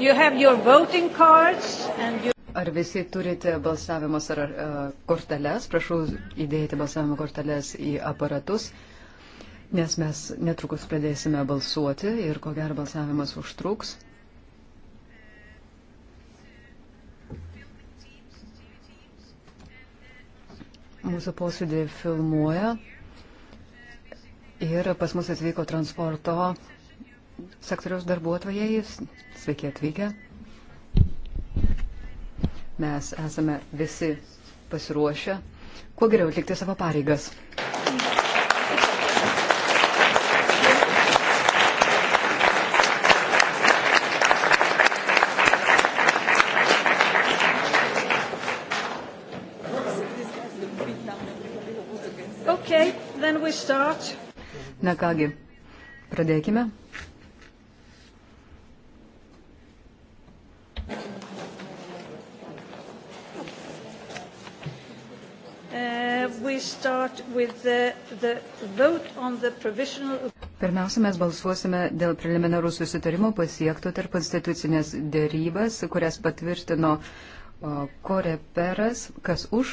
You you... Ar visi turite balsavimo ar, uh, korteles? Prašau įdėti balsavimo korteles į aparatus, nes mes netrukus pradėsime balsuoti ir ko gero balsavimas užtruks. Mūsų posėdį filmuoja ir pas mus atvyko transporto sektoriaus darbuotojai, sveiki atvykę. Mes esame visi pasiruošę kuo geriau atlikti savo pareigas. Okay, Na kągi, pradėkime. Pirmiausia, mes balsuosime dėl preliminarų susitarimo pasiektų tarp institucinės dėrybas, kurias patvirtino koreperas, kas už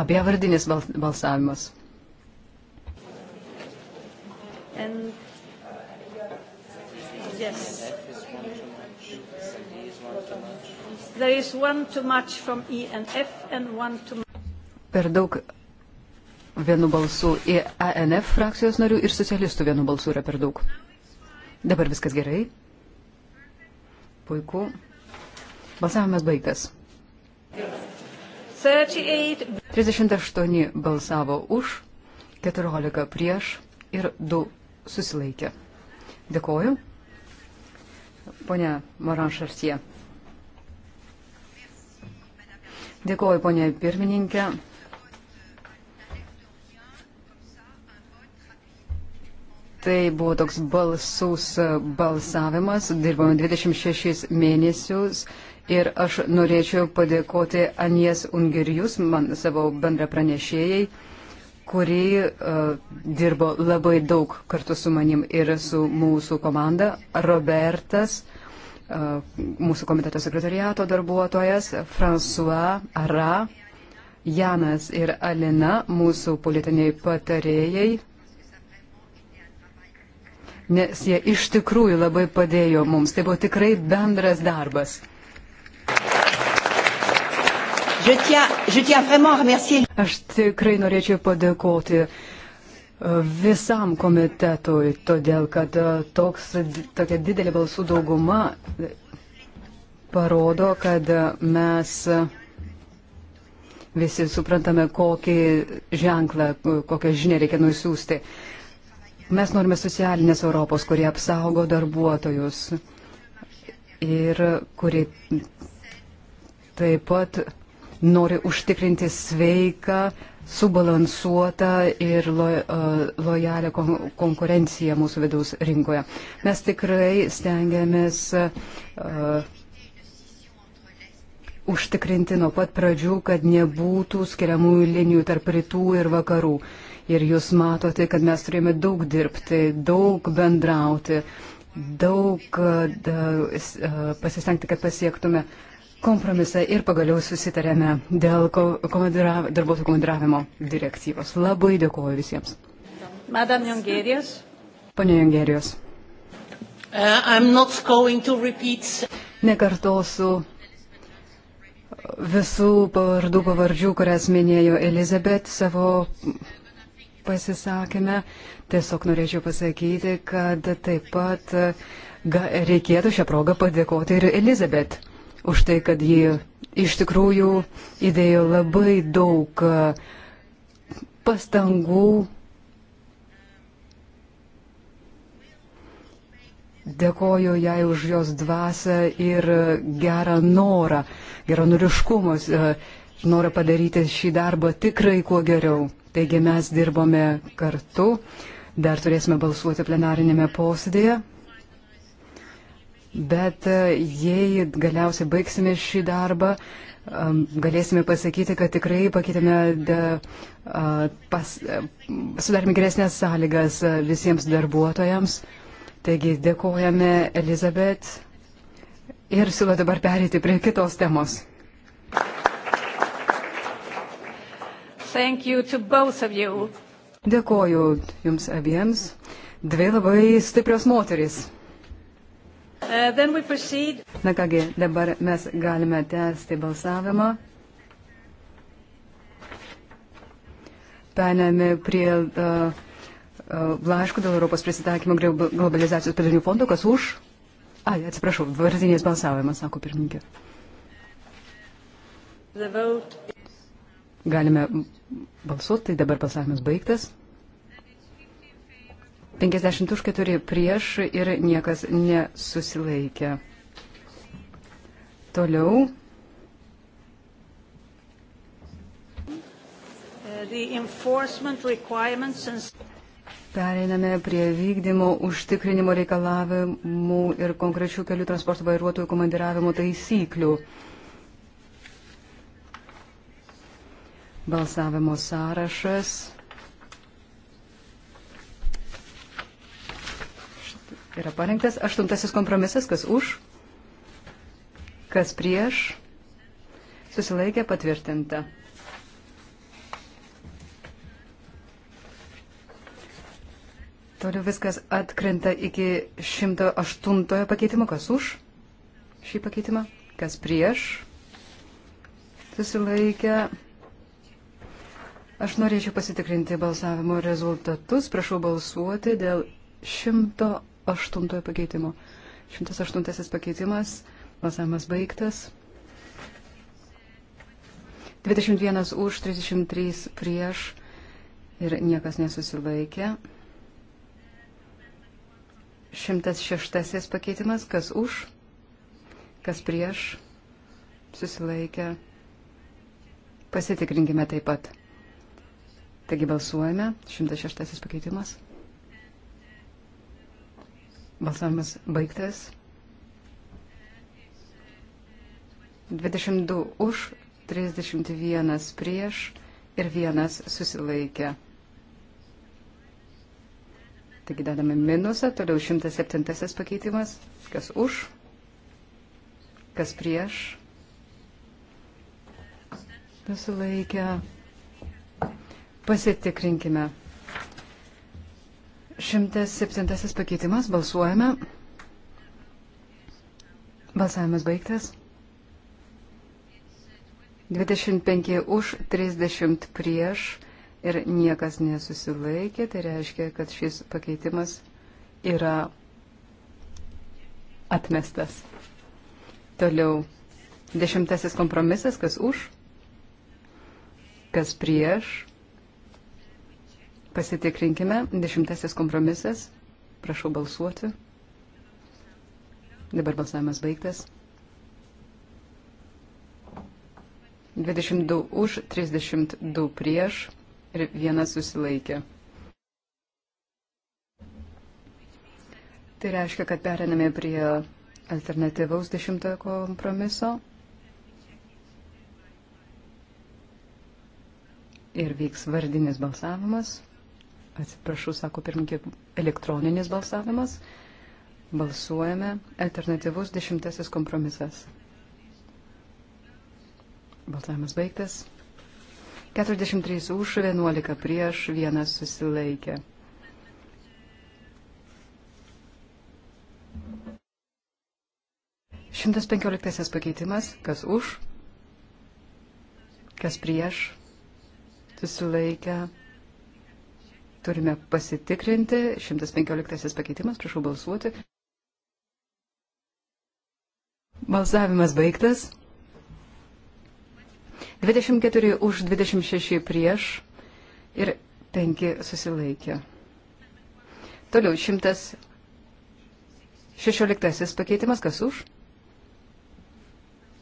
abievardinis balsavimas. And, yes. There is one too much from E and F and one too per daug vienu balsu į ANF frakcijos narių ir socialistų vienu balsu yra per daug. Dabar viskas gerai. Puiku. Balsavimas baigtas. 38 balsavo už, 14 prieš ir 2 susilaikė. Dėkoju. Pone Maran Šarsie. Dėkoju, ponė pirmininkė. Tai buvo toks balsus balsavimas, dirbome 26 mėnesius ir aš norėčiau padėkoti Anies Ungerijus, man savo bendra pranešėjai, kuri uh, dirbo labai daug kartu su manim ir su mūsų komanda, Robertas, uh, mūsų komiteto sekretariato darbuotojas, François Ara, Janas ir Alina, mūsų politiniai patarėjai nes jie iš tikrųjų labai padėjo mums. Tai buvo tikrai bendras darbas. Aš tikrai norėčiau padėkoti e, visam komitetui, todėl kad e, toks, tokia didelė balsų dauguma e, parodo, kad mes visi suprantame, kokį ženklą, kokią žinią reikia nusiųsti. Mes norime socialinės Europos, kurie apsaugo darbuotojus ir kuri taip pat nori užtikrinti sveiką, subalansuotą ir lo, e, lojalę konkurenciją mūsų vidaus rinkoje. Mes tikrai stengiamės uh, užtikrinti nuo pat pradžių, kad nebūtų skiriamųjų linijų tarp rytų ir vakarų. Uh, ir jūs matote, kad mes turėjome daug dirbti, daug bendrauti, daug e, e, pasistengti, kad pasiektume kompromisą ir pagaliau susitarėme dėl darbuotojų komandiravimo direktyvos. Labai dėkuoju visiems. Madam Jongerijos. Pane Jongerijos. Uh, Nekartosiu visų pavardų pavardžių, kurias minėjo Elizabet savo pasisakėme. Tiesiog norėčiau pasakyti, kad taip pat reikėtų šią progą padėkoti ir Elizabet už tai, kad ji iš tikrųjų įdėjo labai daug pastangų. Dėkoju jai už jos dvasę ir gerą norą, geranoriškumus. Uh, norą padaryti šį darbą tikrai kuo geriau. Taigi mes dirbome kartu, dar turėsime balsuoti plenarinėme posėdėje. Bet e, jei galiausiai baigsime šį darbą, galėsime pasakyti, kad tikrai pakeitėme, de, pas, e, sudarėme geresnės sąlygas e, visiems darbuotojams. Taigi dėkojame Elizabet ir siūlau dabar perėti prie kitos temos. Thank you to both of you. Dėkoju jums abiems. Dvi labai stiprios moterys. Uh, Na kągi, dabar mes galime tęsti balsavimą. Penėme prie uh, uh, laiškų dėl Europos prisitaikymo globalizacijos padarinių fondo, kas už. Ai, atsiprašau, vardinės balsavimas, sako pirmininkė. Galime balsuoti, tai dabar pasakymas baigtas. 50 už 4 prieš ir niekas nesusilaikė. Toliau. Pereiname prie vykdymo užtikrinimo reikalavimų ir konkrečių kelių transporto vairuotojų komandiravimo taisyklių. balsavimo sąrašas. Yra parengtas aštuntasis kompromisas, kas už, kas prieš, susilaikė patvirtinta. Toliau viskas atkrenta iki 108 pakeitimo, kas už šį pakeitimą, kas prieš, susilaikė Aš norėčiau pasitikrinti balsavimo rezultatus. Prašau balsuoti dėl 108 pakeitimo. 108 pakeitimas. Balsavimas baigtas. 21 už, 33 prieš ir niekas nesusilaikė. 106 pakeitimas. Kas už, kas prieš, susilaikė. Pasitikrinkime taip pat. Taigi balsuojame. 106 pakeitimas. Balsavimas baigtas. 22 už, 31 prieš ir vienas susilaikė. Taigi dedame minusą, toliau 107 pakeitimas, kas už, kas prieš, susilaikė, Pasitikrinkime. 107 pakeitimas. Balsuojame. Balsavimas baigtas. 25 už, 30 prieš ir niekas nesusilaikė. Tai reiškia, kad šis pakeitimas yra atmestas. Toliau. Dešimtasis kompromisas, kas už, kas prieš Pasitikrinkime. Dešimtasis kompromisas. Prašau balsuoti. Dabar balsavimas baigtas. 22 už, 32 prieš ir vienas susilaikė. Tai reiškia, kad periname prie alternatyvaus dešimtojo kompromiso ir vyks vardinis balsavimas. Atsiprašau, sako pirmininkė, elektroninis balsavimas. Balsuojame. Alternatyvus dešimtasis kompromisas. Balsavimas baigtas. 43 už, 11 prieš, 1 susilaikė. Šimtas penkioliktasis pakeitimas, kas už, kas prieš, susilaikę, Turime pasitikrinti. 115 pakeitimas, prašau balsuoti. Balsavimas baigtas. 24 už 26 prieš ir 5 susilaikė. Toliau 116 pakeitimas, kas už,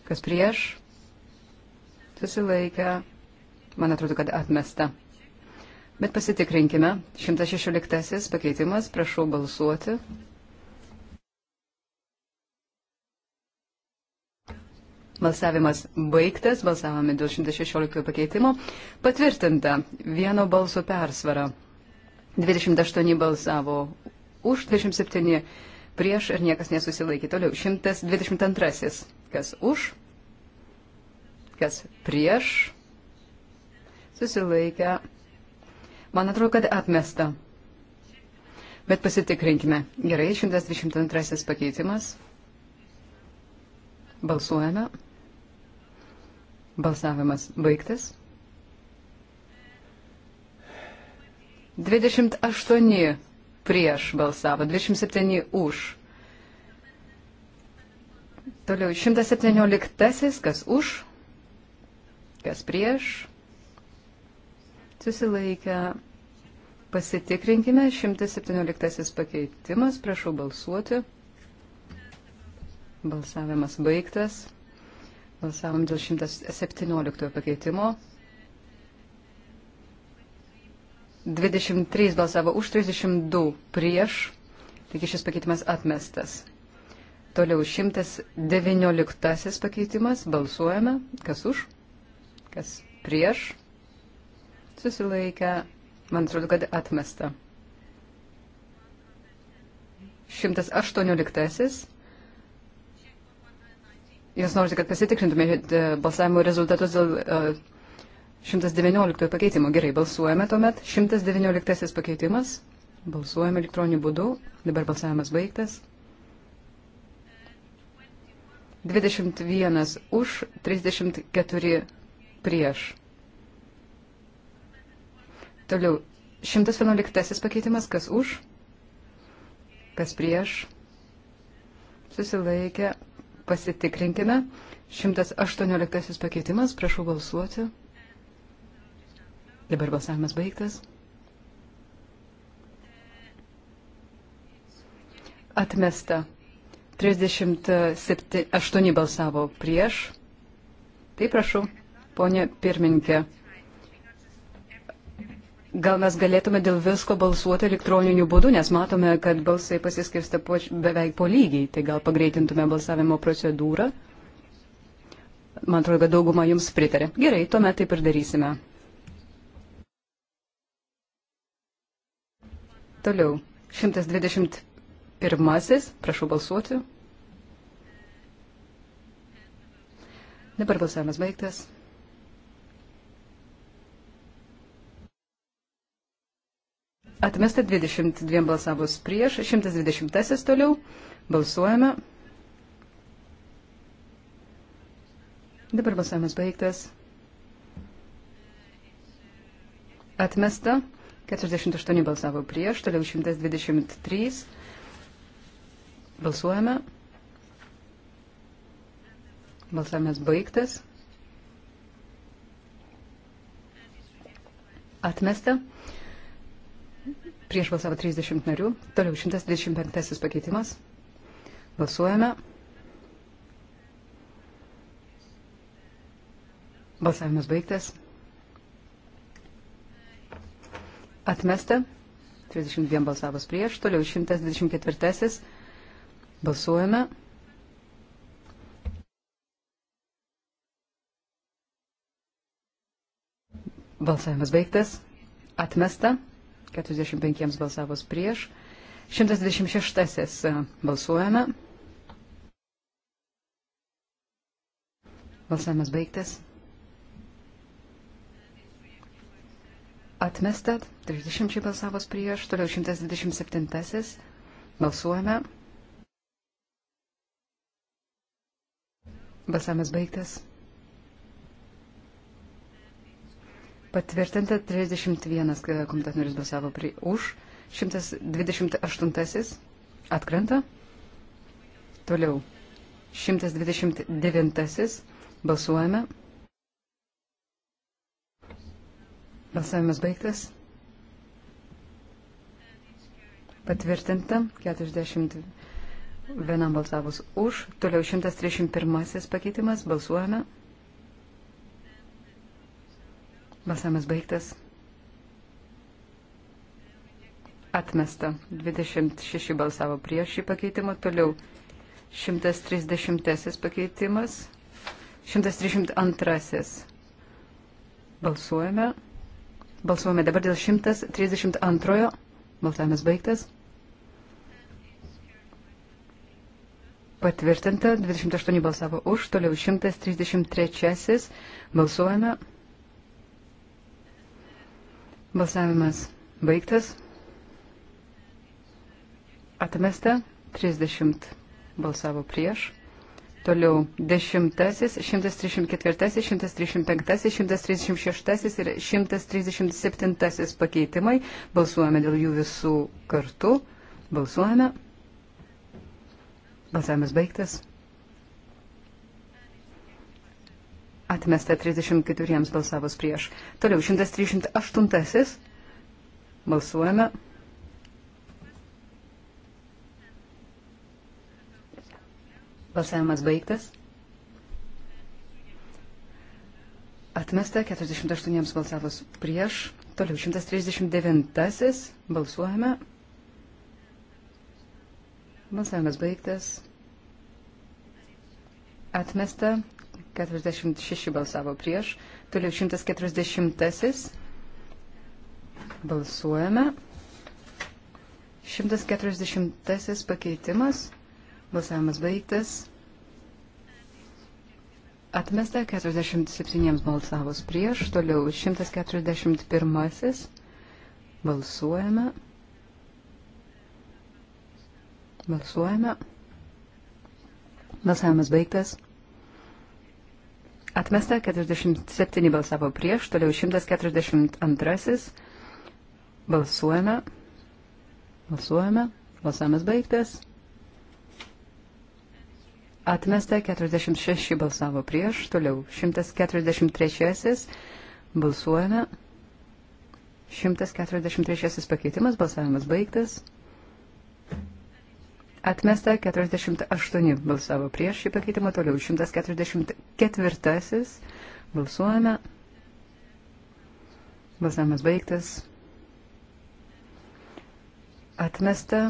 kas prieš, susilaikė. Man atrodo, kad atmesta. Bet pasitikrinkime. 116 pakeitimas, prašau balsuoti. Balsavimas baigtas, balsavome dėl 116 pakeitimo. Patvirtinta vieno balso persvara. 28 balsavo už, 27 prieš ir niekas nesusilaikė. Toliau 122. Kas už, kas prieš, susilaikę Man atrodo, kad atmesta. Bet pasitikrinkime. Gerai, 122 pakeitimas. Balsuojame. Balsavimas baigtas. 28 prieš balsavo, 27 už. Toliau 117, kas už, kas prieš, susilaikę. Pasitikrinkime 117 pakeitimas, prašau balsuoti. Balsavimas baigtas. Balsavom dėl 117 pakeitimo. 23 balsavo už, 32 prieš. Taigi šis pakeitimas atmestas. Toliau 119 pakeitimas. Balsuojame. Kas už? Kas prieš? susilaikę, man atrodo, kad atmesta. 118. Jūs norite, kad pasitikrintumėte e, balsavimo rezultatus dėl uh, e, 119 pakeitimo. Gerai, balsuojame tuomet. 119 pakeitimas. Balsuojame elektroniniu būdu. Dabar balsavimas baigtas. 21 už, 34 prieš. Toliau, 111 pakeitimas, kas už, kas prieš, susilaikė, pasitikrinkime. 118 pakeitimas, prašau balsuoti. Dabar balsavimas baigtas. Atmesta. 38 balsavo prieš. Tai prašau, ponė pirmininkė. Gal mes galėtume dėl visko balsuoti elektroniniu būdu, nes matome, kad balsai pasiskirsta po, beveik po lygiai, tai gal pagreitintume balsavimo procedūrą. Man atrodo, kad dauguma jums pritarė. Gerai, tuomet taip ir darysime. Toliau. 121. Prašau balsuoti. Dabar balsavimas baigtas. Atmesta 22 balsavus prieš, 120 toliau. Balsuojame. Dabar balsavimas baigtas. Atmesta. 48 balsavo prieš, toliau 123. Balsuojame. Balsavimas baigtas. Atmesta. Prieš balsavo 30 narių. Toliau 125 pakeitimas. Balsuojame. Balsavimas baigtas. Atmesta. 32 balsavos prieš. Toliau 124. Balsuojame. Balsavimas baigtas. Atmesta. 45 balsavus prieš. 126 e, balsuojame. Balsavimas baigtas. Atmesta, 30 balsavos prieš, toliau 127. Balsuojame. Balsavimas baigtas. Patvirtinta 31 komiteto narys balsavo prie už, 128 atkrenta, toliau 129 balsuojame. Balsavimas baigtas. Patvirtinta 41 balsavus už, toliau 131 pakeitimas balsuojame. Balsavimas baigtas. Atmesta. 26 balsavo prieš šį pakeitimą. Toliau 130 pakeitimas. 132. Balsuojame. Balsuojame dabar dėl 132. Balsavimas baigtas. Patvirtinta. 28 balsavo už. Toliau 133. Balsuojame. Balsavimas baigtas. Atmesta 30 balsavo prieš. Toliau 10, 134, 135, 136 ir 137 pakeitimai. Balsuojame dėl jų visų kartu. Balsuojame. Balsavimas baigtas. Atmesta 34 balsavus prieš. Toliau 138. Balsuojame. Balsavimas baigtas. Atmesta 48 balsavus prieš. Toliau 139. Balsuojame. Balsavimas baigtas. Atmesta 46 balsavo prieš. Toliau 140. Balsuojame. 140 pakeitimas. Balsavimas baigtas. Atmesta 47 balsavus prieš. Toliau 141. Balsuojame. Balsuojame. Balsavimas baigtas. Atmesta 47 balsavo prieš, toliau 142 balsuojame. Balsuojame. Balsavimas baigtas. Atmesta 46 balsavo prieš, toliau 143 balsuojame. 143 pakeitimas, balsavimas baigtas. Atmesta 48 balsavo prieš šį pakeitimą, toliau 144 balsuojame. Balsavimas baigtas. Atmesta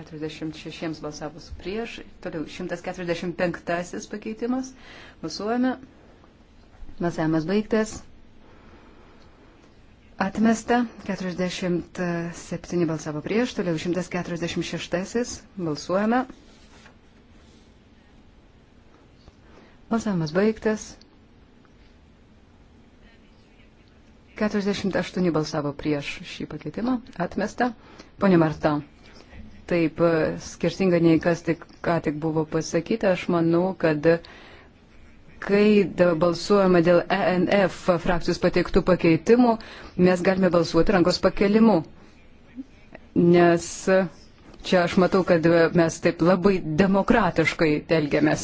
46 balsavus prieš, toliau 145 pakeitimas. Balsuojame. Balsavimas baigtas. Atmesta 47 balsavo prieš, toliau 146 balsuojame. Balsavimas baigtas. 48 balsavo prieš šį pakeitimą. Atmesta. Pone Marta, taip skirtingai nei kas tik, ką tik buvo pasakyta, aš manau, kad uh, kai balsuojama dėl ENF frakcijos pateiktų pakeitimų, mes galime balsuoti rankos pakelimu. Nes čia aš matau, kad mes taip labai demokratiškai telgiamės.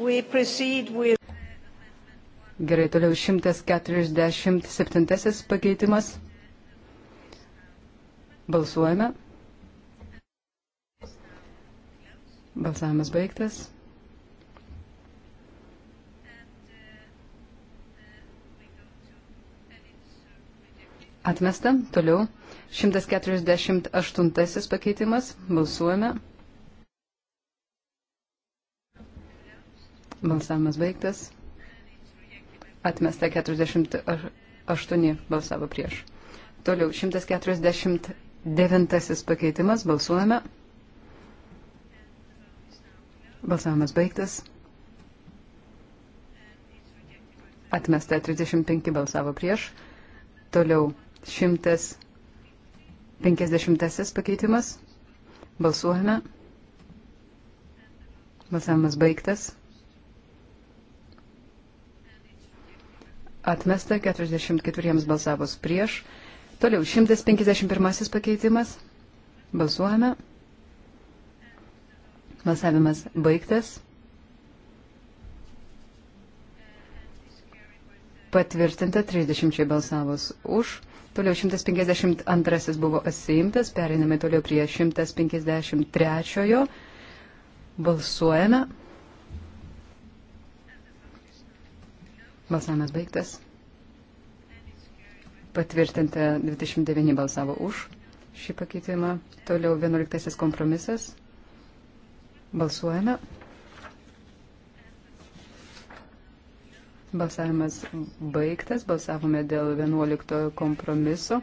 With... Gerai, toliau 147 pakeitimas. Balsuojame. Balsavimas baigtas. Atmesta. Toliau. 148 pakeitimas. Balsuojame. Balsavimas baigtas. Atmesta 48 balsavo prieš. Toliau 149 pakeitimas. Balsuojame. Balsavimas baigtas. Atmesta 35 balsavo prieš. Toliau 150 pakeitimas. Balsuojame. Balsavimas baigtas. Atmesta 44 balsavus prieš. Toliau 151 pakeitimas. Balsuojame. Balsavimas baigtas. Patvirtinta 30 balsavus už, Toliau 152 buvo atsiimtas, periname toliau prie 153. Balsuojame. Balsavimas baigtas. Patvirtinta 29 balsavo už šį pakeitimą. Toliau 11 kompromisas. Balsuojame. Balsavimas baigtas, balsavome dėl 11 kompromiso.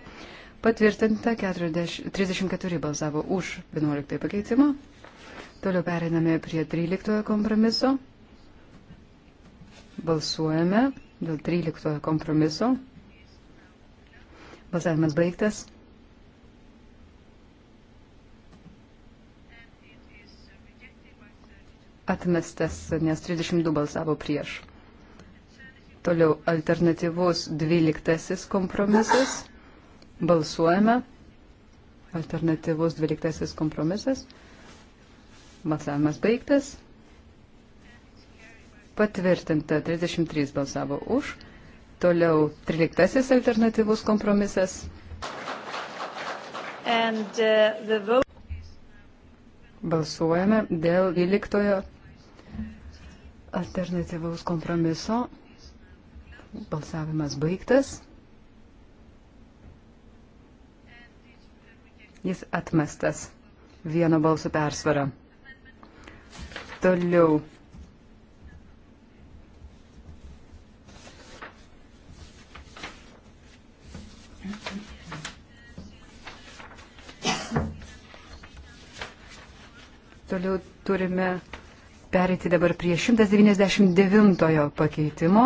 Patvirtinta 40, 34 balsavo už 11 pakeitimą. Toliau periname prie 13 kompromiso. Balsuojame dėl 13 kompromiso. Balsavimas baigtas. Atmestas, nes 32 balsavo prieš. Toliau alternatyvus dvyliktasis kompromisas. Balsuojame. Alternatyvus dvyliktasis kompromisas. Balsavimas baigtas. Patvirtinta 33 balsavo už. Toliau 13 alternatyvus kompromisas. And, uh, vote... Balsuojame dėl 12 alternatyvaus kompromiso. Balsavimas baigtas. Jis atmestas vieno balsų persvarą. Toliau. Toliau turime perėti dabar prie 199 pakeitimo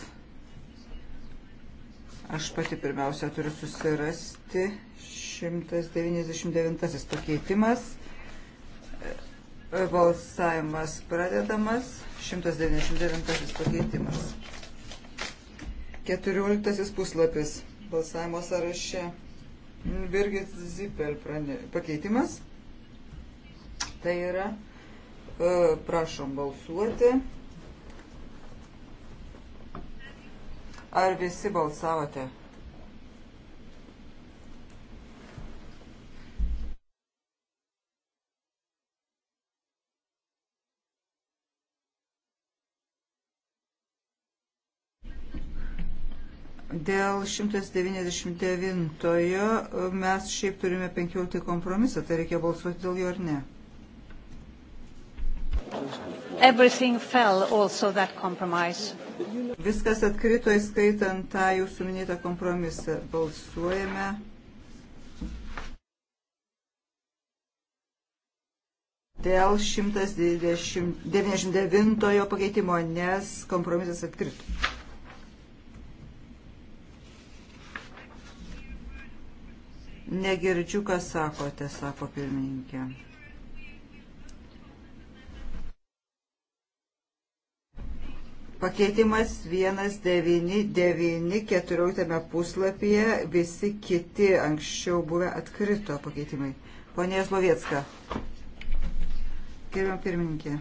Aš pati pirmiausia turiu susirasti 199 pakeitimas. Balsavimas pradedamas. 199 pakeitimas. 14 puslapis balsavimo sąraše. Birgit Zipel pakeitimas. Tai yra, e, prašom balsuoti. Ar visi balsavote? Dėl 199 e, mes šiaip turime 15 kompromisą, tai reikia balsuoti dėl jo ar ne. Everything fell also that compromise. Viskas atkrito įskaitant tą jūsų minėtą kompromisą. Balsuojame. Dėl 199 pakeitimo, nes kompromisas atkrito. Negirdžiu, ką sakote, sako pirmininkė. Pakeitimas 199, 14 puslapyje, visi kiti anksčiau buvę atkrito pakeitimai. Pone Slovietska. Gerbiam pirmininkė.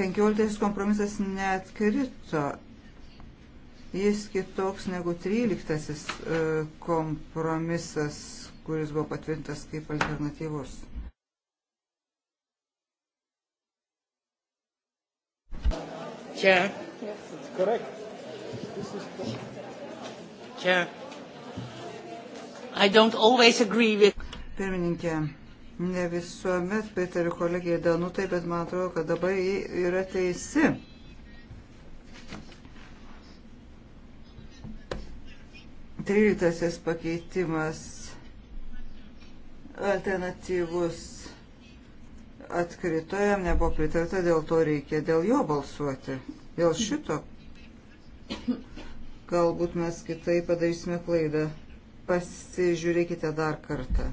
15 kompromisas neatkrito. Jis kitoks negu 13 e, kompromisas, kuris buvo patvirtintas kaip alternatyvus. Chair. Yes. It's correct. This is correct. Chair. I don't always agree with. Pirmininkė, ne visuomet pritariu kolegijai Danutai, bet man atrodo, kad dabar ji yra teisi. Tryliktasis pakeitimas alternatyvus atkrito, jam nebuvo pritarta, dėl to reikia dėl jo balsuoti. Dėl šito. Galbūt mes kitai padarysime klaidą. Pasižiūrėkite dar kartą.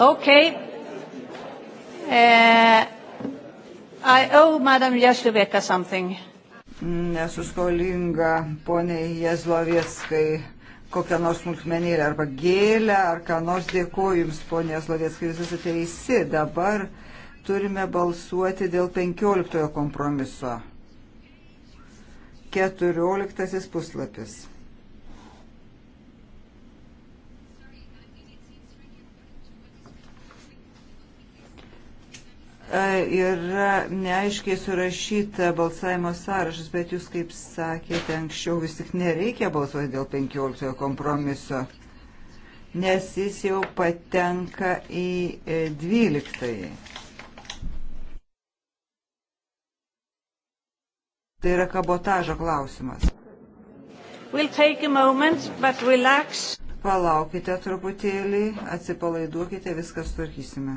Okay. Uh, I owe Madam Jasloveka something. Nesuskolinga poniai Jazlovieckai kokią nors smulkmenėlę arba gėlę ar ką nors dėkoju Jums, ponė Slovėtskai, Jūs esate teisi. Dabar turime balsuoti dėl 15 kompromiso. 14 puslapis. E, yra neaiškiai surašyta balsavimo sąrašas, bet jūs, kaip sakėte anksčiau, vis tik nereikia balsuoti dėl 15 kompromiso, nes jis jau patenka į 12. E, tai yra kabotažo klausimas. We'll moment, Palaukite truputėlį, atsipalaiduokite, viską sutvarkysime.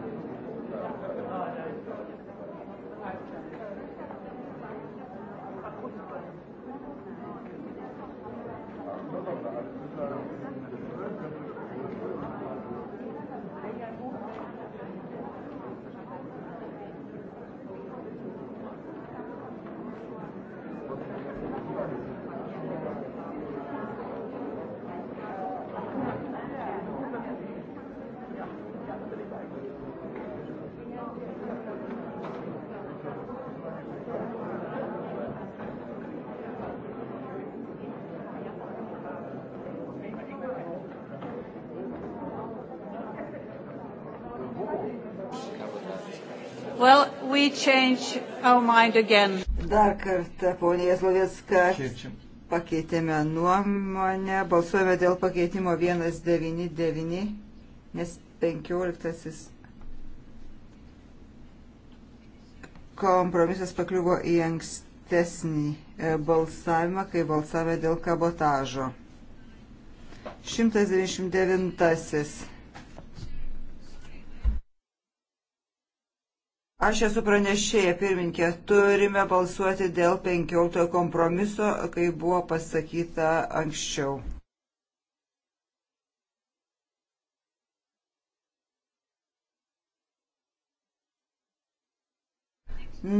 Dar kartą, ponė Jezlovėcka, pakeitėme nuomonę, balsuojame dėl pakeitimo 199, nes 15 kompromisas pakliuvo į ankstesnį e, balsavimą, kai balsavę dėl kabotažo. 199. Aš esu pranešėja pirminkė, turime balsuoti dėl 15 kompromiso, kai buvo pasakyta anksčiau.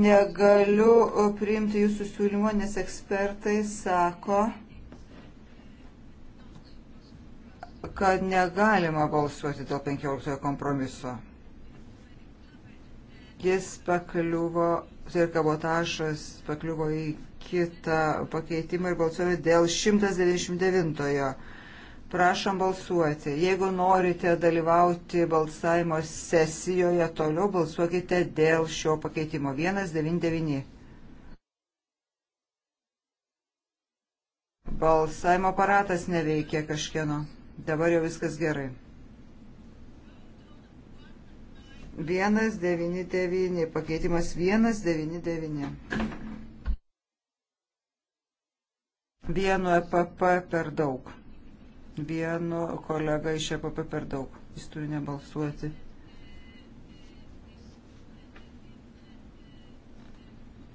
Negaliu priimti jūsų siūlymo, nes ekspertai sako, kad negalima balsuoti dėl 15 kompromiso jis pakliuvo, tai ir kabotašas pakliuvo į kitą pakeitimą ir balsuojame dėl 199-ojo. Prašom balsuoti. Jeigu norite dalyvauti balsavimo sesijoje, toliau balsuokite dėl šio pakeitimo 199. Balsavimo aparatas neveikia kažkieno. Dabar jau viskas gerai. 199, pakeitimas 199. Vienu EPP per daug. Vienu kolega iš EPP per daug. Jis turi nebalsuoti.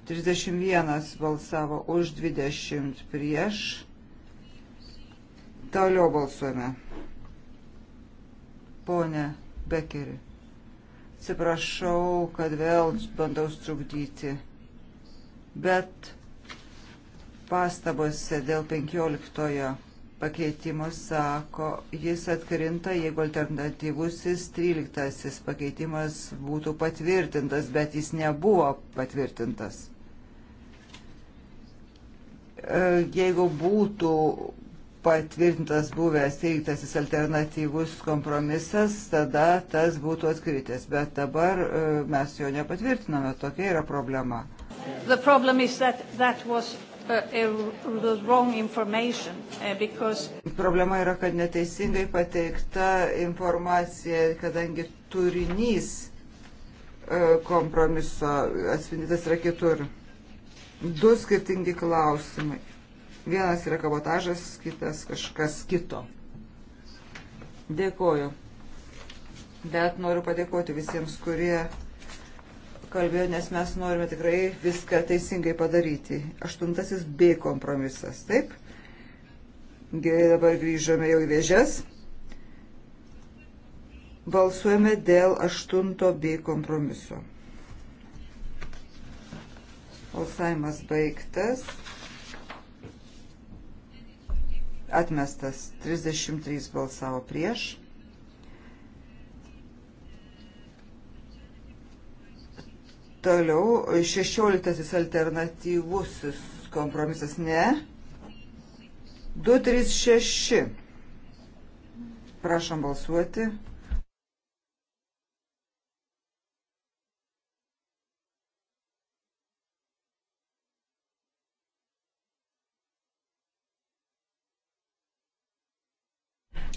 Trisdešimt vienas balsavo už dvidešimt prieš. Toliau balsuojame. Pone Bekeri. Atsiprašau, kad vėl bandau strukdyti. Bet pastabose dėl 15 pakeitimo sako, jis atkrinta, jeigu alternatyvusis 13 pakeitimas būtų patvirtintas, bet jis nebuvo patvirtintas. E, jeigu būtų patvirtintas buvęs teiktasis alternatyvus kompromisas, tada tas būtų atkritęs. Bet dabar e, mes jo nepatvirtiname, tokia yra problema. problem that that was, uh, uh, because... Problema yra, kad neteisingai pateikta informacija, kadangi turinys uh, kompromiso atspindytas yra kitur. Du skirtingi klausimai Vienas yra kabotažas, kitas kažkas kito. Dėkoju. Bet noriu padėkoti visiems, kurie kalbėjo, nes mes norime tikrai viską teisingai padaryti. Aštuntasis B kompromisas. Taip. Gerai, dabar grįžome jau į vėžes. Balsuojame dėl aštunto B kompromiso. Balsavimas baigtas. Atmestas 33 balsavo prieš. Toliau 16 alternatyvusis kompromisas ne. 236. Prašom balsuoti.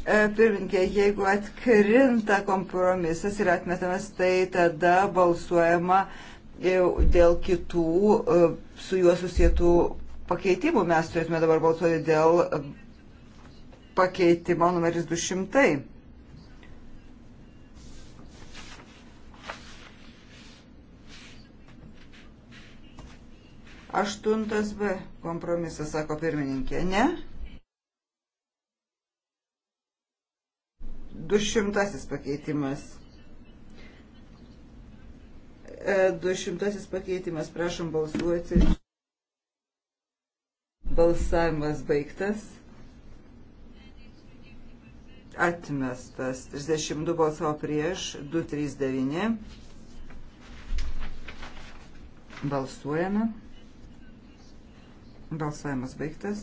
E, Pirminkė, jeigu atkrinta kompromisas ir atmetamas, tai tada balsuojama e, dėl kitų e, su juo susijėtų pakeitimų. Mes turėtume dabar balsuoti dėl pakeitimo numeris 200. Aštuntas B kompromisas, sako pirmininkė, ne? 200 pakeitimas. 200 e, pakeitimas, prašom balsuoti. Balsavimas baigtas. Atmestas. 32 balsavo prieš, 239. Balsuojame. Balsavimas baigtas.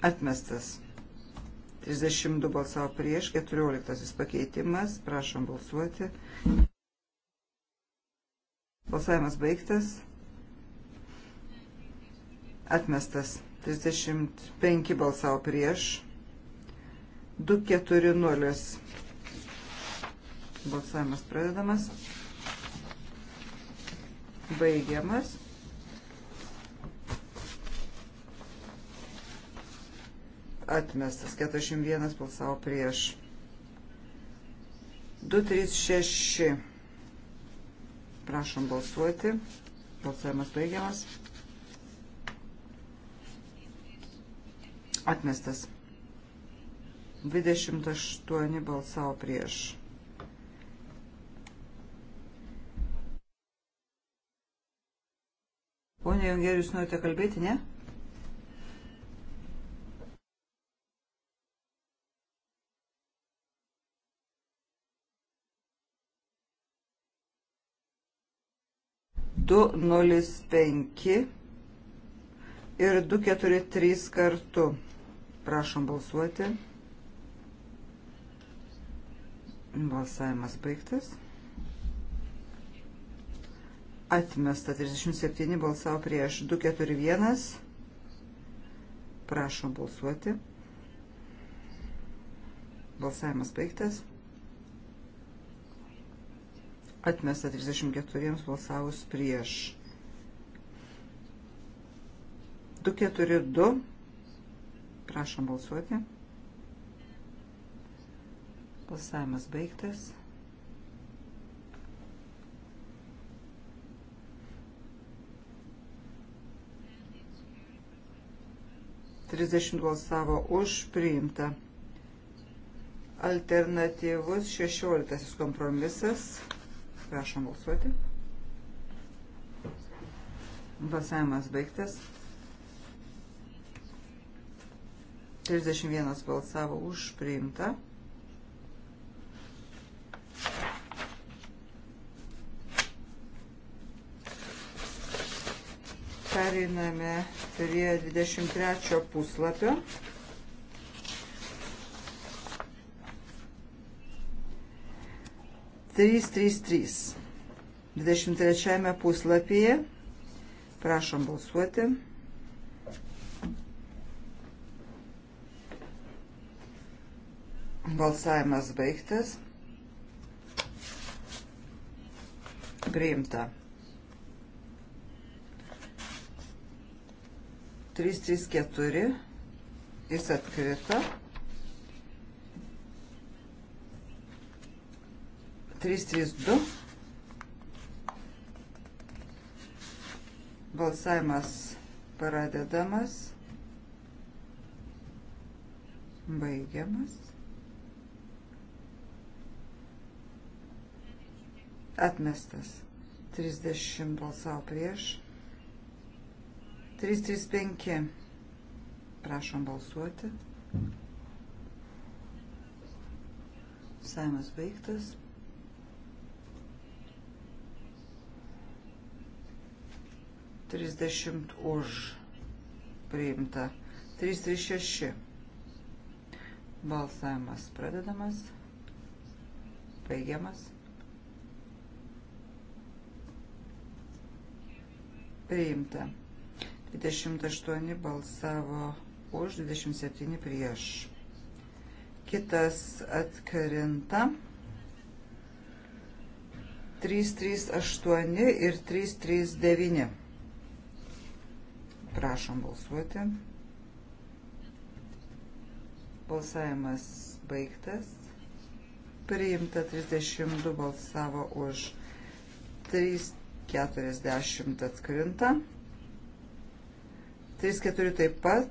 Atmestas. 32 balsavo prieš, 14 pakeitimas, prašom balsuoti. Balsavimas baigtas. Atmestas. 35 balsavo prieš. 240. Balsavimas pradedamas. Baigiamas. atmestas, 41 balsavo prieš. 236. Prašom balsuoti. Balsavimas baigiamas. Atmestas. 28 balsavo prieš. Pone Jungerius, norite kalbėti, ne? Ne. 205 ir 243 kartu. Prašom balsuoti. Balsavimas baigtas. Atmesta 37 balsavo prieš 241. Prašom balsuoti. Balsavimas baigtas atmesta 34 balsavus prieš. 242, prašom balsuoti. Balsavimas baigtas. Trisdešimt balsavo už priimtą alternatyvus 16 kompromisas. Prašom balsuoti. Balsavimas baigtas. 31 balsavo už priimta. Pereiname prie 23 puslapio. 333. 23 puslapyje. Prašom balsuoti. Balsavimas baigtas. Priimta. 334. Jis atkrito. 332. Balsavimas pradedamas. Baigiamas. Atmestas. 30 balsavo prieš. 335. Prašom balsuoti. Saimas baigtas. 30 už priimta. 36. Balsavimas pradedamas. Baigiamas. Priimta. 28 balsavo už, 27 prieš. Kitas atkarinta. 338 ir 339. Prašom balsuoti. Balsavimas baigtas. Priimta 32 balsavo už 3,40 atkrinta. 3,4 taip pat.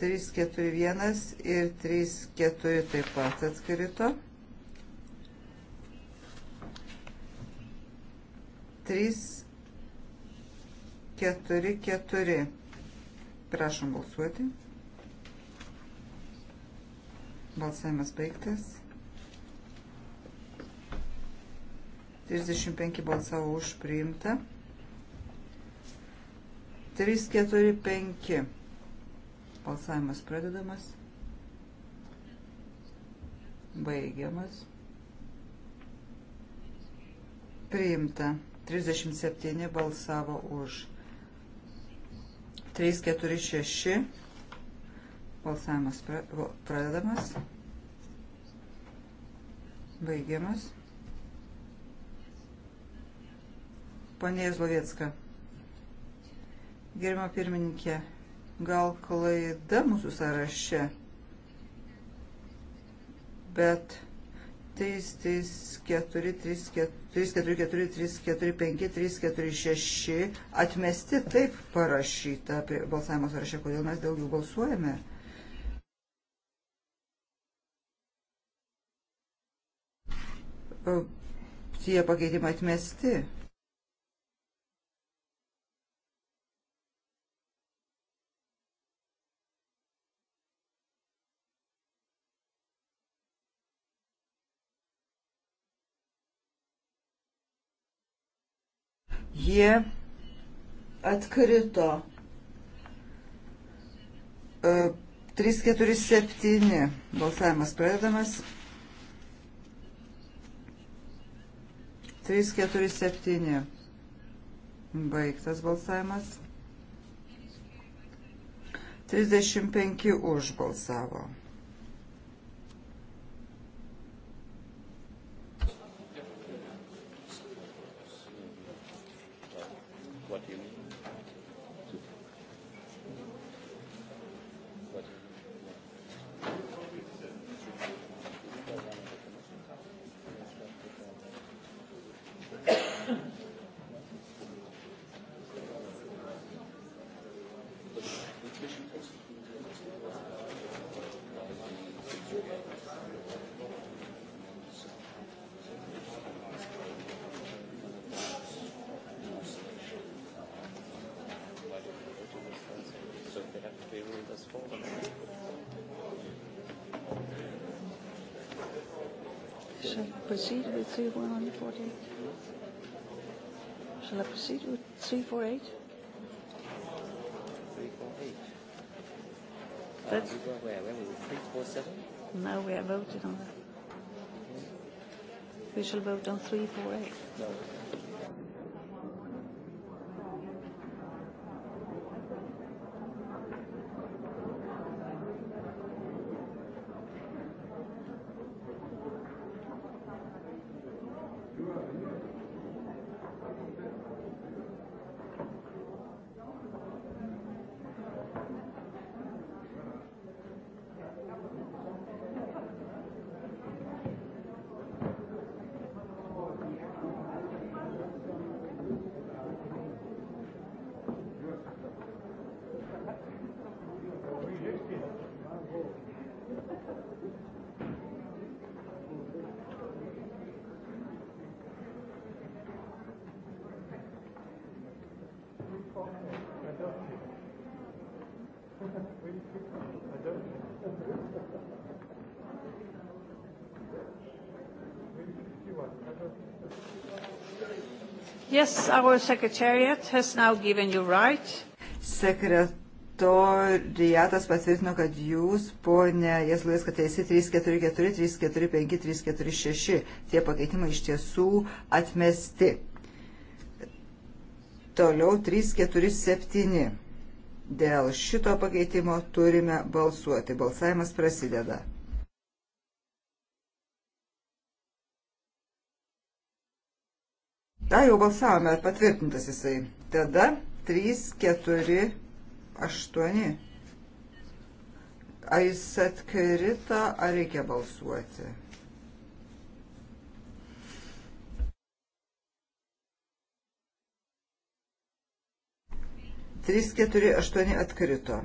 3,41 ir 3,4 taip pat atkrito. 3, 4-4. Prašom balsuoti. Balsavimas baigtas. 35 balsavo už priimta. 3-4-5. Balsavimas pradedamas. Baigiamas. Priimta. 37 balsavo už. 346. Balsavimas pradedamas. Baigiamas. Pane Jezlovietska, gerimo pirmininkė, gal klaida mūsų sąraše, bet 3, 3, 4, 3, 4, 3, 4, 4, 3, 4, 5, 3, 4, 6 atmesti, taip parašyta apie balsavimo sąrašą, kodėl mes dėl jų balsuojame. Tie pakeitimai atmesti. jie atkrito. 347 e, balsavimas pradedamas. 347 baigtas balsavimas. 35 už balsavo. 3148. Shall I proceed with 348? 348. Uh, That's. Uh, we were, where, where were we? 347? No, we have voted on that. We shall vote on 348. No. Yes, our secretariat has now given you right. Sekretoriatas patvirtino, kad jūs, ponė Jezlais, kad esi 344, 345, 346. Tie pakeitimai iš tiesų atmesti. Toliau 347. Dėl šito pakeitimo turime balsuoti. Balsavimas prasideda. jau balsavome, patvirtintas jisai. Tada 3, 4, 8. Ar jis atkrito, ar reikia balsuoti? Trys, keturi, aštuoni atkrito.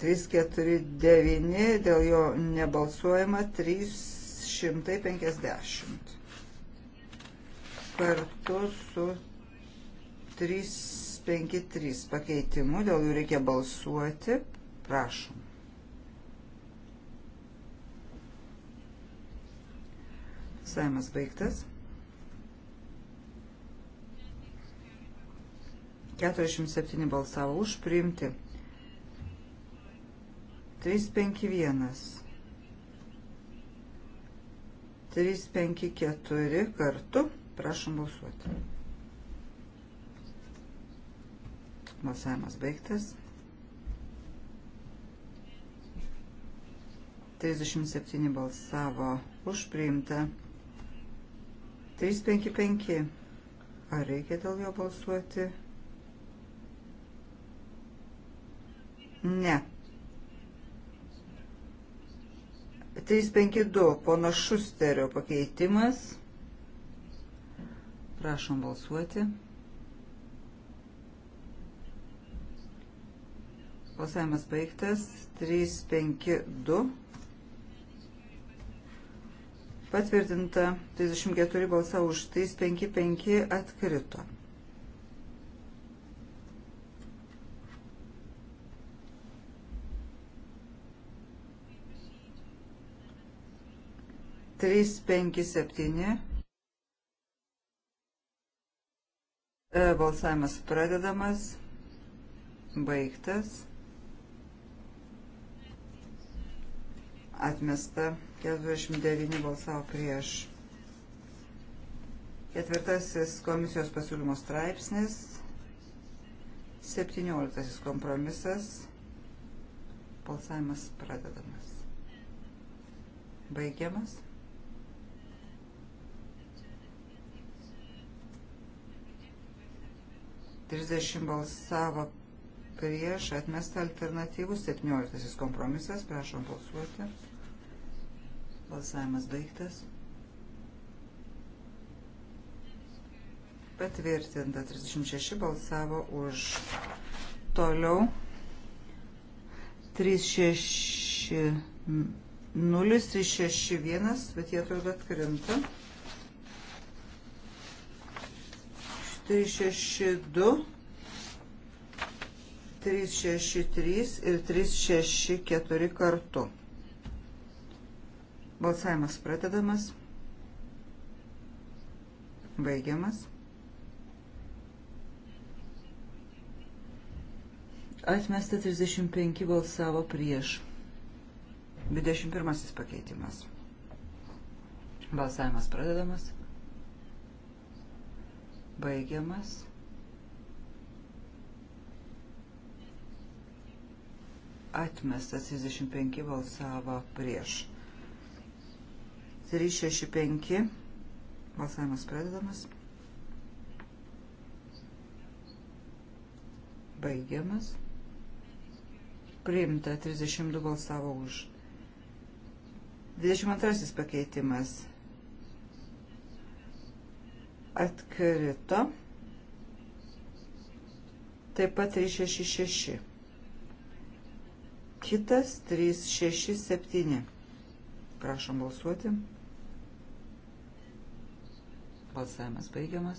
349, dėl jo nebalsuojama 350 kartu su 353 pakeitimu, dėl jų reikia balsuoti. Prašom. Saimas baigtas. 47 balsavo už priimti. 351. 354 kartu. Prašom balsuoti. Balsavimas baigtas. 37 balsavo už priimtą. 355. Ar reikia dėl jo balsuoti? Ne. 352. Pono Šusterio pakeitimas. Prašom balsuoti. Balsavimas baigtas. 352. Patvirtinta 34 balsą už 355 atkrito. Trys penki septyni. E, balsavimas pradedamas, baigtas, atmesta 49 balsavo prieš. Ketvirtasis komisijos pasiūlymo straipsnis, 17 kompromisas, balsavimas pradedamas, baigiamas. 30 balsavo prieš, atmesta alternatyvus, 17 kompromisas, prašom balsuoti. Balsavimas baigtas. Patvirtinta, 36 balsavo už. Toliau, 360, 361, bet jie atrodo atkrinta. 362, 363 ir 364 kartu. Balsavimas pradedamas. Baigiamas. Atmesta 35 balsavo prieš. 21 pakeitimas. Balsavimas pradedamas baigiamas. Atmestas 35 balsavo prieš. 365 balsavimas pradedamas. Baigiamas. Priimta 32 balsavo už. 22 pakeitimas atkrito. Taip pat 366. Kitas 367. Prašom balsuoti. Balsavimas baigiamas.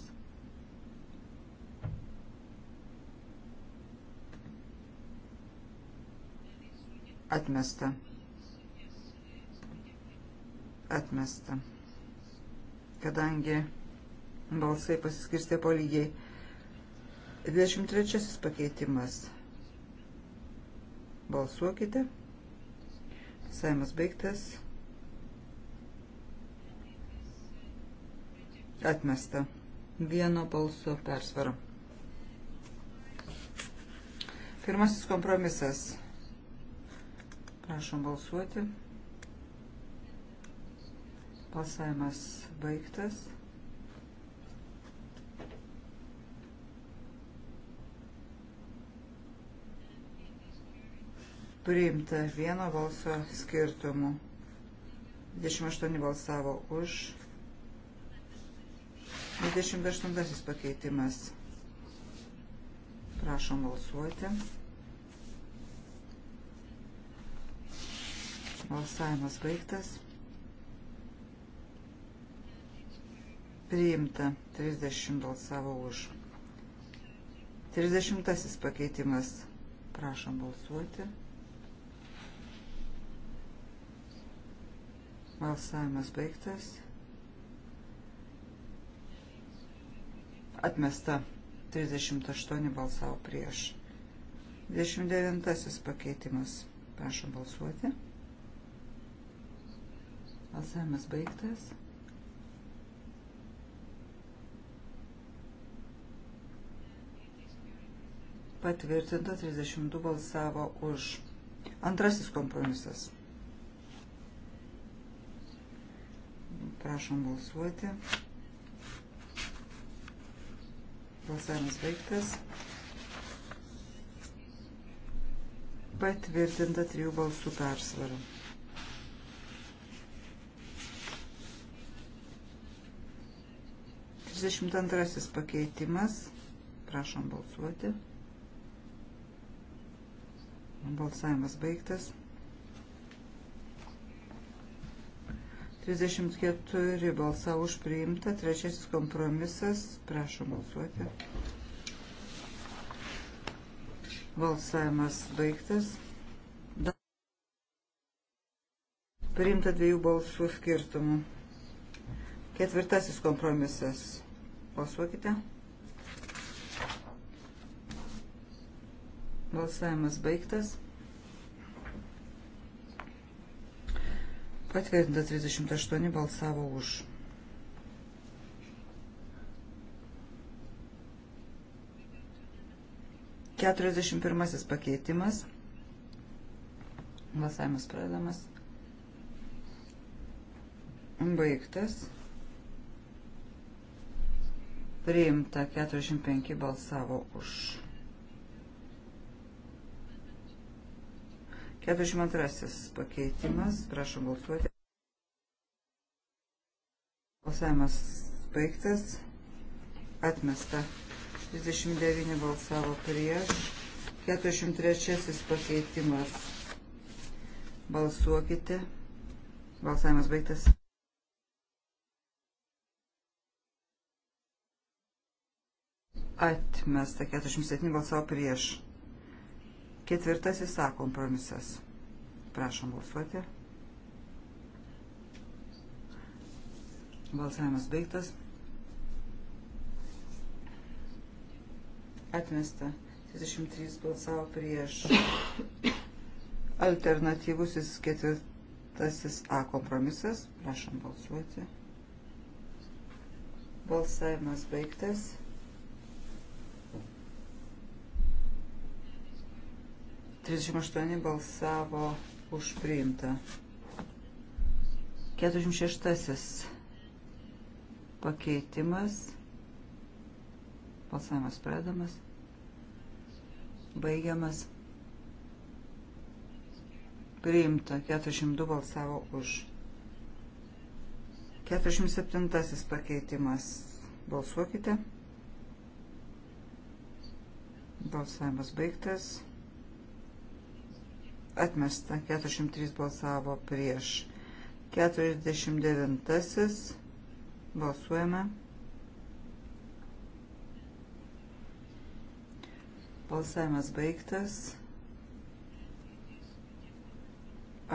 Atmesta. Atmesta. Kadangi balsai pasiskirstė po lygiai. 23 pakeitimas. Balsuokite. Saimas baigtas. Atmesta. Vieno balso persvara. Pirmasis kompromisas. Prašom balsuoti. Balsavimas baigtas. priimta vieno balso skirtumu. 28 balsavo už. 28 pakeitimas. Prašom balsuoti. Balsavimas baigtas. Priimta. 30 balsavo už. 30 pakeitimas. Prašom balsuoti. Balsavimas baigtas. Atmesta. 38 balsavo prieš. 29 pakeitimas. Prašom balsuoti. Balsavimas baigtas. Patvirtinta 32 balsavo už. Antrasis kompromisas. Prašom balsuoti. Balsavimas baigtas. Patvirtinta trijų balsų persvara. Trisdešimt antrasis pakeitimas. Prašom balsuoti. Balsavimas baigtas. 34 balsą už priimta, trečiasis kompromisas, prašom balsuoti. Balsavimas baigtas. Priimta dviejų balsų skirtumų. Ketvirtasis kompromisas. Balsuokite. Balsavimas baigtas. Patvirtinta 38 balsavo už. Keturiasdešimt pirmasis pakeitimas. Balsavimas pradedamas. Baigtas. Priimta 45 balsavo už. 42 pakeitimas, prašom balsuoti. Balsavimas baigtas, atmesta. 39 balsavo prieš, 403 pakeitimas. Balsuokite. Balsavimas baigtas. Atmesta 47 balsavo prieš. Ketvirtasis A kompromisas. Prašom balsuoti. Balsavimas baigtas. Atmesta. 33 balsavo prieš. Alternatyvusis ketvirtasis A kompromisas. Prašom balsuoti. Balsavimas baigtas. 38 balsavo už priimtą. 46 pakeitimas. Balsavimas pradamas. Baigiamas. Priimta. 402 balsavo už. 47 pakeitimas. Balsuokite. Balsavimas baigtas atmesta, 43 balsavo prieš. 49 balsuojame. Balsavimas baigtas.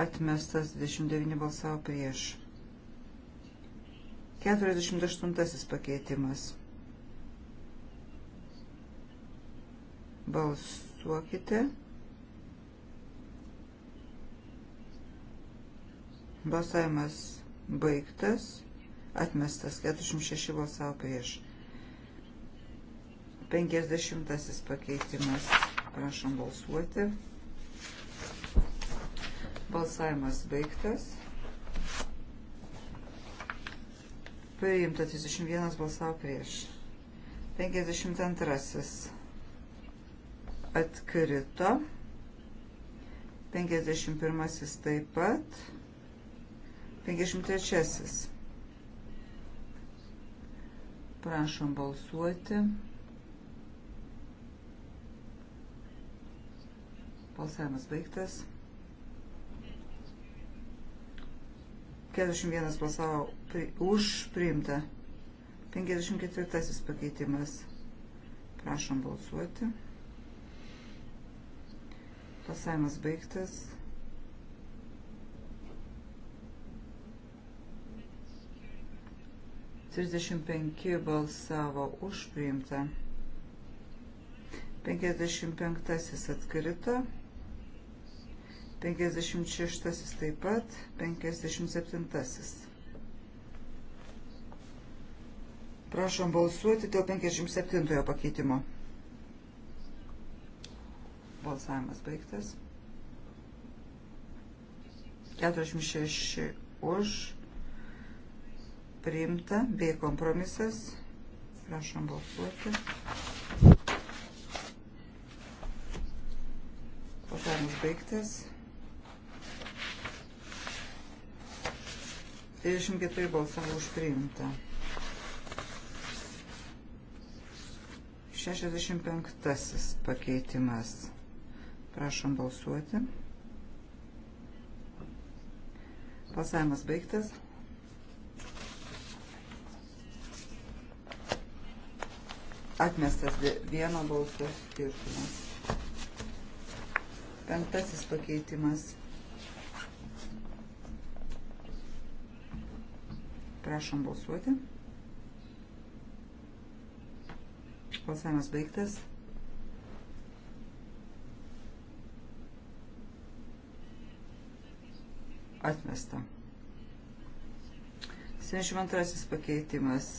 Atmestas 29 balsavo prieš. 48 pakeitimas. Balsuokite. Balsavimas baigtas. Atmestas 46 balsavo prieš. 50 pakeitimas. Prašom balsuoti. Balsavimas baigtas. Priimta 31 balsavo prieš. 52 atkrito. 51 taip pat. 53. Prašom balsuoti. Balsavimas baigtas. 41 balsavo pri, už priimta. 54 pakeitimas. Prašom balsuoti. Pasavimas baigtas. 35 balsavo už priimtą. 55 atkrito. 56 taip pat. 57. Prašom balsuoti dėl 57 pakeitimo. Balsavimas baigtas. 46 už priimta, bei kompromisas. Prašom balsuoti. Balsavimas baigtas. 34 balsavo už priimta. 65 pakeitimas. Prašom balsuoti. Balsavimas baigtas. Atmestas vieno balso skirtumas. Penktasis pakeitimas. Prašom balsuoti. Balsavimas baigtas. Atmesta. 72 pakeitimas.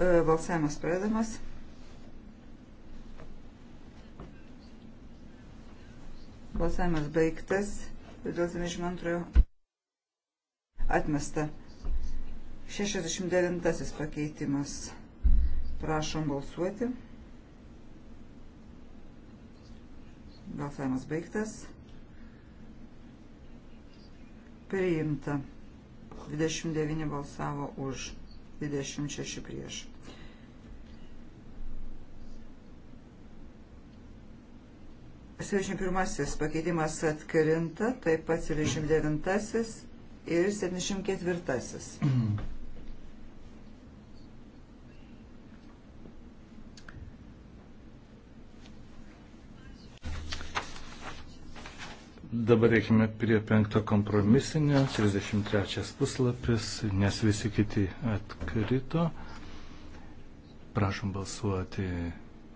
E, balsavimas pradedamas. Balsavimas baigtas. Dėl 72 atmesta. 69 pakeitimas. Prašom balsuoti. Balsavimas baigtas. Priimta. 29 balsavo už. 26 prieš. Sveišim pirmasis pakeitimas atkrinta, taip pat 79 ir 74. Dabar reikime prie penkto kompromisinio, 33 puslapis, nes visi kiti atkrito. Prašom balsuoti,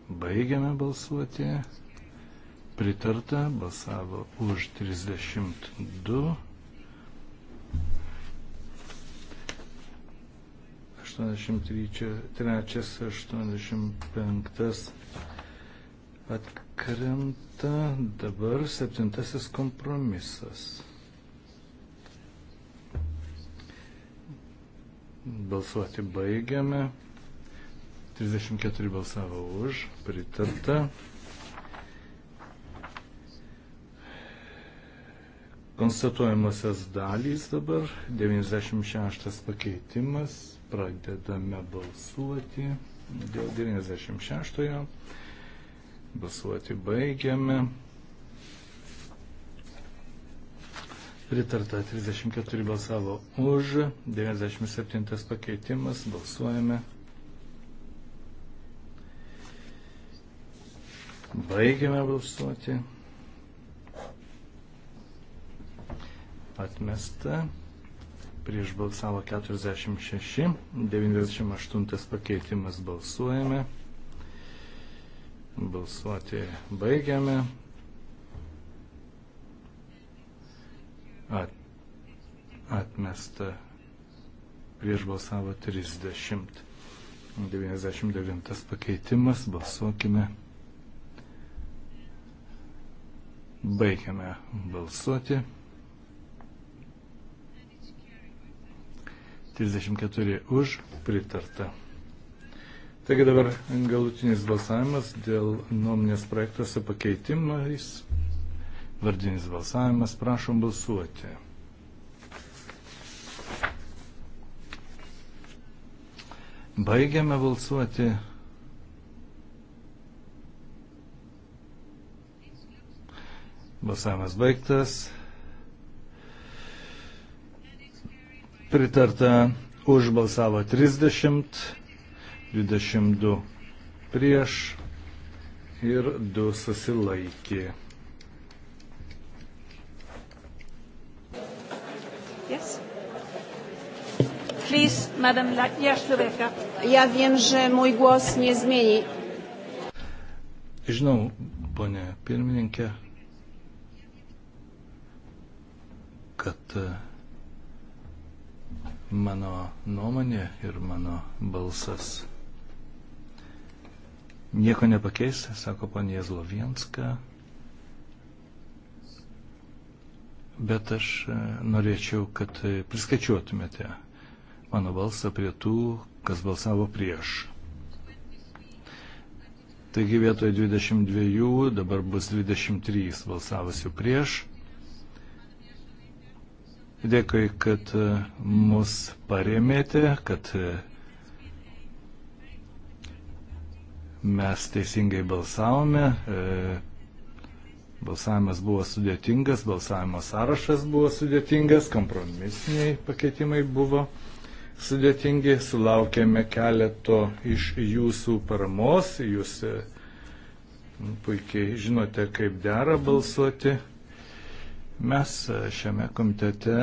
baigiame balsuoti. Pritarta, balsavo už 32. 83, 85 atkrenta dabar septintasis kompromisas. Balsuoti baigiame. 34 balsavo už, pritarta. Konstatuojamasias dalys dabar, 96 pakeitimas, pradedame balsuoti dėl 96. -ojo. Balsuoti baigiame. Pritarta 34 balsavo už, 97 pakeitimas, balsuojame. Baigiame balsuoti. Atmesta. Prieš balsavo 46, 98 pakeitimas, balsuojame. Balsuoti baigiame. At, atmesta prieš balsavo 30. 99 pakeitimas. Balsuokime. Baigiame balsuoti. 34 už pritarta. Taigi dabar galutinis balsavimas dėl nuomonės projekto su pakeitimais. Vardinis balsavimas, prašom balsuoti. Baigiame balsuoti. Balsavimas baigtas. Pritarta už balsavo 30 22 prieš ir 2 susilaikė. Yes. Please, Madam Jaślowiecka. Ja wiem, że mój głos nie zmieni. Žinau, ponė pirmininkė, kad e, mano nuomonė ir mano balsas Nieko nepakeis, sako ponė Zlovienska. Bet aš e, norėčiau, kad e, priskaičiuotumėte mano balsą prie tų, kas balsavo prieš. Taigi vietoje 22 dabar bus 23 balsavusių prieš. Dėkui, kad e, mus paremėte, kad mes teisingai balsavome. E, balsavimas buvo sudėtingas, balsavimo sąrašas buvo sudėtingas, kompromisiniai pakeitimai buvo sudėtingi. Sulaukėme keleto iš jūsų paramos. Jūs e, puikiai žinote, kaip dera balsuoti. Mes e, šiame komitete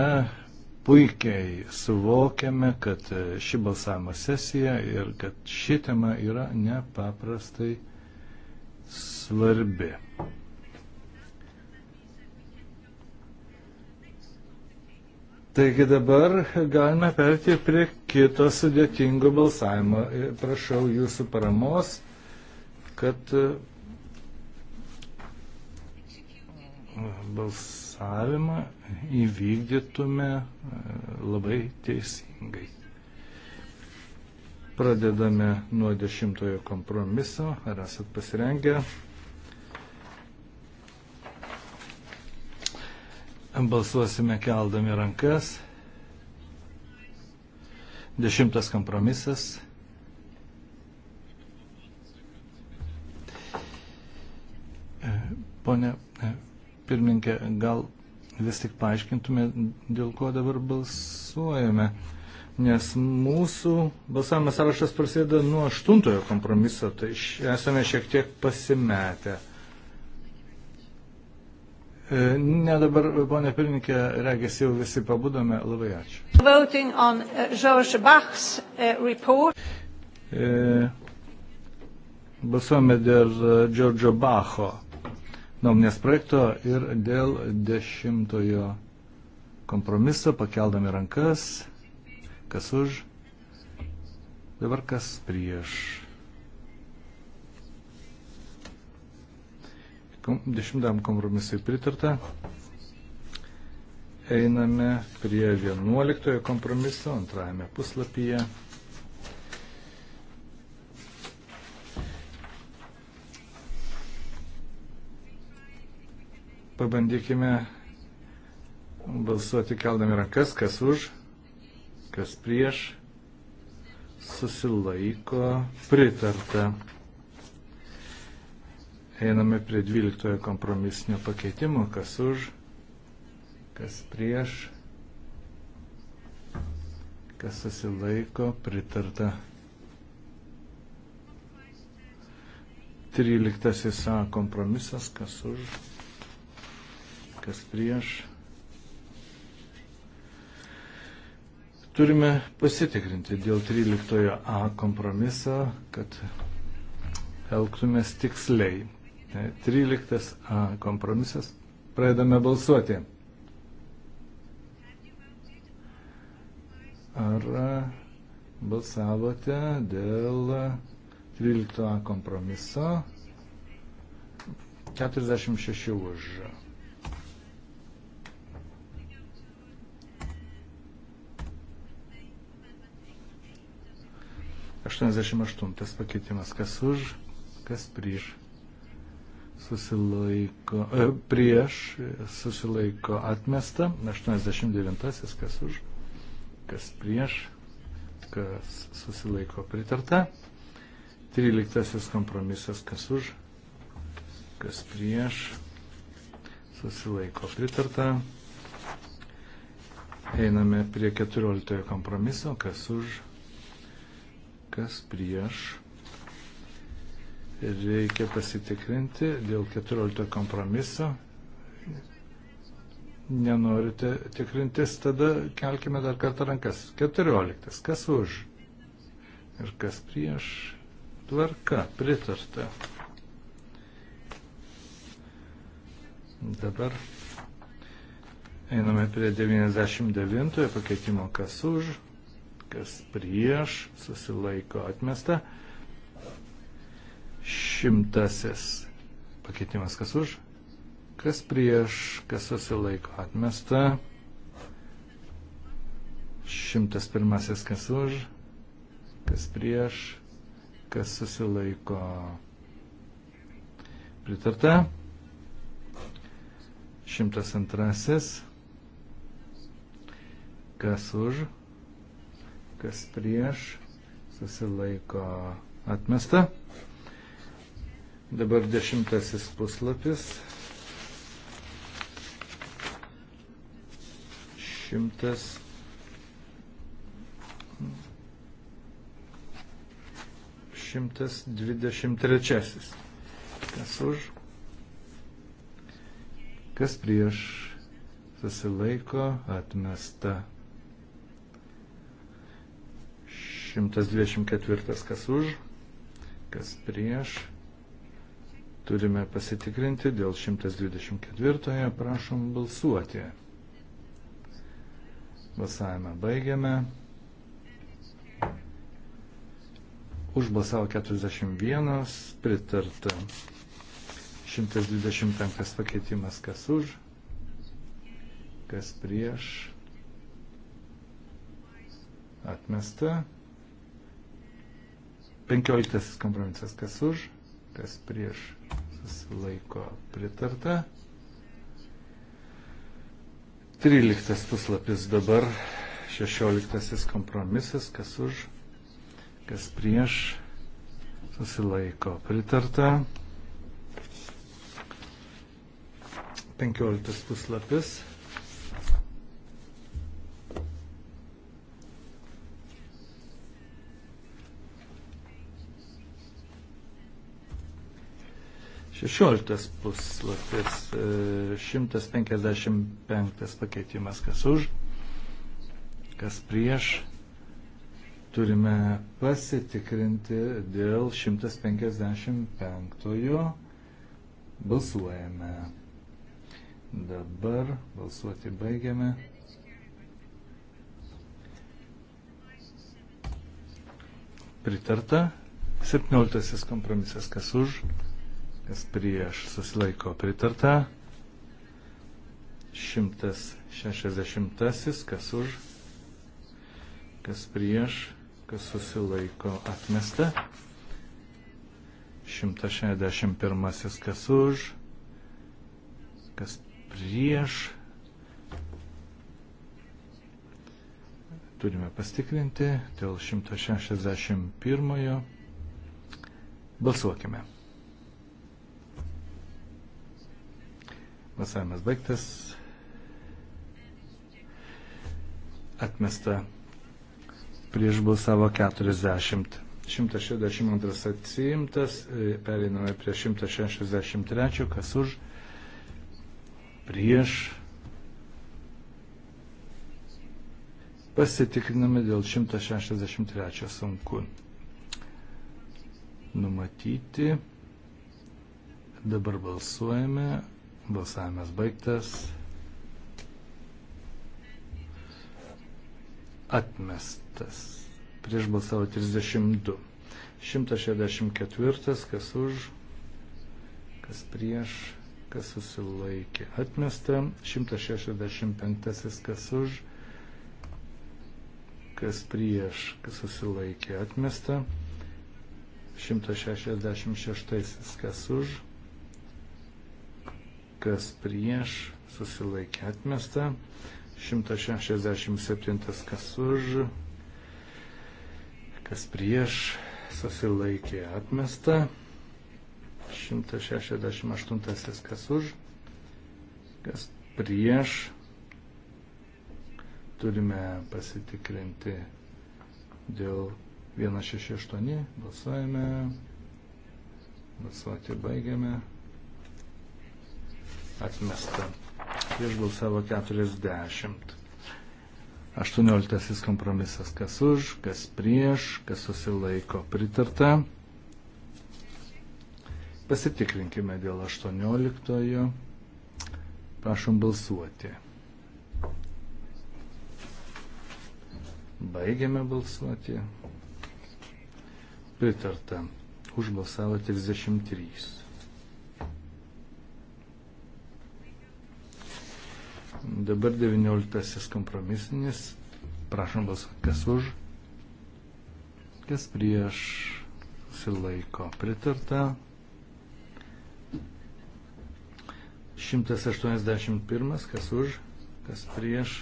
puikiai suvokiame, kad e, ši balsavimo sesija ir kad ši tema yra nepaprastai svarbi. Taigi dabar galime perti prie kito sudėtingo balsavimo. E, prašau jūsų paramos, kad e, balsavimas finansavimą įvykdytume e, labai teisingai. Pradedame nuo dešimtojo kompromiso. Ar esat pasirengę? Balsuosime keldami rankas. Dešimtas kompromisas. E, pone e, pirmininkė, gal vis tik paaiškintume, dėl ko dabar balsuojame. Nes mūsų balsavimo sąrašas prasideda nuo aštuntojo kompromiso, tai esame šiek tiek pasimetę. E, ne dabar, ponė pirmininkė, regis jau visi pabudome, labai ačiū. Voting on uh, George Bach's uh, report. E, balsuojame dėl uh, Džordžo Bacho nuomonės projekto ir dėl dešimtojo kompromiso pakeldami rankas, kas už, dabar kas prieš. Dešimtam kompromisui pritarta. Einame prie vienuoliktojo kompromiso antrajame puslapyje. Pabandykime balsuoti keldami rankas, kas už, kas prieš, susilaiko, pritarta. Einame prie 12 kompromisinio pakeitimo, kas už, kas prieš, kas susilaiko, pritarta. 13 kompromisas, kas už, kas prieš. Turime pasitikrinti dėl 13a kompromiso, kad elgtumės tiksliai. 13a tai kompromisas. Pradedame balsuoti. Ar balsavote dėl 13 kompromiso? 46 už. 88 pakeitimas. Kas už, kas prieš susilaiko, e, prieš susilaiko atmesta, 89-asis, kas už, kas prieš, kas susilaiko pritarta, 13-asis kompromisas, kas už, kas prieš, susilaiko pritarta. Einame prie 14 kompromiso, kas už, kas prieš. Reikia pasitikrinti dėl 14 kompromiso. Nenorite tikrintis, tada kelkime dar kartą rankas. 14. Kas už? Ir kas prieš? Tvarka, pritarta. Dabar einame prie 99 pakeitimo, kas už kas prieš, susilaiko atmesta. Šimtasis pakeitimas, kas už, kas prieš, kas susilaiko atmesta. Šimtas pirmasis, kas už, kas prieš, kas susilaiko. Pritarta. Šimtas antrasis. Kas už? kas prieš, susilaiko atmesta. Dabar dešimtasis puslapis. 100. Šimtas dvidešimt trečiasis. Kas už? Kas prieš? Susilaiko atmesta. 124 kas už, kas prieš. Turime pasitikrinti dėl 124, prašom balsuoti. Balsavimą baigiame. Užbalsavo 41, pritarta 125 pakeitimas kas už, kas prieš atmesta Penkioliktasis kompromisas. Kas už, kas prieš susilaiko pritarta. Tryliktas puslapis dabar. Šešioliktasis kompromisas. Kas už, kas prieš susilaiko pritarta. Penkioliktas puslapis. 16 puslapis, 155 e, pakeitimas, kas už, kas prieš. Turime pasitikrinti dėl 155. Balsuojame. Dabar balsuoti baigiame. Pritarta. 17 kompromisas, kas už kas prieš susilaiko pritarta. 160, kas už, kas prieš, kas susilaiko atmesta. 161, kas už, kas prieš. Turime pastikrinti dėl 161. Balsuokime. Balsavimas baigtas. Atmesta prieš balsavo 40. 162 atsiimtas, e, periname prie 163, kas už, prieš. Pasitikriname dėl 163 sunku. Numatyti. Dabar balsuojame. Balsavimas baigtas. Atmestas. Prieš balsavo 32. 164, kas už, kas prieš, kas susilaikė. Atmesta. 165, kas už, kas prieš, kas susilaikė. Atmesta. 166, kas už kas prieš, susilaikė atmesta. 167 kas už, kas prieš, susilaikė atmesta. 168 kas už, kas prieš. Turime pasitikrinti dėl 168. Balsuojame. Balsuoti baigiame atmesta. Prieš balsavo 40. 18 kompromisas, kas už, kas prieš, kas susilaiko pritarta. Pasitikrinkime dėl 18. Prašom balsuoti. Baigiame balsuoti. Pritarta. Užbalsavo 33. Dabar 19 kompromisinis. Prašom balsuoti, kas už, kas prieš, silaiko pritarta. 181, kas už, kas prieš,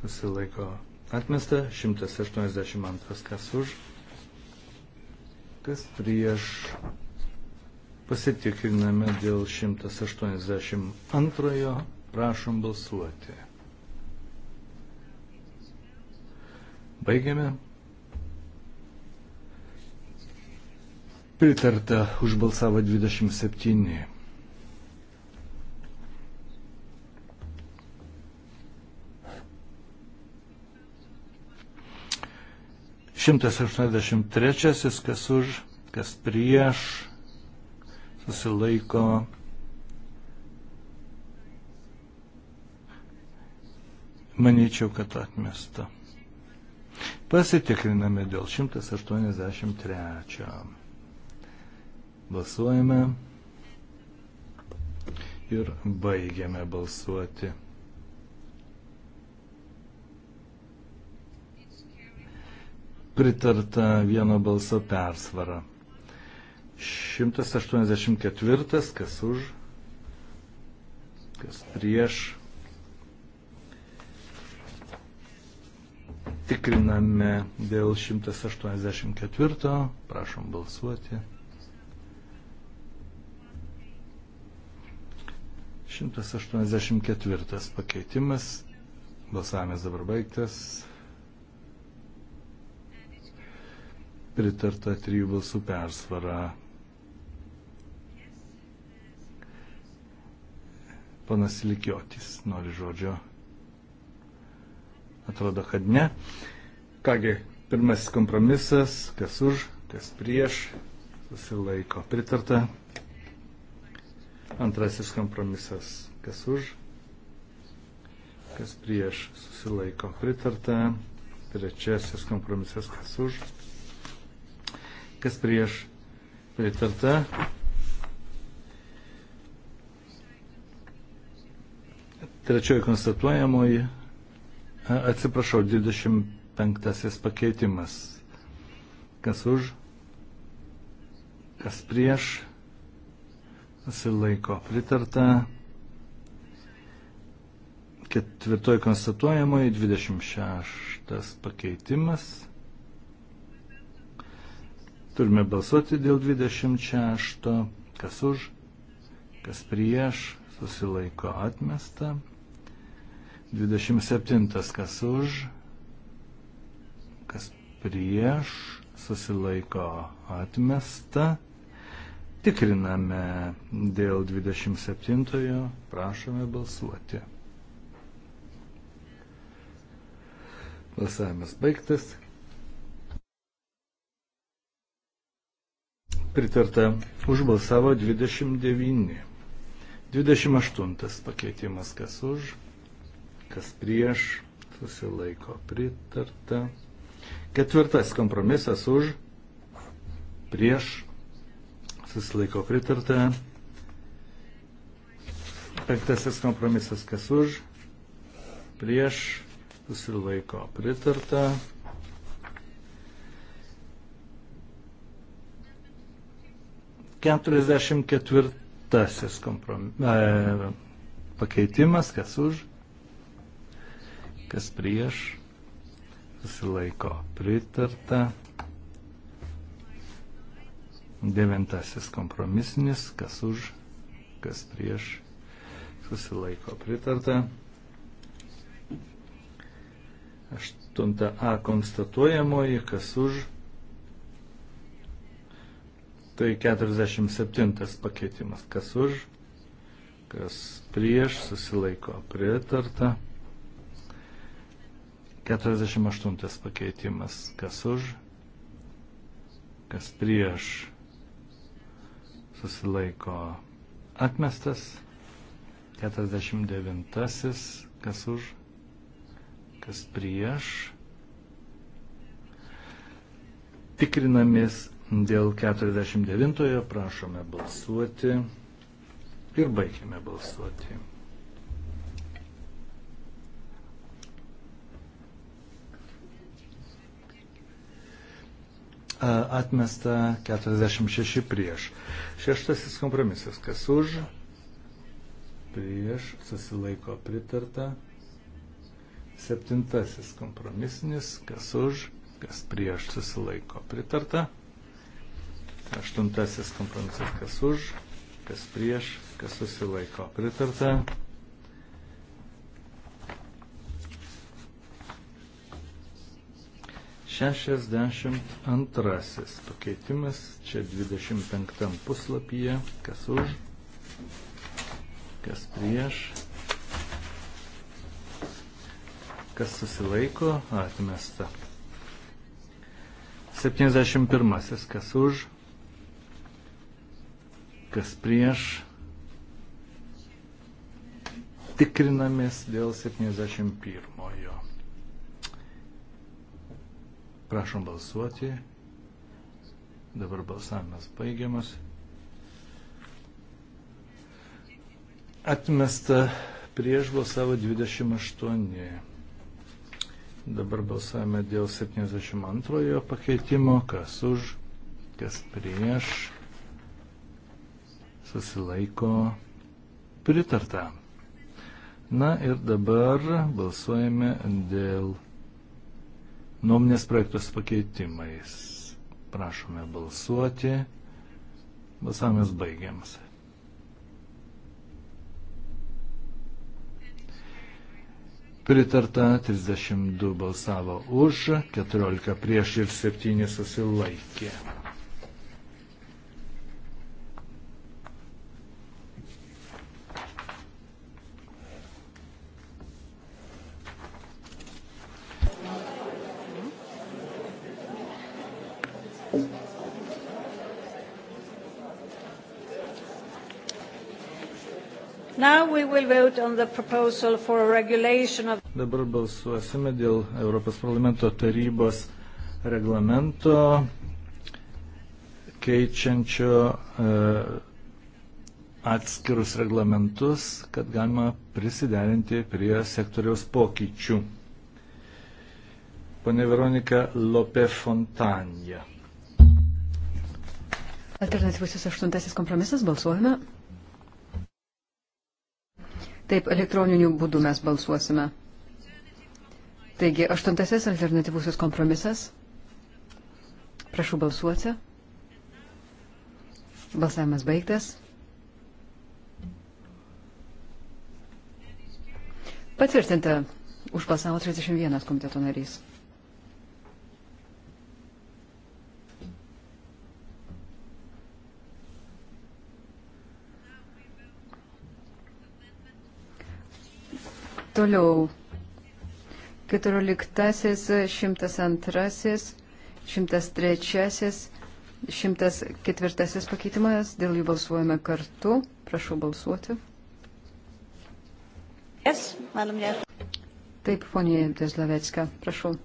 susilaiko atmesta. 182, kas už, kas prieš, pasitikriname dėl 182. Prašom balsuoti. Baigiame. Pritarta užbalsavo 27. Šimtas aštuoniasdešimt trečiasis, kas už, kas prieš, susilaiko manyčiau, kad atmesta. Pasitikriname dėl 183. Balsuojame ir baigiame balsuoti. Pritarta vieno balso persvara. 184. Kas už? Kas prieš? Tikriname dėl 184. Prašom balsuoti. 184 pakeitimas. Balsavimas dabar baigtas. Pritarta trijų balsų persvara. Panas Likiotis nori žodžio. Atrodo, kad ne. Kągi, pirmasis kompromisas, kas už, kas prieš, susilaiko pritarta. Antrasis kompromisas, kas už, kas prieš, susilaiko pritarta. Trečiasis kompromisas, kas už, kas prieš, pritarta. Trečioji konstatuojamoji Atsiprašau, 25 pakeitimas. Kas už, kas prieš, pasilaiko pritarta. Ketvirtoji konstatuojamoji, 26 pakeitimas. Turime balsuoti dėl 26, kas už, kas prieš, susilaiko atmesta. 27. Kas už, kas prieš, susilaiko atmesta. Tikriname dėl 27. Prašome balsuoti. Balsavimas baigtas. Pritarta užbalsavo 29. 28 pakeitimas kas už kas prieš, susilaiko pritarta. Ketvirtas kompromisas už, prieš, susilaiko pritarta. Penktasis kompromisas kas už, prieš, susilaiko pritarta. Keturiasdešimt ketvirtasis kompromisas. E, pakeitimas, kas už, kas prieš, susilaiko pritarta. Devintasis kompromisinis, kas už, kas prieš, susilaiko pritarta. 8a konstatuojamoji, kas už. Tai 47 pakeitimas, kas už, kas prieš, susilaiko pritarta. 48 pakeitimas. Kas už, kas prieš susilaiko atmestas. 49 kas už, kas prieš. Tikrinamės dėl 49-ojo, prašome balsuoti ir baigiame balsuoti. atmesta 46 prieš. Šeštasis kompromisas. Kas už? Prieš susilaiko pritarta. Septintasis kompromisinis. Kas už? Kas prieš susilaiko pritarta. Aštuntasis kompromisas. Kas už? Kas prieš? Kas susilaiko pritarta. 62 pakeitimas, čia 25 puslapyje, kas už, kas prieš, kas susilaiko, atmesta. 71 kas už, kas prieš, tikrinamės dėl 71. -ojo. Prašom balsuoti. Dabar balsavimas baigiamas. Atmesta prieš balsavo 28. Dabar balsavome dėl 72 pakeitimo, kas už, kas prieš, susilaiko pritarta. Na ir dabar balsuojame dėl nuomonės projektos pakeitimais. Prašome balsuoti. Balsavimas baigiamas. Pritarta 32 balsavo už, 14 prieš ir 7 susilaikė. Of... Dabar balsuosime dėl Europos parlamento tarybos reglamento keičiančio uh, atskirus reglamentus, kad galima prisiderinti prie sektoriaus pokyčių. Pane Veronika Lope Fontanja. Alternatyvusis aštuntasis kompromisas balsuojame. Taip, elektroniniu būdu mes balsuosime. Taigi, aštuntasis alternatyvusis kompromisas. Prašau balsuoti. Balsavimas baigtas. Patvirtinta. Už balsavo 31 komiteto narys. Toliau. 14, 102, 103, 104 pakeitimas. Dėl jų balsuojame kartu. Prašau balsuoti. Yes, Taip, ponė Deslavecka, prašau.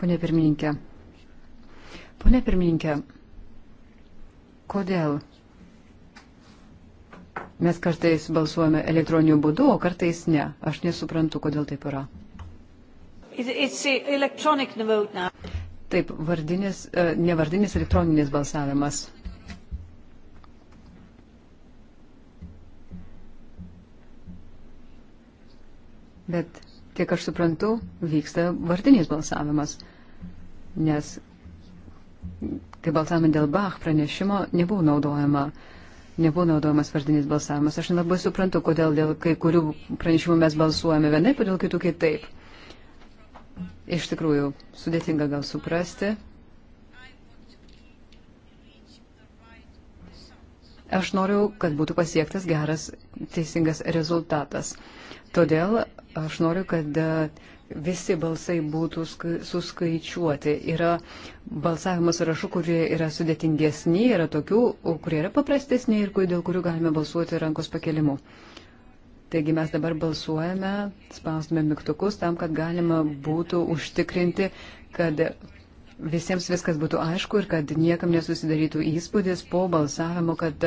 Pone pirmininkė. Pone pirmininkė, kodėl Mes kartais balsuojame elektroniniu būdu, o kartais ne. Aš nesuprantu, kodėl taip yra. Taip, vardinis, e, nevardinis elektroninis balsavimas. Bet, kiek aš suprantu, vyksta vardinis balsavimas, nes kai balsavome dėl Bach pranešimo, nebuvo naudojama uh, nebuvo naudojamas vardinis balsavimas. Aš nelabai suprantu, kodėl dėl kai kurių pranešimų mes balsuojame vienaip, o dėl kitų kitaip. Iš tikrųjų, sudėtinga gal suprasti. Aš noriu, kad būtų pasiektas geras, teisingas rezultatas. Todėl aš noriu, kad visi balsai būtų suskaičiuoti. Yra balsavimo sąrašų, kurie yra sudėtingesni, yra tokių, kurie yra paprastesni ir dėl kurių galime balsuoti rankos pakelimu. Taigi mes dabar balsuojame, spausdame mygtukus tam, kad galima būtų užtikrinti, kad visiems viskas būtų aišku ir kad niekam nesusidarytų įspūdis po balsavimo, kad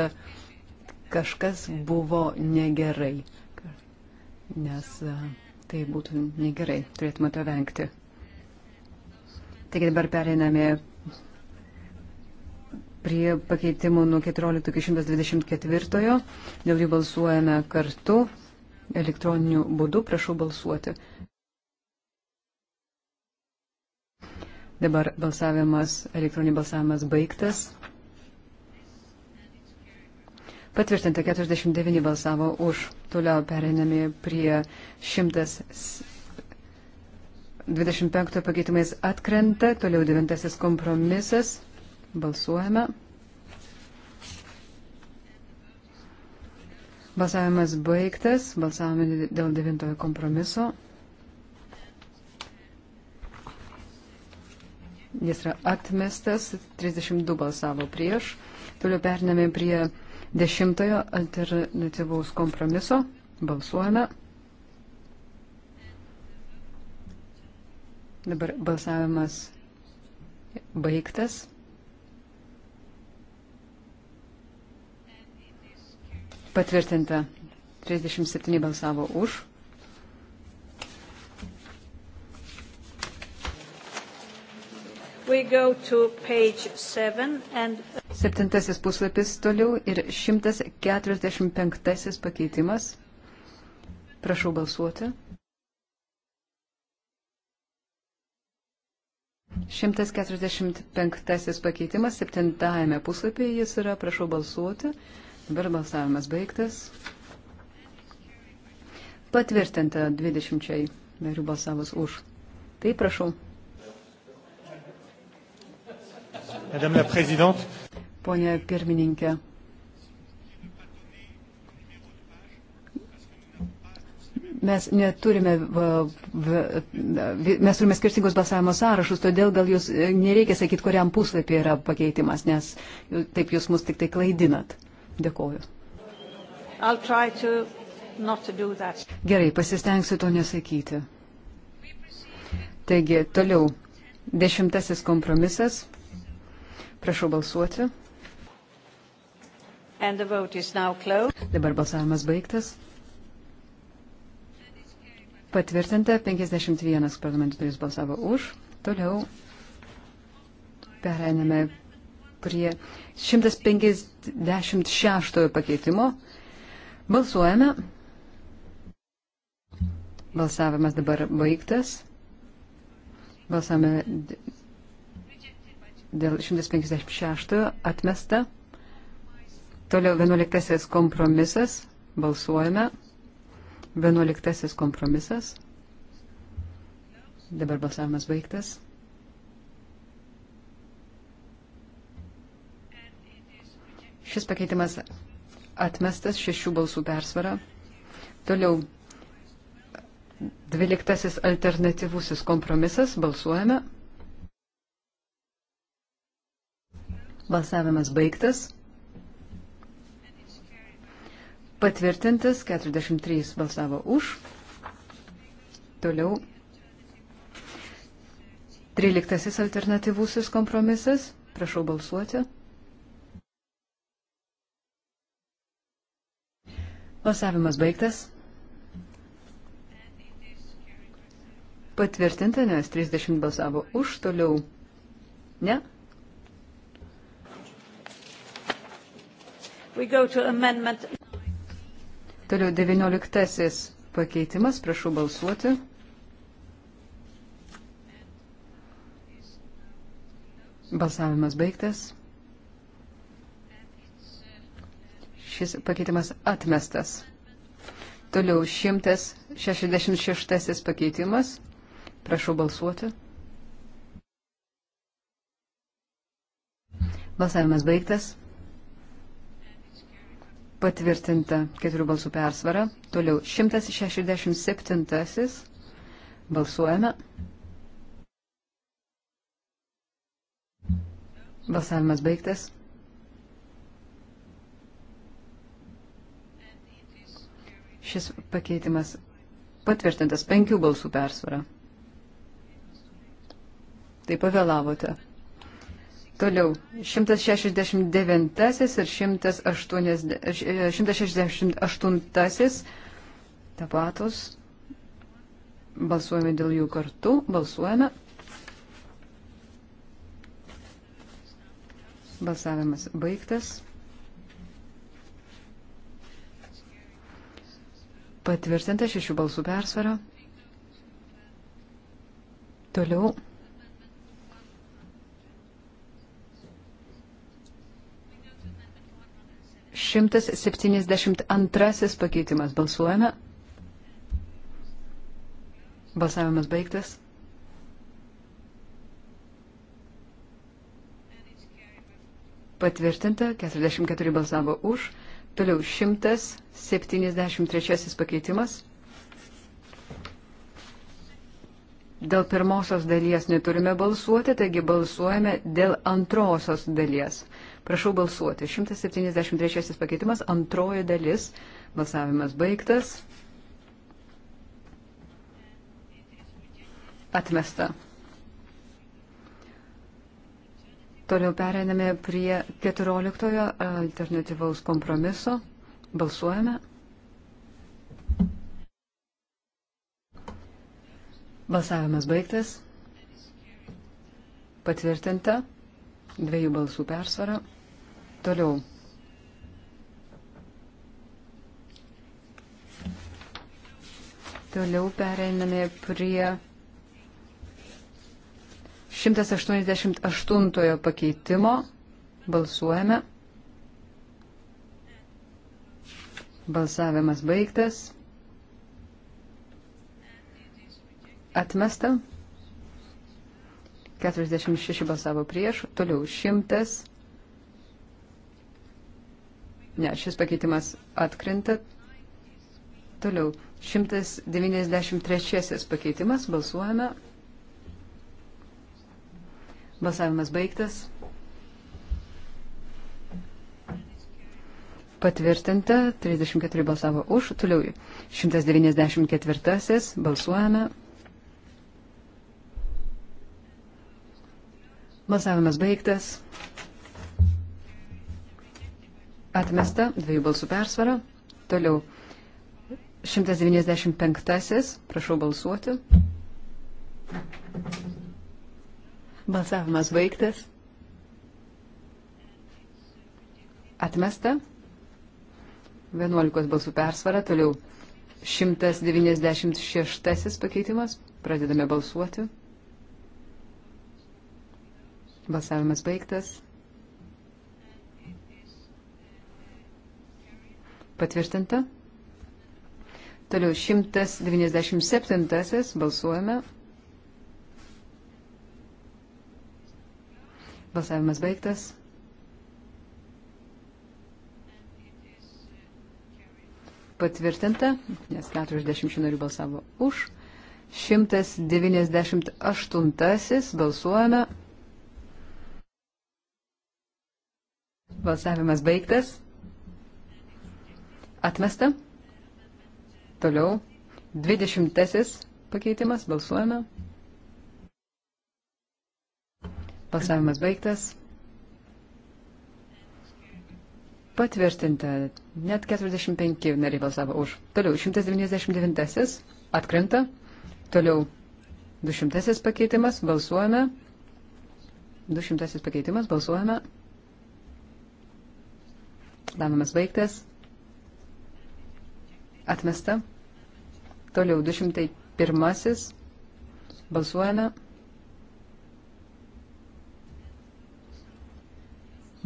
kažkas buvo negerai. Nes uh, Tai būtų negerai, turėtume to vengti. Taigi dabar pereiname prie pakeitimų nuo 14 iki 124. Dėl jų balsuojame kartu elektroniniu būdu. Prašau balsuoti. Dabar balsavimas, elektroninis balsavimas baigtas. Patvirtinta 49 balsavo už. Toliau pereinami prie 125 pakeitimais atkrenta. Toliau 9 kompromisas. Balsuojame. Balsavimas baigtas. Balsavome dėl 9 kompromiso. Jis yra atmestas. 32 balsavo prieš. Toliau periname prie dešimtojo alternatyvaus kompromiso. Balsuojame. Dabar balsavimas baigtas. Patvirtinta. 37 balsavo už. And... Septintasis puslapis toliau ir 145 pakeitimas. Prašau balsuoti. 145 pakeitimas, 7 puslapyje jis yra, prašau balsuoti. Dabar balsavimas baigtas. Patvirtinta 20 narių balsavus už. Tai prašau. Madame la Présidente. Pone pirmininkė. mes neturime, mes turime skirtingus balsavimo sąrašus, todėl gal jūs e, nereikia sakyti, kuriam puslapį yra pakeitimas, nes taip jūs mus tik tai klaidinat. Dėkoju. Gerai, pasistengsiu to nesakyti. Taigi, toliau. Dešimtasis kompromisas Prašau balsuoti. Dabar balsavimas baigtas. Patvirtinta 51 parlamentaris balsavo už. Toliau pereiname prie 156 pakeitimo. Balsuojame. Balsavimas dabar baigtas. Balsavome dėl 156 atmesta. Toliau 11 kompromisas. Balsuojame. 11 kompromisas. Dabar balsavimas baigtas. Šis pakeitimas atmestas šešių balsų persvara. Toliau dvyliktasis alternatyvusis kompromisas. Balsuojame. 12 Balsavimas baigtas. Patvirtintas 43 balsavo už. Toliau 13 alternatyvusis kompromisas. Prašau balsuoti. Balsavimas baigtas. Patvirtinta, nes 30 balsavo už, toliau ne. Toliau 19 pakeitimas, prašau balsuoti. Balsavimas baigtas. Šis pakeitimas atmestas. Toliau 166 pakeitimas. Prašau balsuoti. Balsavimas baigtas patvirtinta keturių balsų persvara. Toliau 167. Balsuojame. Balsavimas baigtas. Šis pakeitimas patvirtintas penkių balsų persvara. Tai pavėlavote. Toliau, 169 ir 168 tapatos. E, Balsuojame dėl jų kartu. Balsuojame. Balsavimas baigtas. Patvirtinta šešių balsų persvara. Toliau. 172 pakeitimas. Balsuojame. Balsavimas baigtas. Patvirtinta, 44 balsavo už. Toliau 173 pakeitimas. Dėl pirmosios dalies neturime balsuoti, taigi balsuojame dėl antrosios dalies. Prašau balsuoti. 173 pakeitimas, antroji dalis. Balsavimas baigtas. Atmesta. Toliau pereiname prie 14 alternatyvaus kompromiso. Balsuojame. Balsavimas baigtas. Patvirtinta dviejų balsų persvara. Toliau. Toliau pereiname prie 188 pakeitimo. Balsuojame. Balsavimas baigtas. Atmesta. 46 balsavo prieš, toliau 100. Ne, šis pakeitimas atkrinta. Toliau 193 pakeitimas, balsuojame. Balsavimas baigtas. Patvirtinta, 34 balsavo už, toliau 194 balsuojame. Balsavimas baigtas. Atmesta dviejų balsų persvara. Toliau 195. Prašau balsuoti. Balsavimas baigtas. Atmesta. 11 balsų persvara. Toliau 196 pakeitimas. Pradedame balsuoti. Balsavimas baigtas. Patvirtinta. Toliau 197 balsuojame. Balsavimas baigtas. Patvirtinta, nes 40 narių balsavo už. 198 balsuojame. Balsavimas baigtas. Atmesta. Toliau. Dvidešimtasis pakeitimas. Balsuojame. Balsavimas baigtas. Patvirtinta. Net 45 nariai balsavo už. Toliau 199 atkrenta. Toliau 200 pakeitimas. Balsuojame. 200 pakeitimas. Balsuojame. Balsavimas baigtas. Atmesta. Toliau 201. Balsuojame.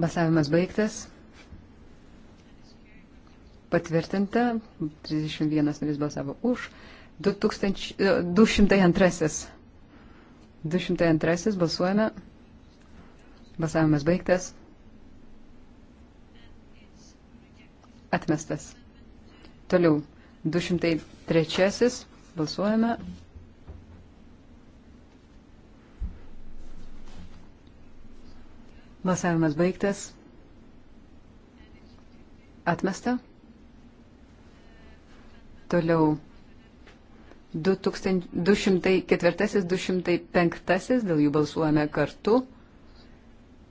Balsavimas baigtas. Patvirtinta. 31 narys balsavo už. 2000, 202. 202 balsuojame. Balsavimas baigtas. Atmestas. Toliau. 203. Balsuojame. Balsavimas baigtas. Atmesta. Toliau. 204-205, dėl jų balsuojame kartu.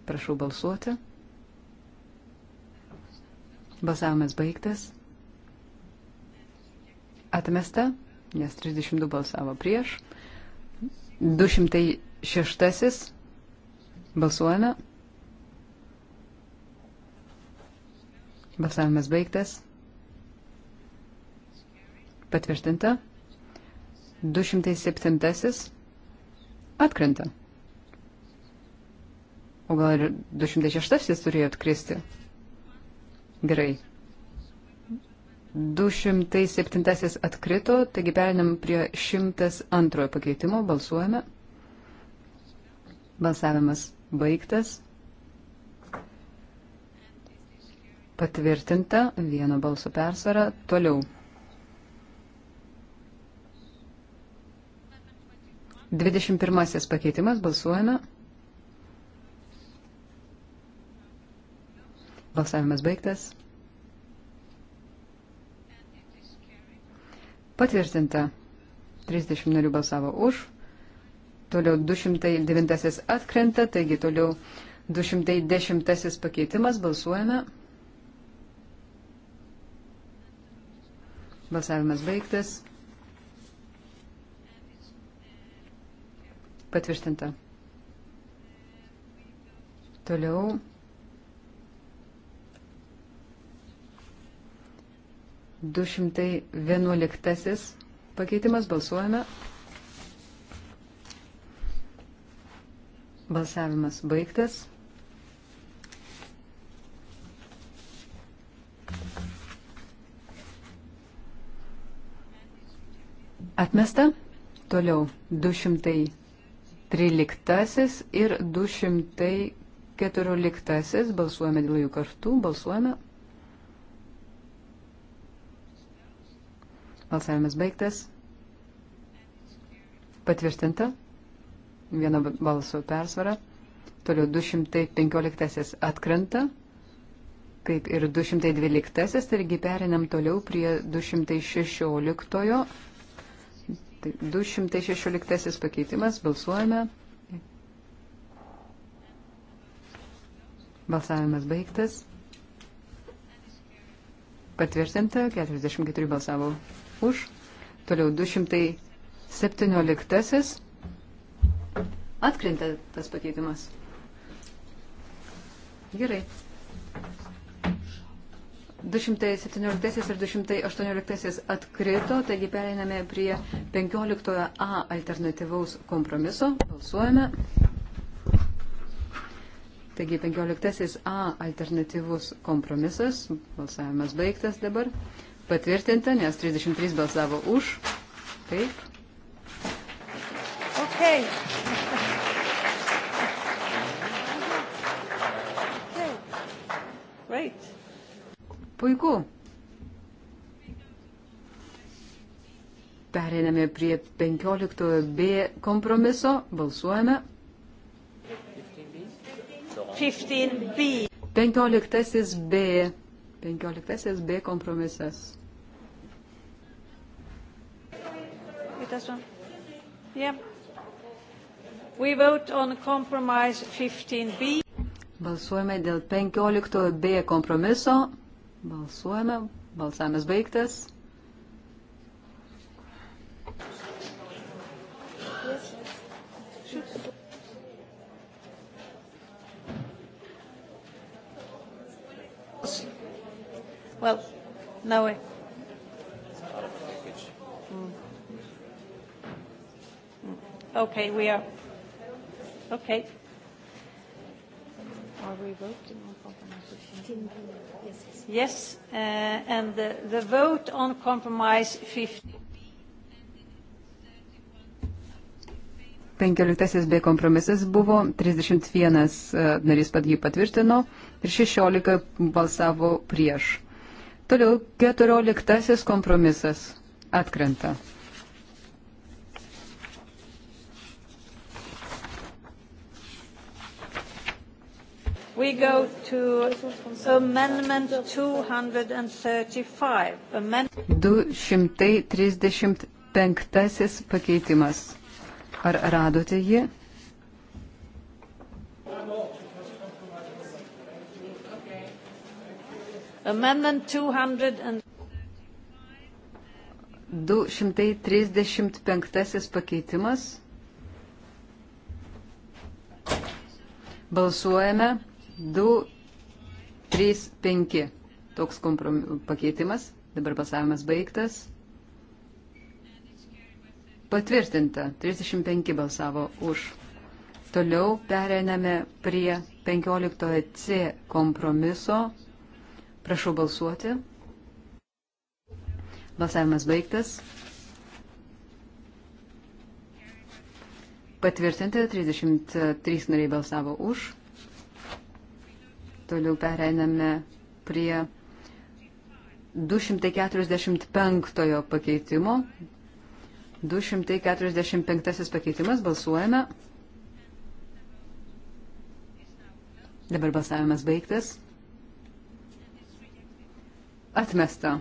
Prašau balsuoti. Balsavimas baigtas. Atmesta, nes 32 balsavo prieš. 206 balsuojame. Balsavimas baigtas. Patvirtinta. 207 atkrenta. O gal ir 206 turėjo atkristi? Gerai. 207 atkrito, taigi perinam prie 102 pakeitimo, balsuojame. Balsavimas baigtas. Patvirtinta vieno balso persvara. Toliau. 21 pakeitimas, balsuojame. Balsavimas baigtas. Patvirtinta. 30 narių balsavo už. Toliau 209 atkrenta, taigi toliau 210 pakeitimas balsuojame. Balsavimas baigtas. Patvirtinta. Toliau 211 pakeitimas. Balsuojame. Balsavimas baigtas. Atmesta. Toliau 213 ir 214 balsuojame dėl jų kartų. Balsuojame. Balsavimas baigtas. Patvirtinta. Vieno balsų persvara. Toliau 215 atkrenta. Kaip ir 212, taigi perinam toliau prie 216. Tai 216 pakeitimas, balsuojame. Balsavimas baigtas. Patvirtinta, 44 balsavo už, toliau 217 atkrinta tas pakeitimas. Gerai. 217 ir 218 atkrito, taigi pereiname prie 15a alternatyvaus kompromiso. Balsuojame. Taigi 15a alternatyvus kompromisas. Balsavimas baigtas dabar patvirtinta, nes 33 balsavo už. Taip. Okay. okay. Great. Puiku. Pereiname prie 15b kompromiso. Balsuojame. 15b. 15b. 15 B kompromisas. Yeah. We vote on compromise 15B. Balsuojame dėl 15 B kompromiso. Balsuojame. Balsavimas baigtas. Well, no way. Mm. Mm. Okay, we are. Okay. Are we voting on compromise 15? Yes, uh, and the, the vote on compromise 15. Penkioliktasis B kompromisas buvo, 31 uh, narys pat jį patvirtino ir 16 balsavo prieš. Toliau keturioliktasis kompromisas atkrenta. We go to amendment 235. Amend 235 pakeitimas. Ar radote jį? Amendment 200 and... 235 pakeitimas. Balsuojame 235. Toks pakeitimas. Dabar balsavimas baigtas. Patvirtinta. 35 balsavo už. Toliau pereiname prie 15C kompromiso Prašau balsuoti. Balsavimas baigtas. Patvirtinti 33 nariai balsavo už. Toliau pereiname prie 245 pakeitimo. 245 pakeitimas balsuojame. Dabar balsavimas baigtas. Atmesta.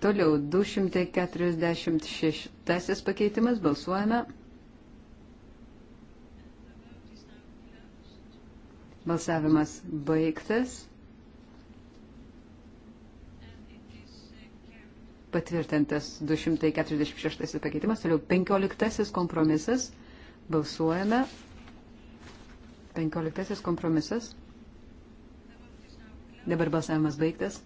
Toliau 246 pakeitimas. Balsuojame. Balsavimas baigtas. Patvirtintas 246 pakeitimas. Toliau 15 kompromisas. Balsuojame. 15 kompromisas. Dabar balsavimas baigtas.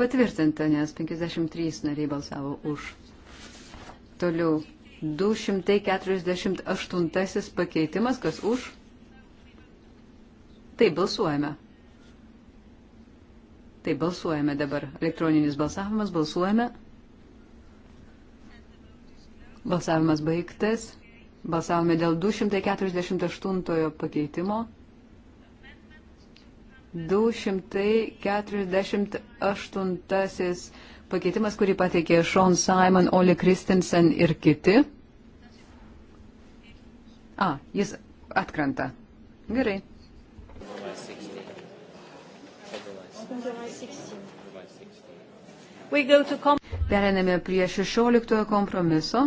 patvirtinta, nes 53 nariai balsavo už. Toliau 248 pakeitimas, kas už. Taip balsuojame. Taip balsuojame dabar. Elektroninis balsavimas, balsuojame. Balsavimas baigtas. Balsavome dėl 248 pakeitimo. 248 pakeitimas, kurį pateikė Sean Simon, Oli Kristinsen ir kiti. A, jis atkrenta. Gerai. Periname prie 16 kompromiso.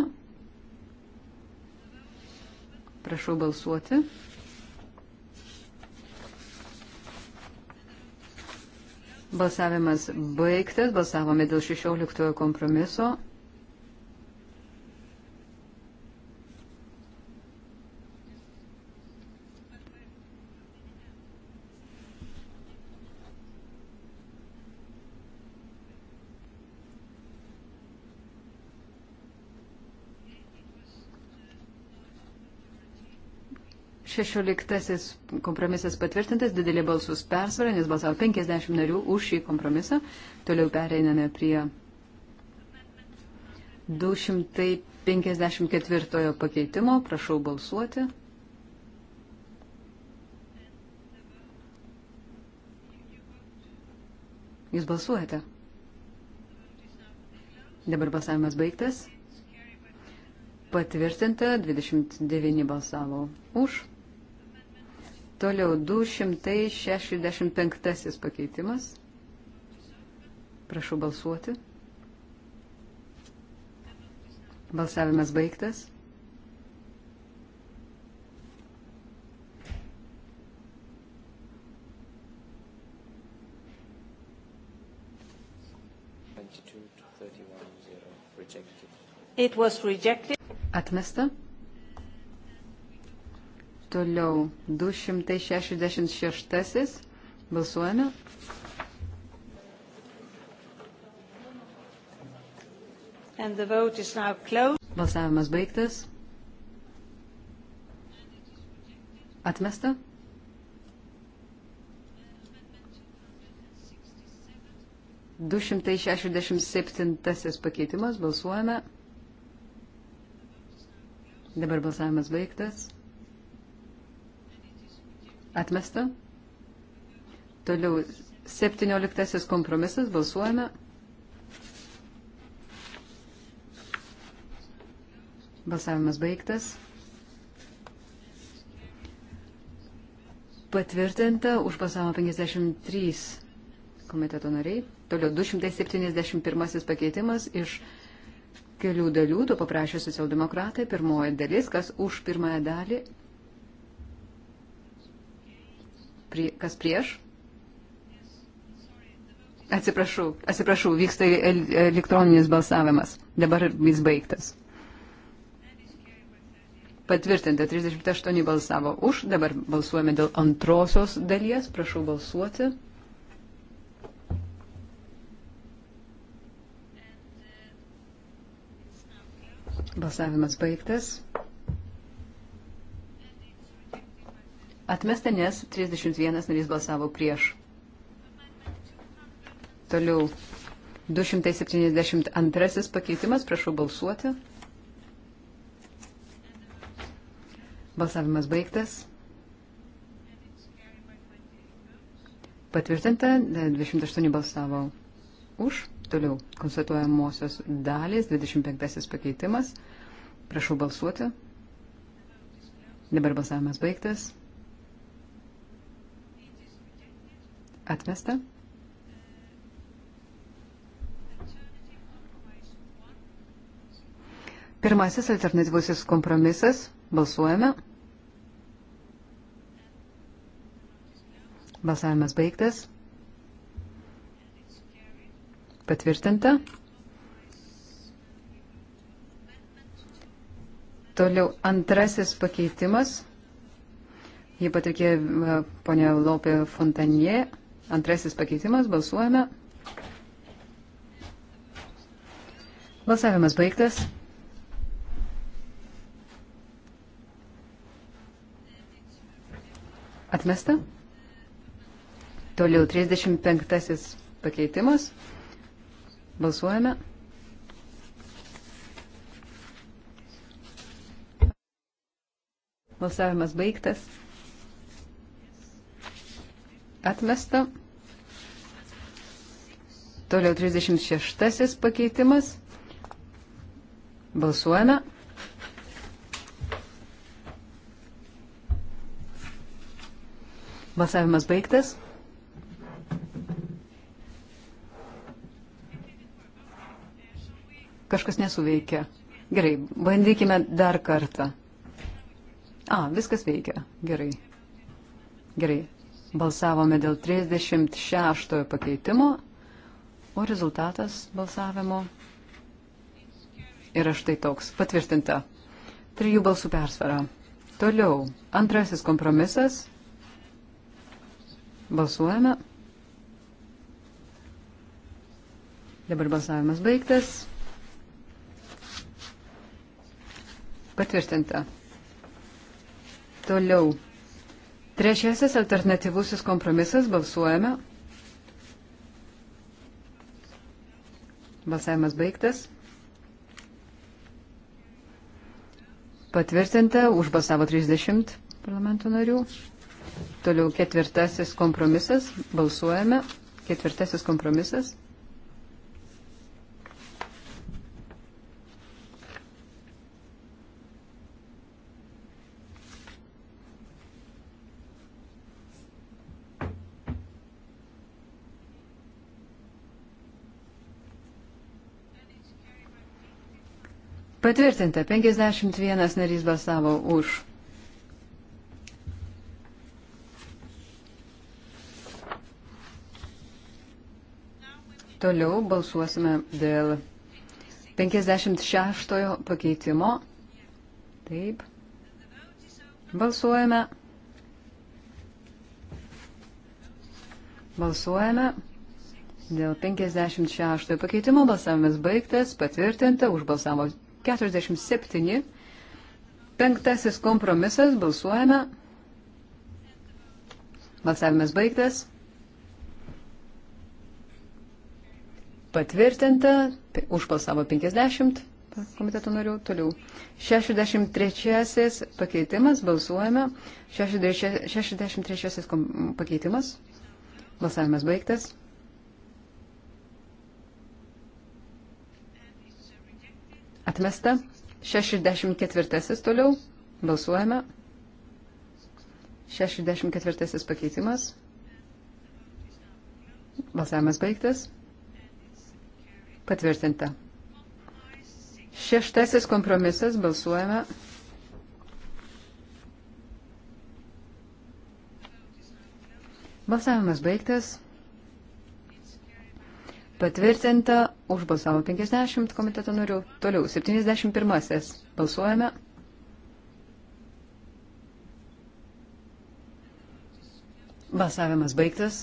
Prašau balsuoti. Balsavimas baigtas, balsavome dėl 16 kompromiso. Šešioliktasis kompromisas patvirtintas didelį balsus persvarą, nes balsavo 50 narių už šį kompromisą. Toliau pereiname prie 254 pakeitimo. Prašau balsuoti. Jūs balsuojate. Dabar balsavimas baigtas. Patvirtinta, 29 balsavo už. Toliau 265 pakeitimas. Prašau balsuoti. Balsavimas baigtas. It was rejected. Atmesta. Toliau 266. Balsuojame. Balsavimas baigtas. Atmesta. Du šimtai šešiasdešimt septintasis pakeitimas. Balsuojame. Dabar balsavimas baigtas. Atmesta. Toliau 17 kompromisas. Balsuojame. Balsavimas baigtas. Patvirtinta už balsavimą 53 komiteto nariai. Toliau 271 pakeitimas iš kelių dalių. To paprašė socialdemokratai. Pirmoji dalis, kas už pirmąją dalį prie, kas prieš. Atsiprašau, atsiprašau, vyksta e, elektroninis balsavimas. Dabar jis baigtas. Patvirtinta, 38 balsavo už, dabar balsuojame dėl antrosios dalies, prašau balsuoti. Balsavimas baigtas. Atmesta, nes 31 narys balsavo prieš. Toliau 272 pakeitimas, prašau balsuoti. Balsavimas baigtas. Patvirtinta, 28 balsavo už. Toliau konstatuojamosios dalys, 25 pakeitimas. Prašau balsuoti. Dabar balsavimas baigtas. Atmesta. Pirmasis alternatyvusis kompromisas. Balsuojame. Balsavimas baigtas. Patvirtinta. Toliau antrasis pakeitimas. Jį patikė ponia Lopė Fontanie. Antrasis pakeitimas, balsuojame. Balsavimas baigtas. Atmesta. Toliau 35 pakeitimas. Balsuojame. Balsavimas baigtas atmesta. Toliau 36 pakeitimas. Balsuojame. Balsavimas baigtas. Kažkas nesuveikia. Gerai, bandykime dar kartą. A, viskas veikia. Gerai. Gerai. Balsavome dėl 36 pakeitimo, o rezultatas balsavimo yra štai toks. Patvirtinta. Trijų balsų persvara. Toliau. Antrasis kompromisas. Balsuojame. Dabar balsavimas baigtas. Patvirtinta. Toliau. Trečiasis alternatyvusis kompromisas balsuojame. Balsavimas baigtas. Patvirtinta, užbalsavo 30 parlamento narių. Toliau ketvirtasis kompromisas, balsuojame. Ketvirtasis kompromisas. Patvirtinta, 51 narys balsavo už. Toliau balsuosime dėl 56 pakeitimo. Taip. Balsuojame. Balsuojame. Dėl 56 pakeitimo balsavimas baigtas, patvirtinta, užbalsavo 47. Penktasis kompromisas. Balsuojame. Balsavimas baigtas. Patvirtinta. Užbalsavo 50 komiteto narių. Toliau. 63 pakeitimas. Balsuojame. 63 pakeitimas. Balsavimas baigtas. Atmesta. 64 toliau. Balsuojame. 64 pakeitimas. Balsavimas baigtas. Patvirtinta. Šeštasis kompromisas. Balsuojame. Balsavimas baigtas. Patvirtinta, užbalsavo 50 komiteto narių. Toliau, 71. Balsuojame. Balsavimas baigtas.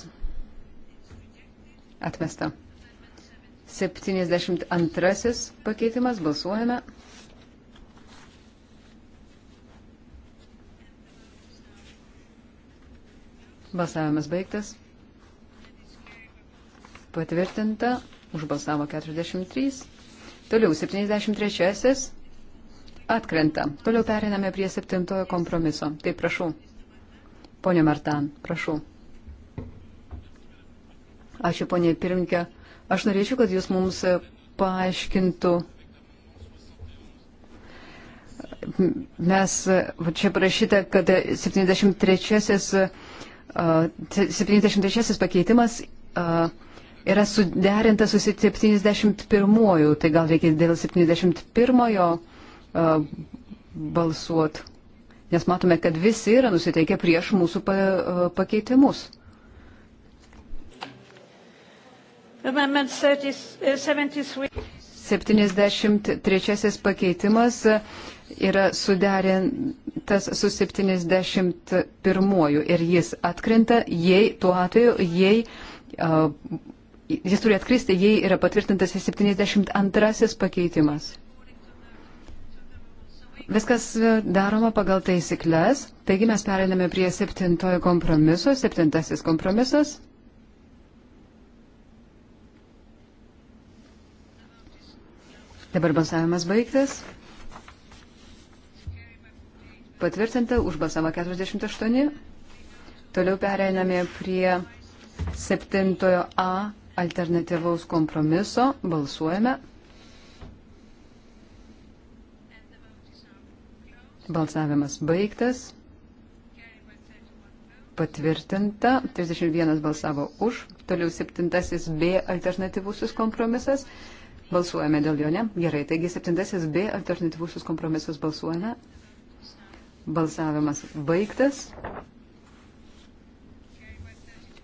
Atmesta. 72 pakeitimas. Balsuojame. Balsavimas baigtas patvirtinta, užbalsavo 43. Toliau 73 atkrenta. Toliau periname prie 7 kompromiso. Tai prašau. Pone Martan, prašau. Ačiū, ponė pirmininkė. Aš norėčiau, kad jūs mums paaiškintų. Mes, va, čia parašyta, kad 73-asis 73 pakeitimas uh, yra suderinta su 71-uoju, tai gal reikia dėl 71-ojo uh, e, balsuot, nes matome, kad visi yra nusiteikę prieš mūsų pa, uh, pakeitimus. Amendment 73 uh, pakeitimas yra suderintas su 71 ir jis atkrinta, jei tuo atveju, jei uh, jis turi atkristi, jei yra patvirtintas 72 pakeitimas. Viskas e, daroma pagal taisyklės, taigi mes pereiname prie septintojo kompromiso, septintasis kompromisas. Dabar balsavimas baigtas. Patvirtinta, užbalsavo 48. Toliau pereiname prie 7A alternatyvaus kompromiso. Balsuojame. Balsavimas baigtas. Patvirtinta. 31 balsavo už. Toliau 7 B alternatyvusis kompromisas. Balsuojame dėl jo, ne? Gerai, taigi 7 B alternatyvusis kompromisas balsuojame. Balsavimas baigtas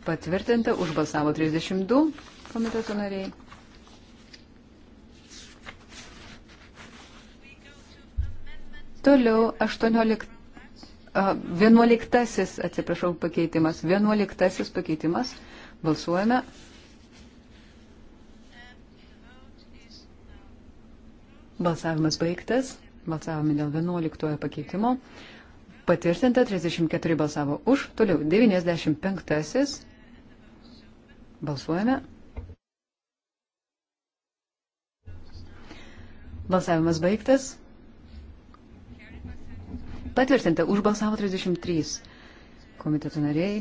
patvirtinta, užbalsavo 32 komiteto nariai. Toliau 18, 11, atsiprašau, pakeitimas. 11 pakeitimas. Balsuojame. Balsavimas baigtas. Balsavome dėl 11 pakeitimo. Patvirtinta 34 balsavo už. Toliau 95. Balsuojame. Balsavimas baigtas. Patvirtinta, užbalsavo 33 komiteto nariai.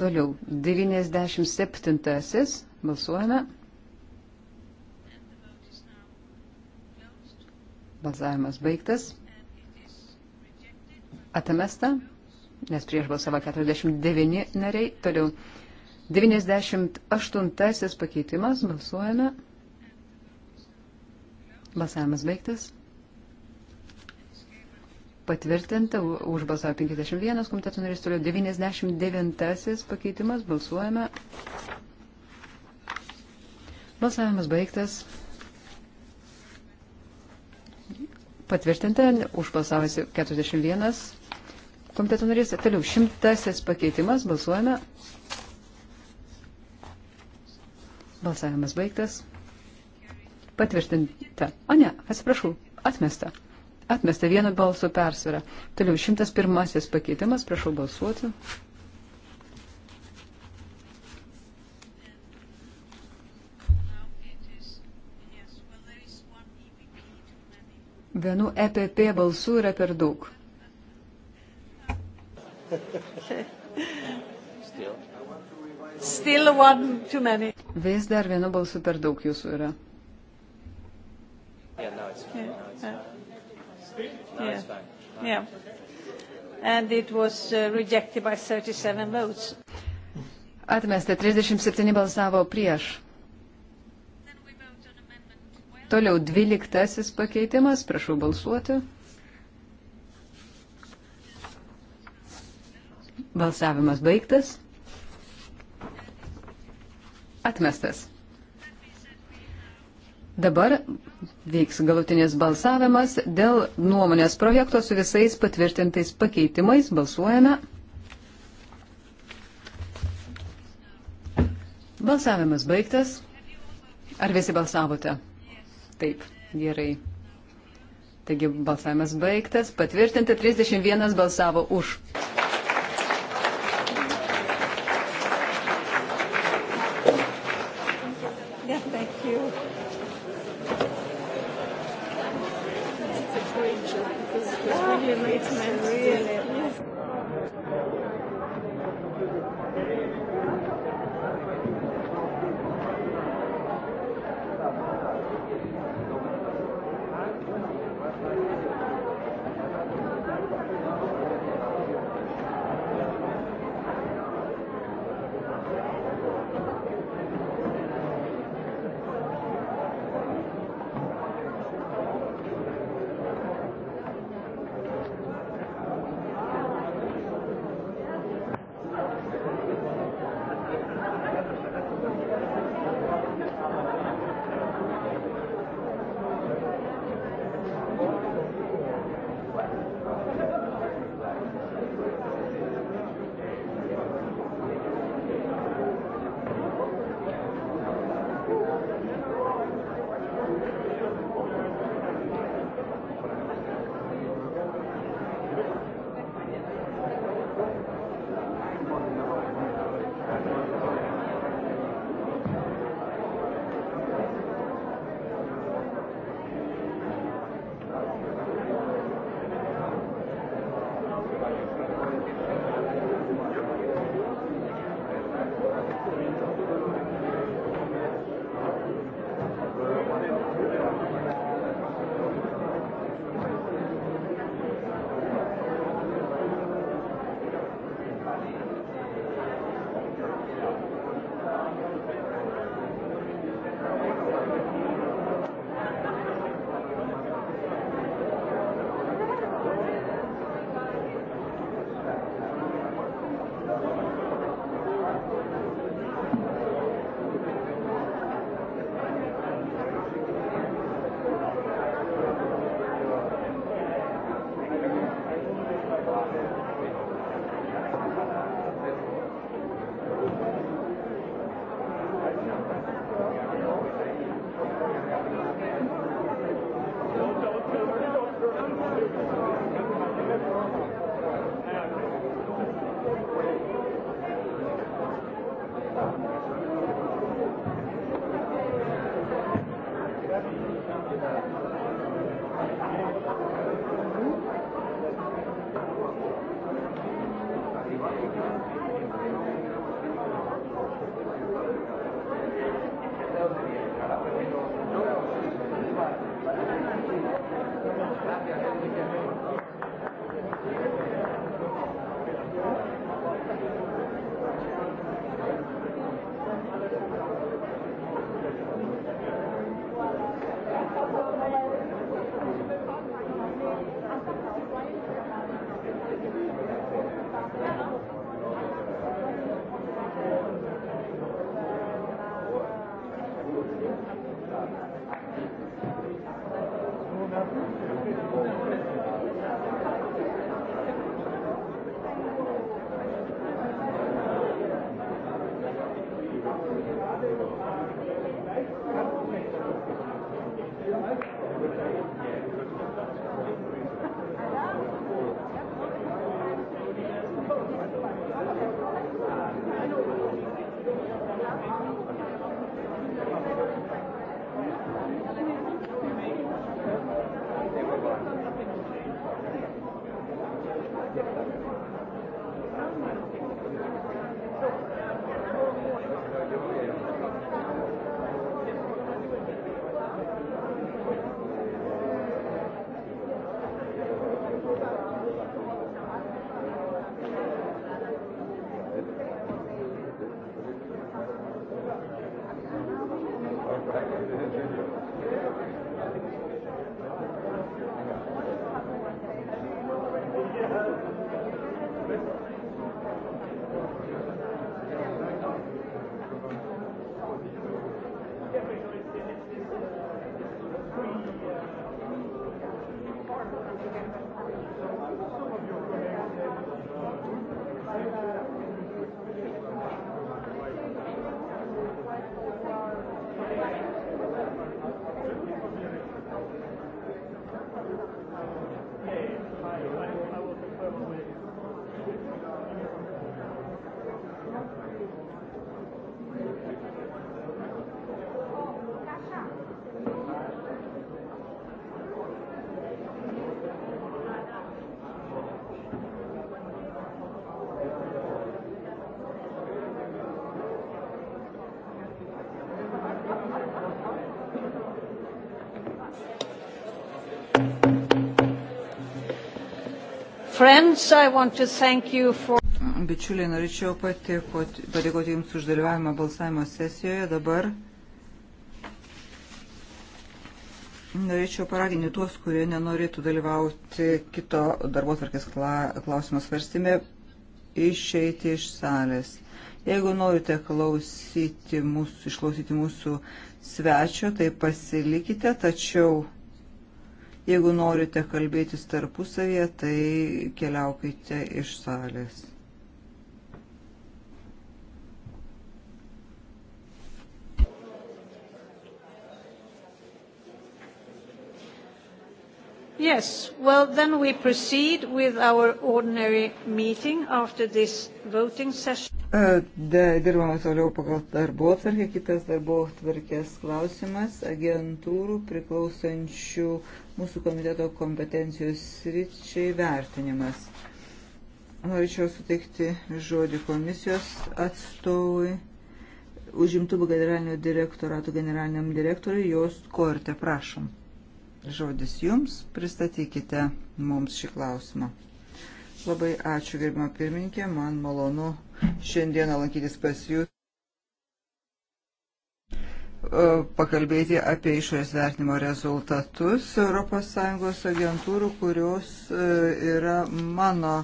Toliau, 97-asis. Balsuojame. Balsavimas baigtas. Atamesta, nes prieš balsavo 49 nariai. Toliau, 98 pakeitimas, balsuojame. Balsavimas baigtas. Patvirtinta, už balsavo 51 komiteto narys, toliau 99 pakeitimas, balsuojame. Balsavimas baigtas. Patvirtinta, už balsavasi 41 komiteto narys, toliau 100 pakeitimas, balsuojame. Balsavimas baigtas. Patvirtinta. O ne, atsiprašau, atmesta. Atmesta vieno balso persvara. Toliau 101 pakeitimas, prašau balsuoti. Vienu EPP balsų yra per daug. Vis dar vienu balsu per daug jūsų yra. Yeah, no, it's fine. Yeah. No, it's fine. No, yeah. it's fine. No. Yeah. And it was uh, rejected by 37 votes. Atmesta 37 balsavo prieš. Toliau 12 pakeitimas, prašau balsuoti. Balsavimas baigtas atmestas. Dabar vyks galutinis balsavimas dėl nuomonės projekto su visais patvirtintais pakeitimais. Balsuojame. Balsavimas baigtas. Ar visi balsavote? Taip, gerai. Taigi balsavimas baigtas. Patvirtinti 31 balsavo už. Friends, for... Bičiuliai, norėčiau padėkoti, padėkoti Jums už dalyvavimą balsavimo sesijoje. Dabar norėčiau paraginti tuos, kurie nenorėtų dalyvauti kito darbo tvarkės klausimo svarstymė, išeiti iš salės. Jeigu norite klausyti mūsų, išklausyti mūsų svečio, tai pasilikite, tačiau Jeigu norite kalbėtis tarpusavėje, tai keliaukite iš salės. Yes, well, then we proceed with our ordinary meeting after this voting session. Dirbame toliau pagal darbo atvarkę. Kitas darbo atvarkės klausimas - agentūrų priklausančių mūsų komiteto kompetencijos sričiai vertinimas. Norėčiau suteikti žodį komisijos atstovui, užimtumo generalinio direktorato generaliniam direktoriui, jos korte, prašom. Žodis jums, pristatykite mums šį klausimą. Labai ačiū, gerbimo pirmininkė, man malonu šiandieną lankytis pas jūs e, pakalbėti apie išorės vertinimo rezultatus ES agentūrų, kurios e, yra mano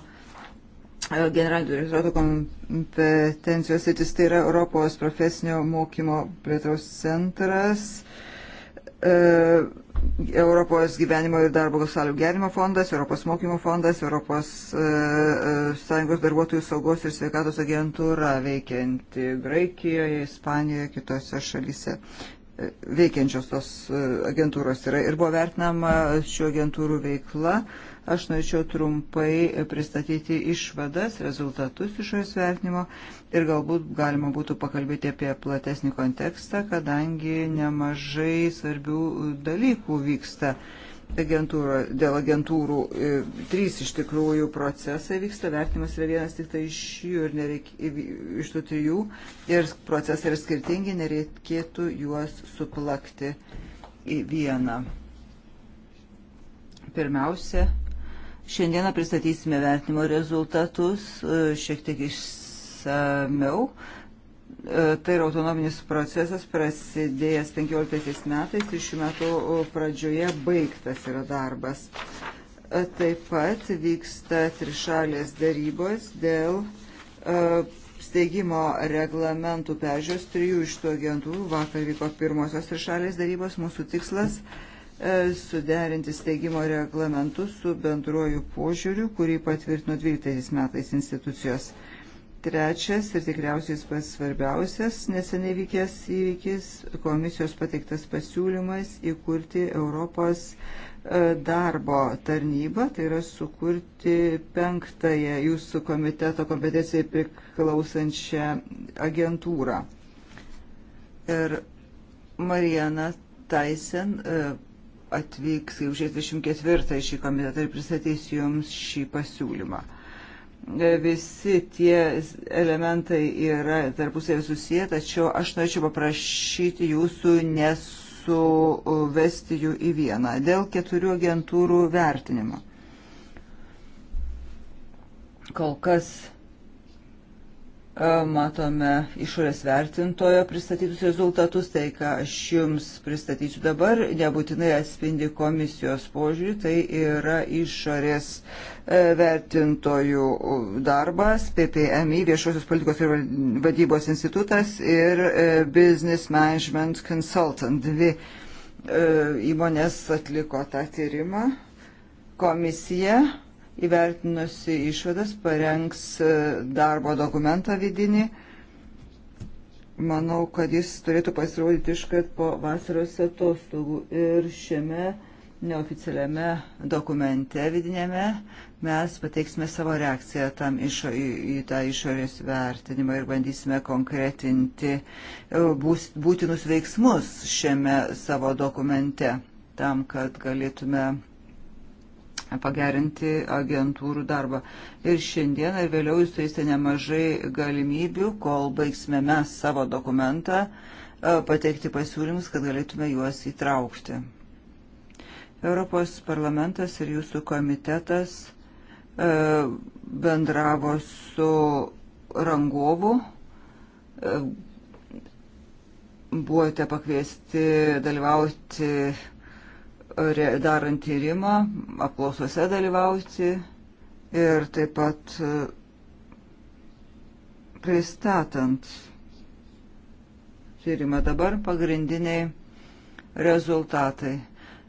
e, generalinio direktorato kompetencijos sritis, tai yra Europos profesinio mokymo plėtros centras, E, Europos gyvenimo ir darbo sąlygų gerimo fondas, Europos mokymo fondas, Europos e, e, Sąjungos darbuotojų saugos ir sveikatos agentūra veikianti Graikijoje, Ispanijoje, kitose šalyse. Veikiančios tos agentūros yra ir buvo vertinama šių agentūrų veikla. Aš norėčiau trumpai pristatyti išvadas, rezultatus išorės vertinimo. Iš ir galbūt galima būtų pakalbėti apie platesnį kontekstą, kadangi nemažai svarbių dalykų vyksta. Agentūra, dėl agentūrų e, trys iš tikrųjų procesai vyksta, vertimas yra vienas tik tai iš jų ir nereik, iš tų trijų ir procesai yra skirtingi, nereikėtų juos suplakti į vieną. Pirmiausia, Šiandieną pristatysime vertinimo rezultatus, e, šiek tiek išsiaiškinsime išsameu. E, tai yra autonominis procesas prasidėjęs 15 metais ir šių metų pradžioje baigtas yra darbas. E, taip pat vyksta trišalės darybos dėl e, steigimo reglamentų peržiūros trijų iš tų agentūrų. Vakar vyko pirmosios trišalės darybos. Mūsų tikslas e, suderinti steigimo reglamentus su bendruoju požiūriu, kurį patvirtino 12 metais institucijos. Trečias ir tikriausiai pats svarbiausias neseniai vykęs įvykis - komisijos pateiktas pasiūlymas įkurti Europos e, darbo tarnybą, tai yra sukurti penktąją jūsų komiteto kompetencijai priklausančią agentūrą. Ir Marijana Taisen e, atvyks jau 24 į šį komitetą ir pristatys jums šį pasiūlymą visi tie elementai yra tarpusavį susiję, tačiau aš norėčiau paprašyti jūsų nesuvesti jų į vieną dėl keturių agentūrų vertinimo. Kol kas e, matome išorės vertintojo pristatytus rezultatus, tai ką aš jums pristatysiu dabar, nebūtinai atspindi komisijos požiūrį, tai yra išorės E, vertintojų darbas, PPMI, Viešosios politikos ir vadybos institutas ir e, Business Management Consultant. Dvi e, įmonės atliko tą tyrimą. Komisija įvertinusi išvadas parengs darbo dokumentą vidinį. Manau, kad jis turėtų pasirodyti iškart po vasaros atostogų ir šiame uh, neoficialiame dokumente vidinėme mes pateiksime savo reakciją tam išo, į, į tą išorės vertinimą ir bandysime konkretinti e, būs, būtinus veiksmus šiame savo dokumente tam, kad galėtume pagerinti agentūrų darbą. Ir šiandien ir vėliau jūs turėsite nemažai galimybių, kol baigsime mes savo dokumentą, e, pateikti pasiūlymus, kad galėtume juos įtraukti. Europos parlamentas ir jūsų komitetas e, bendravo su rangovu. E, buvote pakviesti dalyvauti darant tyrimą, apklausose dalyvauti ir taip pat e, pristatant tyrimą dabar pagrindiniai rezultatai.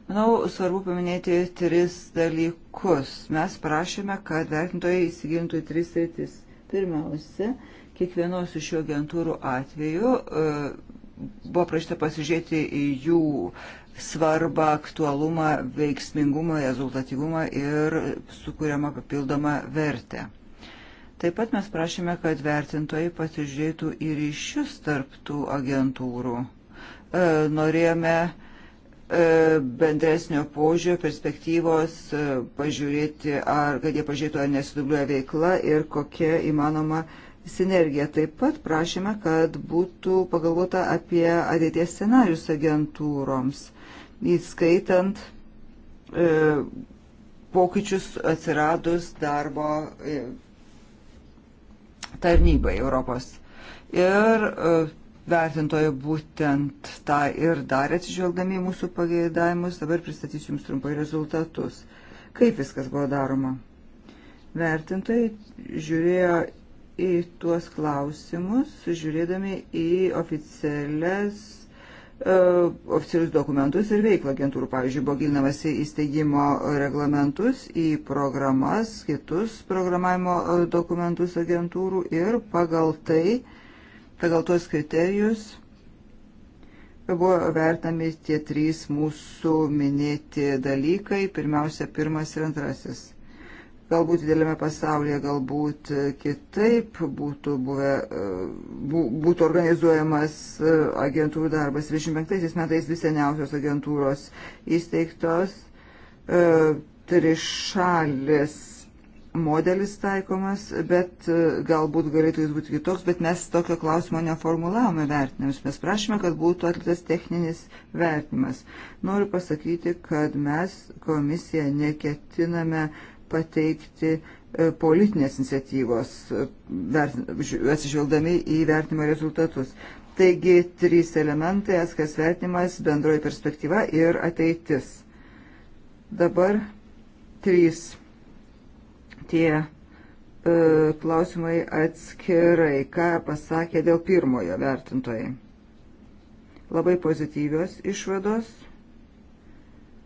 Manau, svarbu paminėti tris dalykus. Mes prašėme, kad vertintojai įsigintų į tris rytis. Pirmiausia, kiekvienos iš šių agentūrų atveju e, buvo prašyta pasižiūrėti į jų svarbą, aktualumą, veiksmingumą, rezultatyvumą ir sukūriamą papildomą vertę. Taip pat mes prašėme, kad vertintojai pasižiūrėtų į ryšius tarptų agentūrų. E, norėjome E, bendresnio požiūrio perspektyvos e, pažiūrėti, ar kad jie pažiūrėtų, ar nesidubliuoja veikla ir kokia įmanoma sinergija. Taip pat prašėme, kad būtų pagalvota apie ateities scenarius agentūroms, įskaitant e, pokyčius atsiradus darbo e, tarnybai Europos. Ir e, vertintoje būtent tą ir darė atsižvelgdami į mūsų pageidavimus. Dabar pristatysiu Jums trumpai rezultatus. Kaip viskas buvo daroma? Vertintojai žiūrėjo į tuos klausimus, žiūrėdami į oficialias e, oficialius dokumentus ir veiklą agentūrų. Pavyzdžiui, buvo gilinamasi įsteigimo reglamentus, į programas, kitus programavimo e, dokumentus agentūrų ir pagal tai Pagal tuos kriterijus buvo vertami tie trys mūsų minėti dalykai, pirmiausia, pirmas ir antrasis. Galbūt didelėme pasaulyje, galbūt kitaip būtų, buvę, e, būtų organizuojamas e, agentūrų darbas. 25 metais vis seniausios agentūros įsteigtos e, trišalės modelis taikomas, bet e, galbūt galėtų jis būti kitoks, bet mes tokio klausimo neformulavome vertinimus. Mes prašome, kad būtų atliktas techninis vertinimas. Noriu pasakyti, kad mes komisiją neketiname pateikti e, politinės iniciatyvos, e, atsižvelgdami į vertinimo rezultatus. Taigi trys elementai - atskiras vertinimas, bendroji perspektyva ir ateitis. Dabar trys tie e, klausimai atskirai, ką pasakė dėl pirmojo vertintojai. Labai pozityvios išvados.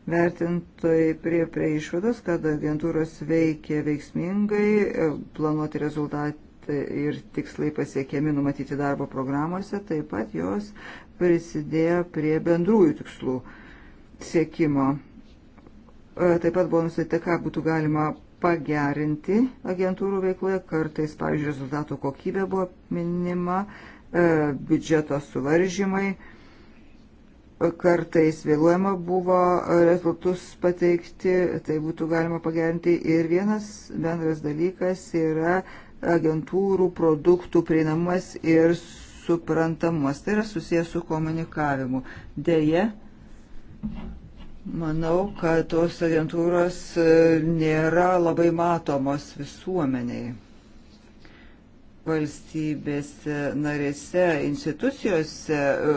Vertintojai prie prie išvados, kad agentūros veikė veiksmingai, e, planuoti rezultatai ir tikslai pasiekiami numatyti darbo programuose, taip pat jos prisidėjo prie bendrųjų tikslų siekimo. E, taip pat buvo nustatyta, ką būtų galima pagerinti agentūrų veikloje. Kartais, pavyzdžiui, rezultatų kokybė buvo minima, e, biudžeto suvaržymai, kartais vėluojama buvo rezultus pateikti, tai būtų galima pagerinti. Ir vienas bendras dalykas yra agentūrų produktų prieinamas ir suprantamas. Tai yra susijęs su komunikavimu. Deja, Manau, kad tos agentūros e, nėra labai matomos visuomeniai. Valstybėse narėse, institucijose, e,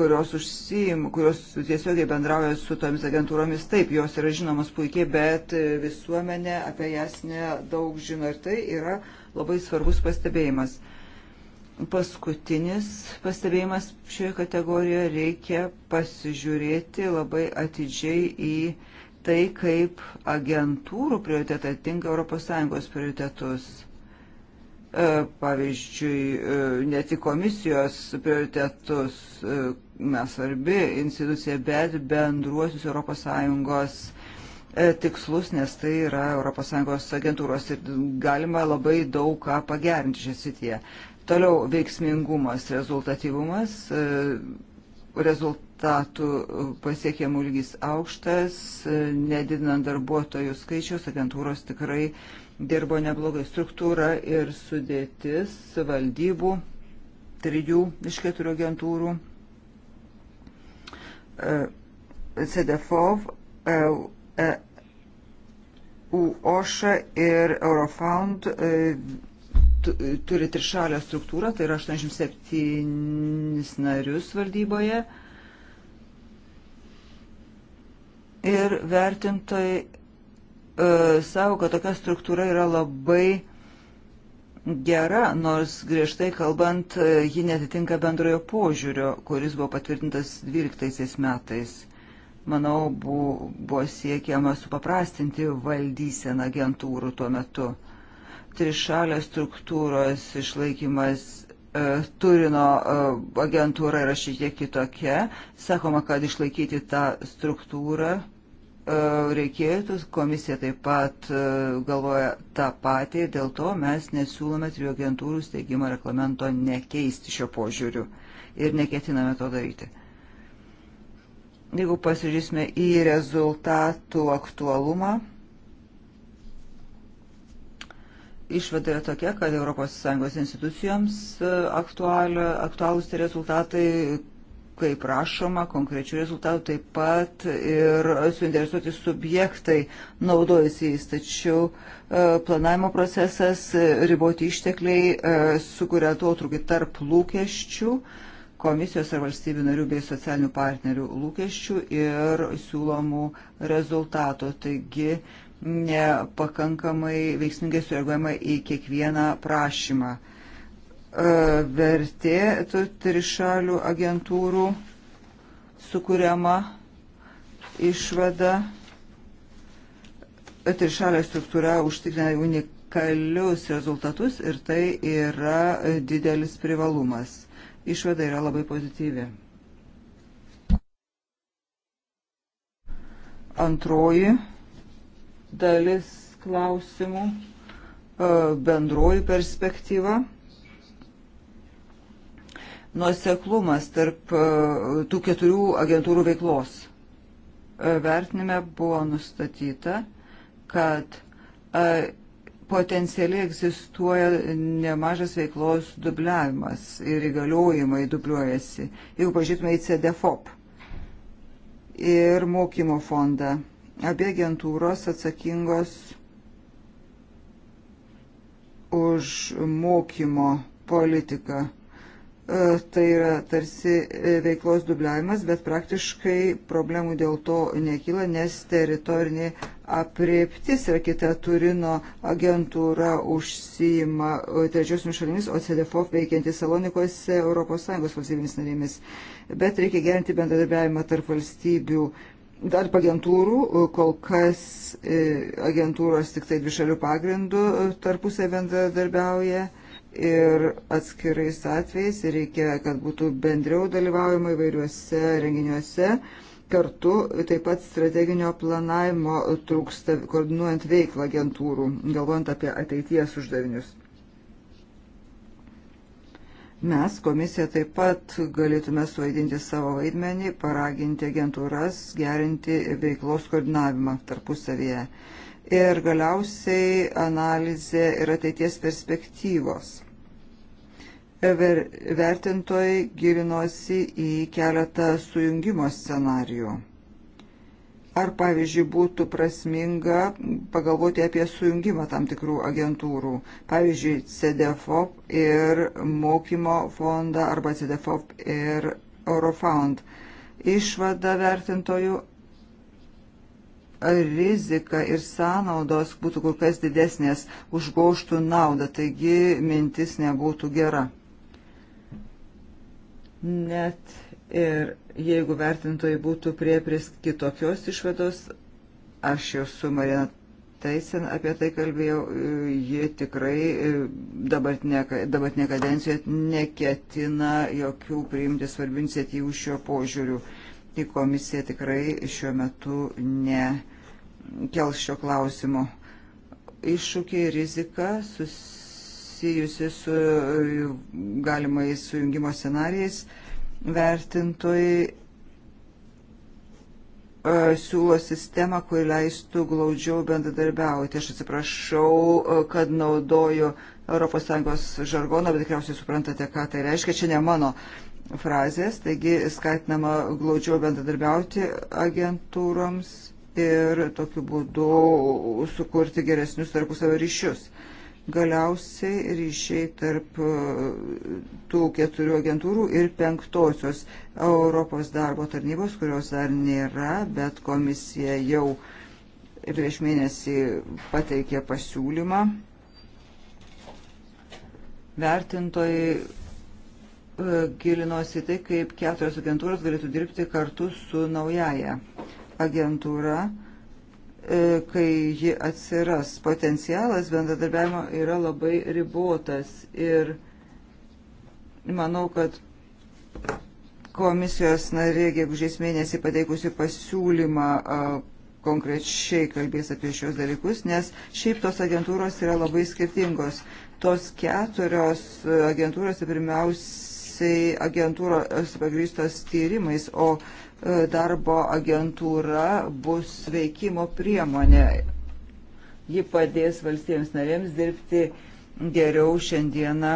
kurios užsiim, kurios tiesiogiai bendrauja su tomis agentūromis, taip, jos yra žinomos puikiai, bet e, visuomenė apie jas nedaug žino ir tai yra labai svarbus pastebėjimas paskutinis pastebėjimas šioje kategorijoje reikia pasižiūrėti labai atidžiai į tai, kaip agentūrų prioritetai tinka ES prioritetus. E, pavyzdžiui, e, ne tik komisijos prioritetus mes svarbi institucija, bet bendruosius ES e, tikslus, nes tai yra ES agentūros ir galima labai daug ką pagerinti šią sityje. Toliau veiksmingumas, rezultatyvumas, e, rezultatų pasiekiamų lygis aukštas, e, nedidinant darbuotojų skaičius, agentūros tikrai dirbo neblogai struktūra ir sudėtis valdybų trijų iš keturių agentūrų. E, CDFOV, UOŠA ir Eurofound turi trišalę struktūrą, tai yra 87 narius valdyboje. Ir vertintojai e, savo, kad tokia struktūra yra labai gera, nors griežtai kalbant, e, ji netitinka bendrojo požiūrio, kuris buvo patvirtintas 12 metais. Manau, buvo siekiama supaprastinti valdyseną agentūrų tuo metu. E, trišalės struktūros išlaikymas e, Turino e, agentūra yra šiek tiek kitokia. Sakoma, kad išlaikyti tą struktūrą e, reikėtų, komisija taip pat galvoja tą patį, dėl to mes nesiūlome trijų agentūrų steigimo reglamento nekeisti šio požiūriu ir neketiname to daryti. Jeigu pasižiūrėsime į rezultatų aktualumą, Išvada yra tokia, kad ES institucijoms e, aktualūs tie rezultatai, kai prašoma konkrečių rezultatų, taip pat ir suinteresuoti subjektai naudojasi jais. Tačiau e, planavimo procesas, e, riboti ištekliai sukuria atotrukį tarp lūkesčių komisijos ar valstybių narių bei socialinių partnerių lūkesčių ir siūlomų rezultatų. Taigi nepakankamai veiksmingai sureaguojama į kiekvieną prašymą. E, vertė tų trišalių agentūrų sukūriama išvada. E, trišalė struktūra užtikrina unikalius rezultatus ir tai yra didelis privalumas. Išvada yra labai pozityvi. Antroji dalis klausimų, e, bendroji perspektyva, nuoseklumas tarp e, tų keturių agentūrų veiklos. E, vertinime buvo nustatyta, kad potencialiai egzistuoja nemažas veiklos dubliavimas ir įgaliojimai dubliuojasi. Jeigu pažiūrėtume į CDFOP ir mokymo fondą Abie agentūros atsakingos už mokymo politiką e, tai yra tarsi e, veiklos dubliavimas, bet praktiškai problemų dėl to nekyla, nes teritorinė apriptis yra kita Turino agentūra užsijima e, trečiosiomis šalimis, o CDFOF veikianti Salonikose ES valstybėmis narėmis. Bet reikia gerinti bendradarbiavimą tarp valstybių Darbo agentūrų, kol kas e, agentūros tik tai dvišalių pagrindų e, tarpusai bendradarbiauja ir atskirais atvejais reikia, kad būtų bendriau dalyvaujama įvairiuose renginiuose. Kartu taip pat strateginio planavimo trūksta koordinuojant veiklą agentūrų, galvojant apie ateities uždavinius. Mes, komisija, taip pat galėtume suvaidinti savo vaidmenį, paraginti agentūras, gerinti veiklos koordinavimą tarpusavyje. Ir galiausiai analizė ir ateities perspektyvos. Ver, vertintojai gilinosi į keletą sujungimo scenarijų. Ar, pavyzdžiui, būtų prasminga pagalvoti apie sujungimą tam tikrų agentūrų, pavyzdžiui, CDFOP ir mokymo fondą arba CDFOP ir Eurofound. Išvada vertintojų rizika ir sąnaudos būtų kur kas didesnės, užgoštų naudą, taigi mintis nebūtų gera. Net Ir jeigu vertintojai būtų prie prie kitokios išvados, aš jau su Marina Teisen apie tai kalbėjau, ji tikrai e, dabartinė, dabartinė kadencijoje neketina jokių priimti svarbių iniciatyvų šiuo požiūriu. Tai komisija tikrai šiuo metu nekels šio klausimo. Iššūkiai rizika susijusi su e, galimais sujungimo scenarijais vertintojai e, siūlo sistemą, kuri leistų glaudžiau bendradarbiauti. Aš atsiprašau, e, kad naudoju ES žargoną, bet tikriausiai suprantate, ką tai reiškia. Čia ne mano frazės, taigi skatinama glaudžiau bendradarbiauti agentūroms ir tokiu būdu sukurti geresnius tarpusavio ryšius galiausiai ryšiai tarp e, tų keturių agentūrų ir penktosios Europos darbo tarnybos, kurios dar nėra, bet komisija jau prieš mėnesį pateikė pasiūlymą. Vertintojai e, gilinosi tai, kaip keturios agentūros galėtų dirbti kartu su naujaja agentūra. E, kai ji atsiras. Potencialas bendradarbiavimo yra labai ribotas ir manau, kad komisijos narė, jeigu žiais mėnesį pateikusi pasiūlymą, konkrečiai kalbės apie šios dalykus, nes šiaip tos agentūros yra labai skirtingos. Tos keturios agentūros tai pirmiausiai agentūros pagrįstos tyrimais, o E, darbo agentūra bus veikimo priemonė. Ji padės valstybėms narėms dirbti geriau šiandieną,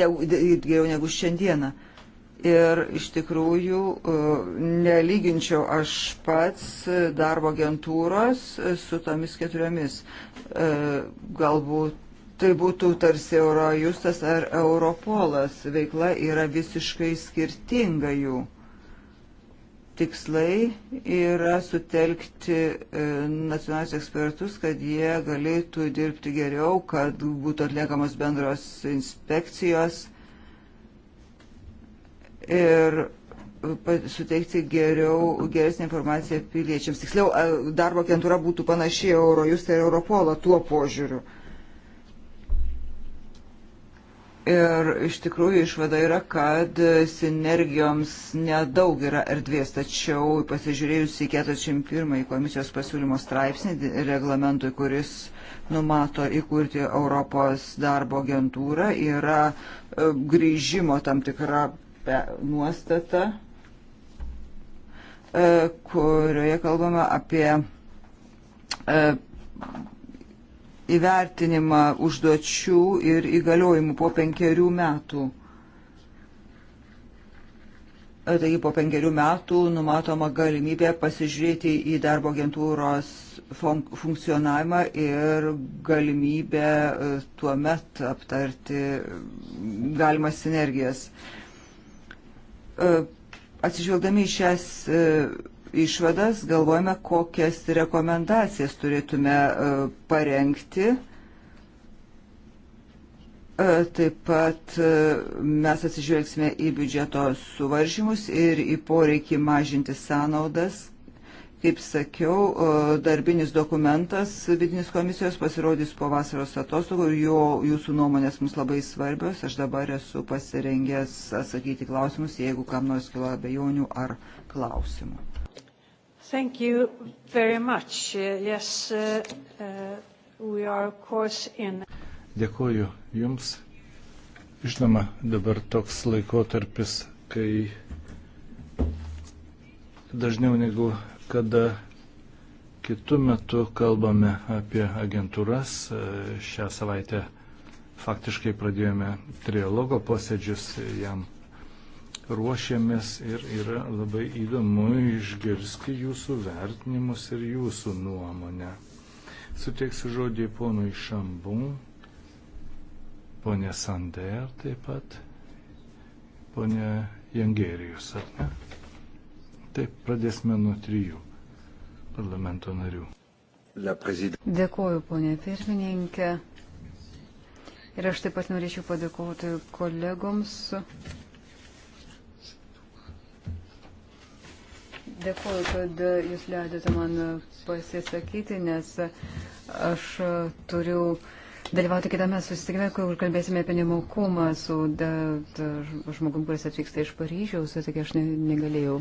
negu, geriau negu šiandieną. Ir iš tikrųjų e, nelyginčiau aš pats darbo agentūros su tomis keturiomis. E, galbūt tai būtų tarsi Eurojustas ar Europolas. Veikla yra visiškai skirtinga jų tikslai yra sutelkti e, nacionalinius ekspertus, kad jie galėtų dirbti geriau, kad būtų atliekamos bendros inspekcijos ir suteikti geriau, geresnį informaciją piliečiams. Tiksliau, e, darbo agentūra būtų panaši Eurojus ir tai Europolo tuo požiūriu. Ir iš tikrųjų išvada yra, kad sinergijoms nedaug yra erdvės, tačiau pasižiūrėjus į 41 komisijos pasiūlymo straipsnį reglamentui, kuris numato įkurti Europos darbo agentūrą, yra e, grįžimo tam tikra nuostata, e, kurioje kalbama apie e, įvertinimą užduočių ir įgaliojimų po penkerių metų. Taigi po penkerių metų numatoma galimybė pasižiūrėti į darbo agentūros funk funkcionavimą ir galimybę e, tuo met aptarti galimas sinergijas. E, atsižvelgdami į šias e, išvadas, galvojame, kokias rekomendacijas turėtume e, parengti. E, taip pat e, mes atsižvelgsime į biudžeto suvaržymus ir į poreikį mažinti sąnaudas. Kaip sakiau, darbinis dokumentas vidinis komisijos pasirodys po vasaros atostogų ir jo, jūsų nuomonės mums labai svarbios. Aš dabar esu pasirengęs atsakyti klausimus, jeigu kam nors kilo abejonių ar klausimų. Thank you very much. Uh, yes, uh, uh, we are of course in. Dėkuoju Jums. Žinoma, dabar toks laikotarpis, kai dažniau negu kada kitų metų kalbame apie agentūras. Uh, šią savaitę faktiškai pradėjome trialogo posėdžius jam ruošiamės ir yra labai įdomu išgirsti jūsų vertinimus ir jūsų nuomonę. Suteiksiu žodį ponui Šambum, ponė Sander taip pat, ponė Jangerijus, ar ne? Taip, pradėsime nuo trijų parlamento narių. Dėkuoju, ponė pirmininkė. Ir aš taip pat norėčiau padėkoti kolegoms Dėkuoju, kad jūs leidote man pasisakyti, nes aš turiu dalyvauti kitame susitikime, kur kalbėsime apie nemokumą su da, da, žmogum, kuris atvyksta iš Paryžiaus, taigi aš ne, negalėjau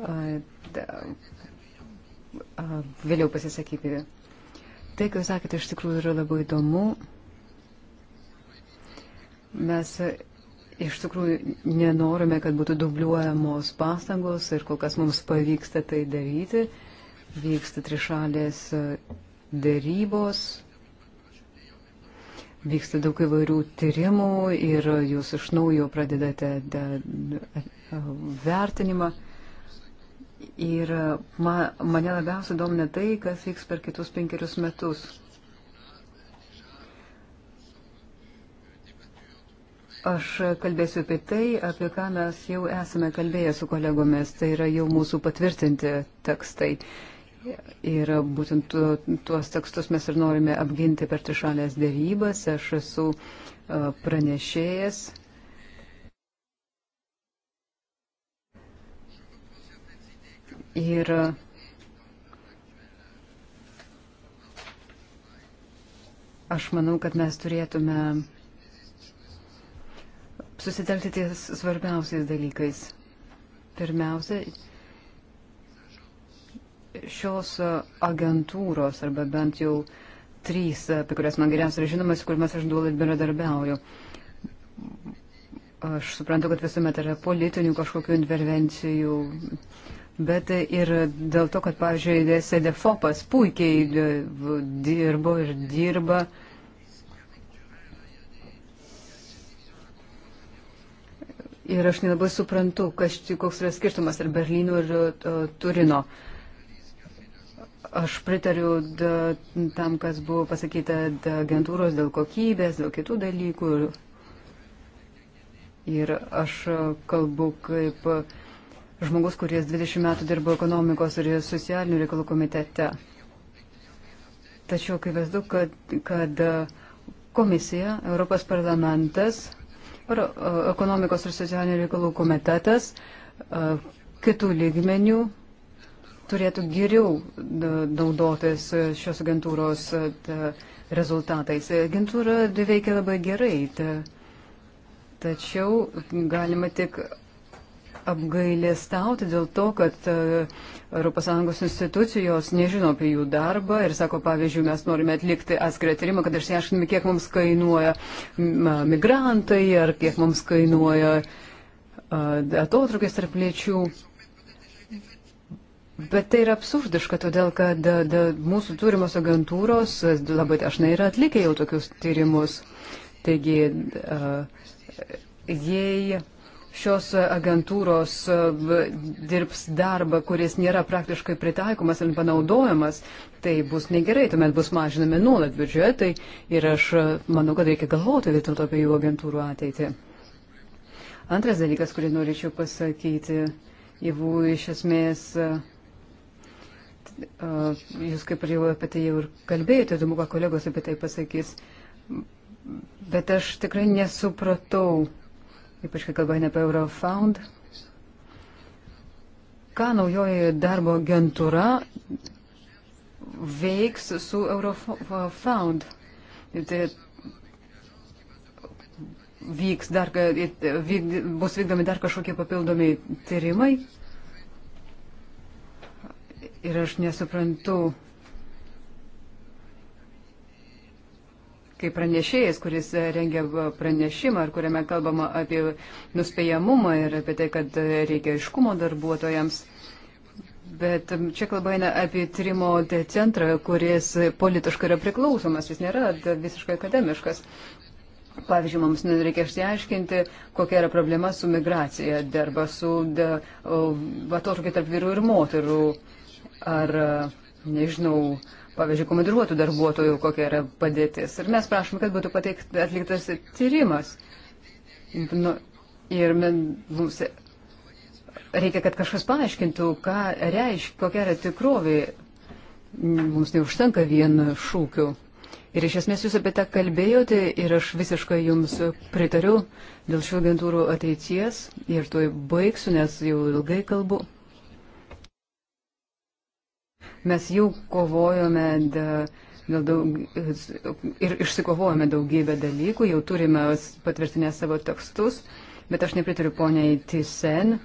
a, da, a, vėliau pasisakyti. Tai, ką jūs sakėte, iš tikrųjų yra labai įdomu. Mes Iš tikrųjų, nenorime, kad būtų dubliuojamos pastangos ir kol kas mums pavyksta tai daryti. Vyksta trišalės e, dėrybos, vyksta daug įvairių tyrimų ir jūs iš naujo pradedate da, da, e, e, vertinimą. Ir ma, mane labiausiai domina tai, kas vyks per kitus penkerius metus. Aš kalbėsiu apie tai, apie ką mes jau esame kalbėję su kolegomis, tai yra jau mūsų patvirtinti tekstai. Ir būtent tuos tekstus mes ir norime apginti per trišalės dėrybas. Aš esu pranešėjas Ir aš manau, kad mes turėtume susitelkti ties svarbiausiais dalykais. Pirmiausia, šios agentūros, arba bent jau trys, apie kurias man geriausiai yra žinomas, kuriamas aš duolat bendradarbiauju. Aš suprantu, kad visuomet yra politinių kažkokių intervencijų, bet ir dėl to, kad, pavyzdžiui, SEDEFOPAS puikiai dirbo ir dirba. dirba Ir aš nelabai suprantu, kas, koks yra skirtumas tarp Berlyno ir o, Turino. Aš pritariu da, tam, kas buvo pasakyta da, agentūros dėl kokybės, dėl kitų dalykų. Ir aš kalbu kaip žmogus, kuris 20 metų dirbo ekonomikos ir socialinių reikalų komitete. Tačiau, kai vaizdu, kad, kad komisija, Europos parlamentas E, ekonomikos ir socialinių reikalų komitetas e, kitų lygmenių turėtų geriau naudotis šios agentūros e, rezultatais. Agentūra veikia labai gerai, ta, tačiau galima tik apgailėstauti dėl to, kad ES institucijos nežino apie jų darbą ir sako, pavyzdžiui, mes norime atlikti atskirą tyrimą, kad išsiaiškinime, kiek mums kainuoja migrantai ar kiek mums kainuoja atotrukis tarp lėčių. Bet tai yra absurdiška, todėl kad da, da, mūsų turimos agentūros labai dažnai yra atlikę jau tokius tyrimus. Taigi, uh, jei šios agentūros e, dirbs darbą, kuris nėra praktiškai pritaikomas ir panaudojamas, tai bus negerai, tuomet bus mažinami nuolat biudžetai ir aš e, manau, kad reikia galvoti vis dėlto apie jų agentūrų ateitį. Antras dalykas, kurį norėčiau pasakyti, jeigu iš esmės e, jūs kaip ir jau apie tai jau ir kalbėjote, įdomu, ką kolegos apie tai pasakys. Bet aš tikrai nesupratau ypač kai kalbame apie Eurofound, ką naujoji darbo agentūra veiks su Eurofound. Tai vyks dar, vyk, bus vykdomi dar kažkokie papildomi tyrimai. Ir aš nesuprantu, kaip pranešėjas, kuris rengia pranešimą ir kuriame kalbama apie nuspėjamumą ir apie tai, kad reikia iškumo darbuotojams. Bet čia kalba eina apie trimo centrą, kuris politiškai yra priklausomas, jis nėra visiškai akademiškas. Pavyzdžiui, mums reikia išsiaiškinti, kokia yra problema su migracija, arba su atotrukį tarp vyrų ir moterų, ar, nežinau, pavyzdžiui, komandiruotų darbuotojų, kokia yra padėtis. Ir mes prašome, kad būtų pateikt, atliktas tyrimas. Nu, ir mums reikia, kad kažkas paaiškintų, ką reiškia, kokia yra tikrovė. Mums neužtenka vien šūkių. Ir iš esmės jūs apie tą kalbėjote ir aš visiškai jums pritariu dėl šių agentūrų ateities ir tuoj baigsiu, nes jau ilgai kalbu. Mes jau kovojome dėl daug ir išsikovojome daugybę dalykų, jau turime patvirtinę savo tekstus, bet aš nepritariu poniai Tysen.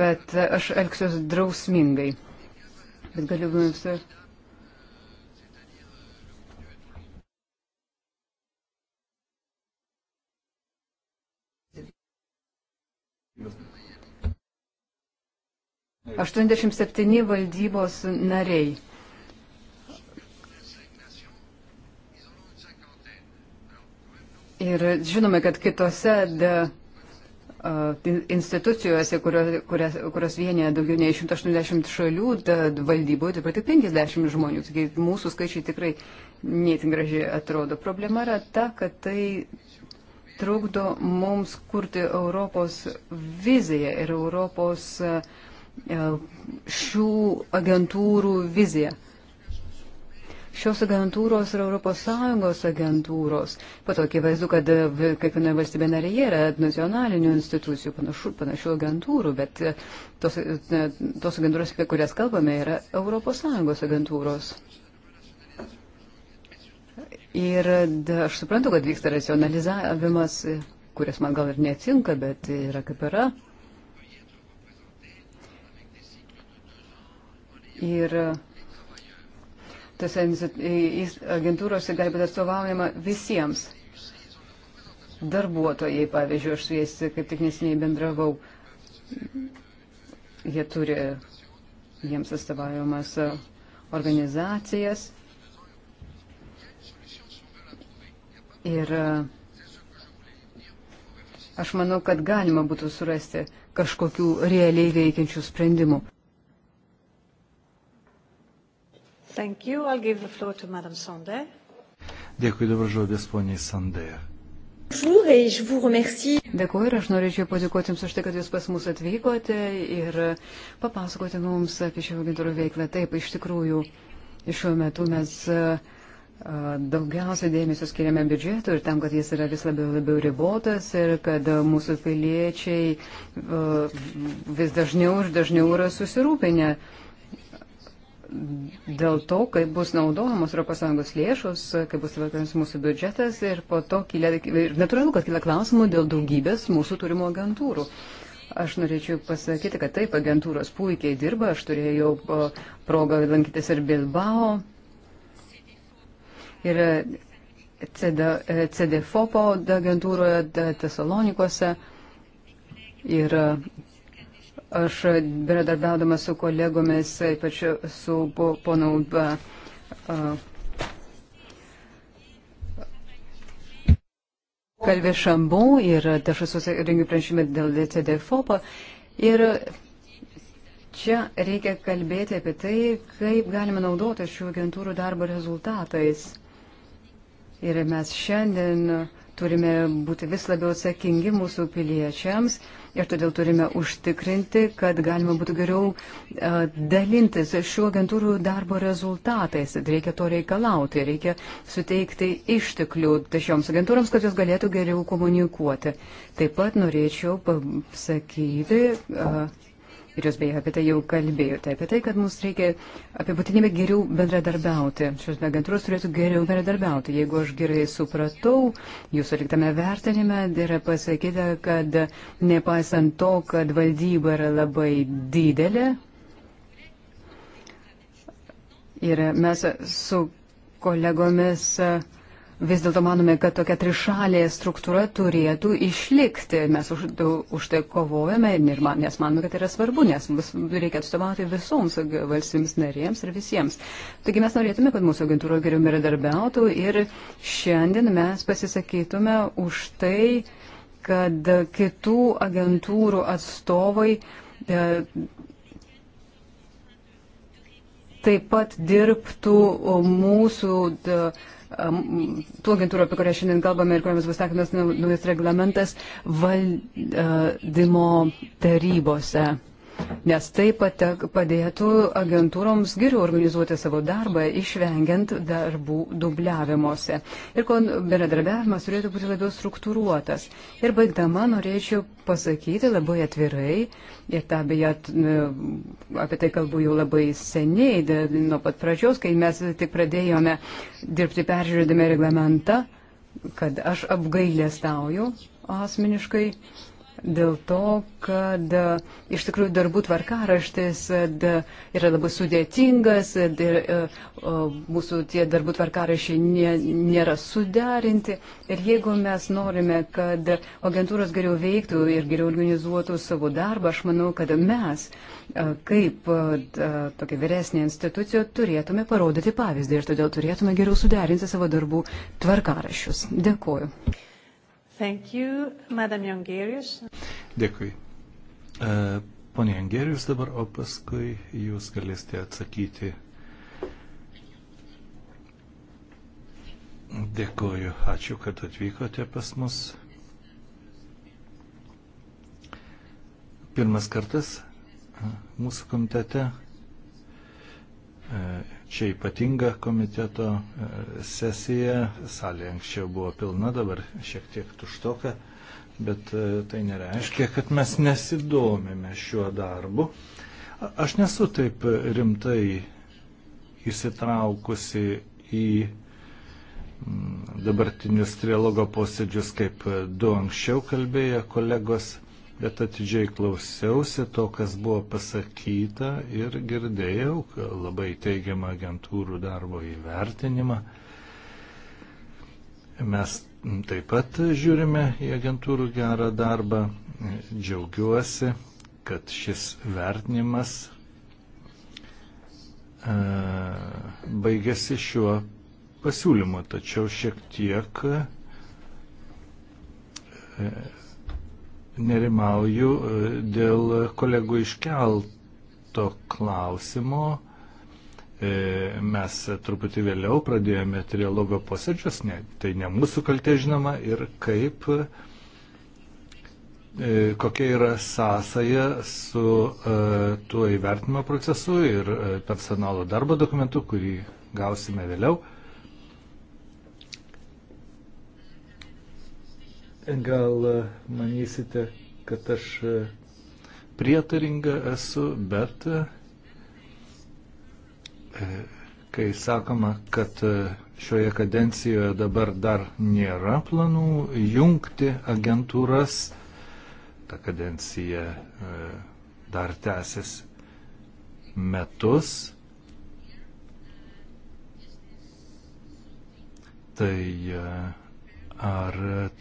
Bet aš elgsiuosi drausmingai. Bet galiu jums Thank you. 87 valdybos nariai. Ir žinome, kad kitose de, uh, institucijose, kurios, kurios, kurios vienyje daugiau nei 180 šalių, valdyboje taip pat tik 50 žmonių. Taigi mūsų skaičiai tikrai netin gražiai atrodo. Problema yra ta, kad tai trukdo mums kurti Europos viziją ir Europos uh, E, šių agentūrų viziją. Šios agentūros yra ES agentūros. Pato akivaizdu, kad e, kiekvienoje valstybė narėje yra nacionalinių institucijų panašių, panašių agentūrų, bet e, tos, tos agentūros, apie kurias kalbame, yra ES agentūros. Ir aš suprantu, kad vyksta racionalizavimas, kuris man gal ir neatsinka, bet yra kaip yra. Ir tose agentūrose gali būti atstovaujama visiems. Darbuotojai, pavyzdžiui, aš su jais kaip tik nesiniai bendravau, jie turi jiems atstovaujamas organizacijas. Ir aš manau, kad galima būtų surasti kažkokių realiai veikiančių sprendimų. Thank you. I'll give the floor to Madam Sander. Dėkui dabar žodis poniai Sander. Dėkuoju ir aš norėčiau padėkoti Jums už tai, kad Jūs pas mus atvykote ir papasakoti mums apie šio agentūrų veiklą. Taip, iš tikrųjų, šiuo metu mes e, daugiausia dėmesio skiriame biudžetu ir tam, kad jis yra vis labiau, labiau ribotas ir kad mūsų piliečiai e, vis dažniau ir dažniau yra susirūpinę dėl to, kaip bus naudojamos ES lėšos, kaip bus tvarkomas mūsų biudžetas ir po to kyla, ir natūralu, kad kyla klausimų dėl daugybės mūsų turimų agentūrų. Aš norėčiau pasakyti, kad taip, agentūros puikiai dirba, aš turėjau progą lankytis ir Bilbao. Ir e, CDFOPO e, agentūroje, Tesalonikose. Ir Aš bendradarbiaudama su kolegomis, ypač su ponu Kalvė Šambu ir aš esu rengiu pranešimą dėl DCDFOPO. Ir čia reikia kalbėti apie tai, kaip galime naudoti šių agentūrų darbo rezultatais. Ir mes šiandien uh, turime būti vis labiau atsakingi mūsų piliečiams ir todėl turime užtikrinti, kad galima būtų geriau dalintis šių agentūrų darbo rezultatais. Reikia to reikalauti, reikia suteikti išteklių šioms agentūrams, kad jos galėtų geriau komunikuoti. Taip pat norėčiau pasakyti. Uh, ir jūs beje apie tai jau kalbėjote, apie tai, kad mums reikia, apie būtinybę geriau bendradarbiauti. Šios agentūros turėtų geriau bendradarbiauti. Jeigu aš gerai supratau, jūsų atliktame vertinime yra pasakyta, kad nepaisant to, kad valdyba yra labai didelė ir mes su kolegomis. Uh, Vis dėlto manome, kad tokia trišalė struktūra turėtų išlikti. Mes už, už tai kovojame, nes manome, kad tai yra svarbu, nes reikia atstovauti visoms valstybėms narėms ir visiems. Taigi mes norėtume, kad mūsų agentūra geriau bendradarbiautų ir šiandien mes pasisakytume už tai, kad kitų agentūrų atstovai e, taip pat dirbtų mūsų. De, tų agentūrų, apie kurią šiandien kalbame ir kuriamis bus taikomas naujas reglamentas valdymo e, tarybose nes tai patek, padėtų agentūroms geriau organizuoti savo darbą, išvengiant darbų dubliavimuose. Ir bendradarbiavimas turėtų būti labiau struktūruotas. Ir baigdama norėčiau pasakyti labai atvirai, ir tą beje e, apie tai kalbu jau labai seniai, nuo pat pradžios, kai mes tik pradėjome dirbti peržiūrėdami reglamentą, kad aš apgailę stauju asmeniškai dėl to, kad e, iš tikrųjų darbų tvarkaraštis e, yra labai sudėtingas, e, ir, mūsų tie darbų tvarkarašiai nė, nėra suderinti. Ir jeigu mes norime, kad agentūros geriau veiktų ir geriau organizuotų savo darbą, aš manau, kad mes kaip tokia vyresnė institucija turėtume parodyti pavyzdį ir todėl turėtume geriau suderinti savo darbų tvarkarašius. Dėkuoju. Thank you, Madam Jongerius. Dėkui. E, pone Jongerius dabar, o paskui jūs galėsite atsakyti. Dėkuoju, ačiū, kad atvykote pas mus. Pirmas kartas e, mūsų komitete e, Čia ypatinga komiteto e, sesija, salė anksčiau buvo pilna, dabar šiek tiek tuštoka, bet e, tai nereiškia, kad mes nesidomime šiuo darbu. Aš nesu taip rimtai įsitraukusi į dabartinius trialogo posėdžius, kaip du anksčiau kalbėjo kolegos bet atidžiai klausiausi to, kas buvo pasakyta ir girdėjau labai teigiamą agentūrų darbo įvertinimą. Mes taip pat žiūrime į agentūrų gerą darbą. Džiaugiuosi, kad šis vertinimas e, baigėsi šiuo pasiūlymu, tačiau šiek tiek e, nerimauju e, dėl kolegų iškelto klausimo. E, mes truputį vėliau pradėjome trialogo posėdžius, ne, tai ne mūsų kaltė žinoma ir kaip, e, kokia yra sąsaja su tuo įvertimo procesu ir personalo darbo dokumentu, kurį gausime vėliau. Gal e, manysite, kad aš e, prietaringa esu, bet e, kai sakoma, kad šioje kadencijoje dabar dar nėra planų jungti agentūras, ta kadencija dar tęsis metus, tai Ar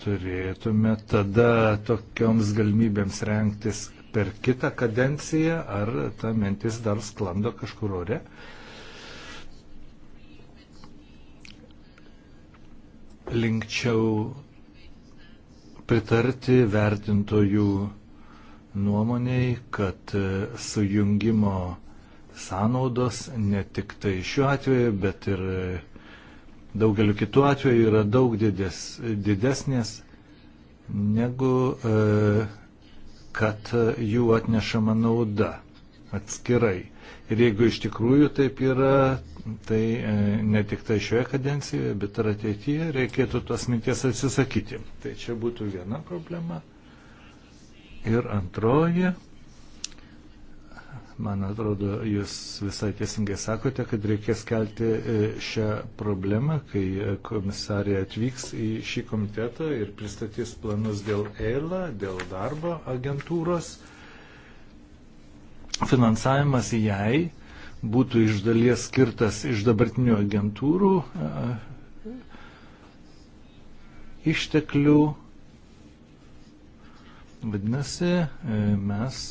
turėtume tada tokioms galimybėms renktis per kitą kadenciją, ar ta mintis dar sklando kažkur ore? Linkčiau pritarti vertintojų nuomoniai, kad sujungimo sąnaudos ne tik tai šiuo atveju, bet ir daugeliu kitų atveju yra daug didės, didesnės negu e, kad jų atnešama nauda atskirai. Ir jeigu iš tikrųjų taip yra, tai e, ne tik tai šioje kadencijoje, bet ir ateityje reikėtų tos minties atsisakyti. Tai čia būtų viena problema. Ir antroji Man atrodo, jūs visai tiesingai sakote, kad reikės kelti e, šią problemą, kai e, komisarė atvyks į šį komitetą ir pristatys planus dėl EILA, dėl darbo agentūros. Finansavimas jai būtų iš dalies skirtas iš dabartinių agentūrų e, išteklių. Vadinasi, mes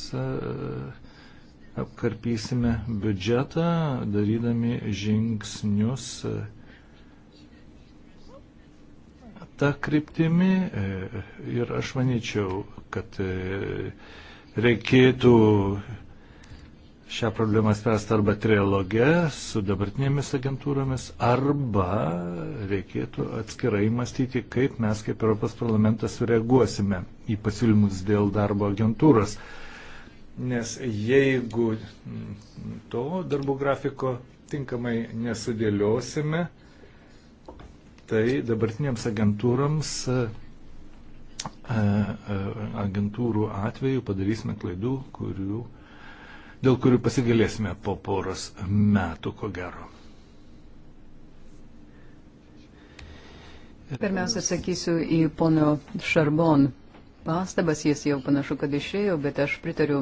apkarpysime biudžetą, darydami žingsnius e, tą kryptimį. E, ir aš manyčiau, kad e, reikėtų šią problemą spręsti arba trialoge su dabartinėmis agentūromis, arba reikėtų atskirai mąstyti, kaip mes kaip Europos parlamentas sureaguosime į pasiūlymus dėl darbo agentūros nes jeigu to darbų grafiko tinkamai nesudėliosime, tai dabartiniams agentūrams e, e, agentūrų atveju padarysime klaidų, kurių, dėl kurių pasigalėsime po poros metų, ko gero. Pirmiausia, atsakysiu į pono Šarbon pastabas, jis jau panašu, kad išėjo, bet aš pritariu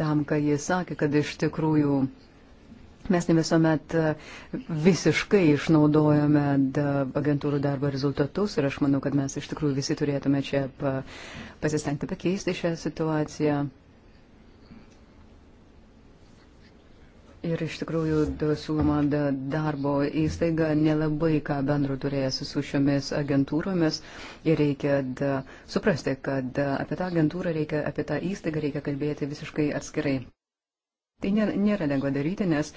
tam, ką jis sakė, kad iš tikrųjų mes ne visuomet e, visiškai išnaudojame agentūrų darbo rezultatus ir aš manau, kad mes iš tikrųjų visi turėtume čia pasistengti pakeisti šią situaciją. Ir iš tikrųjų siūloma darbo įstaiga nelabai ką bendro turėjęs su šiomis agentūromis ir reikia da, suprasti, kad apie tą agentūrą reikia, apie tą įstaigą reikia kalbėti visiškai atskirai. Tai nėra lengva daryti, nes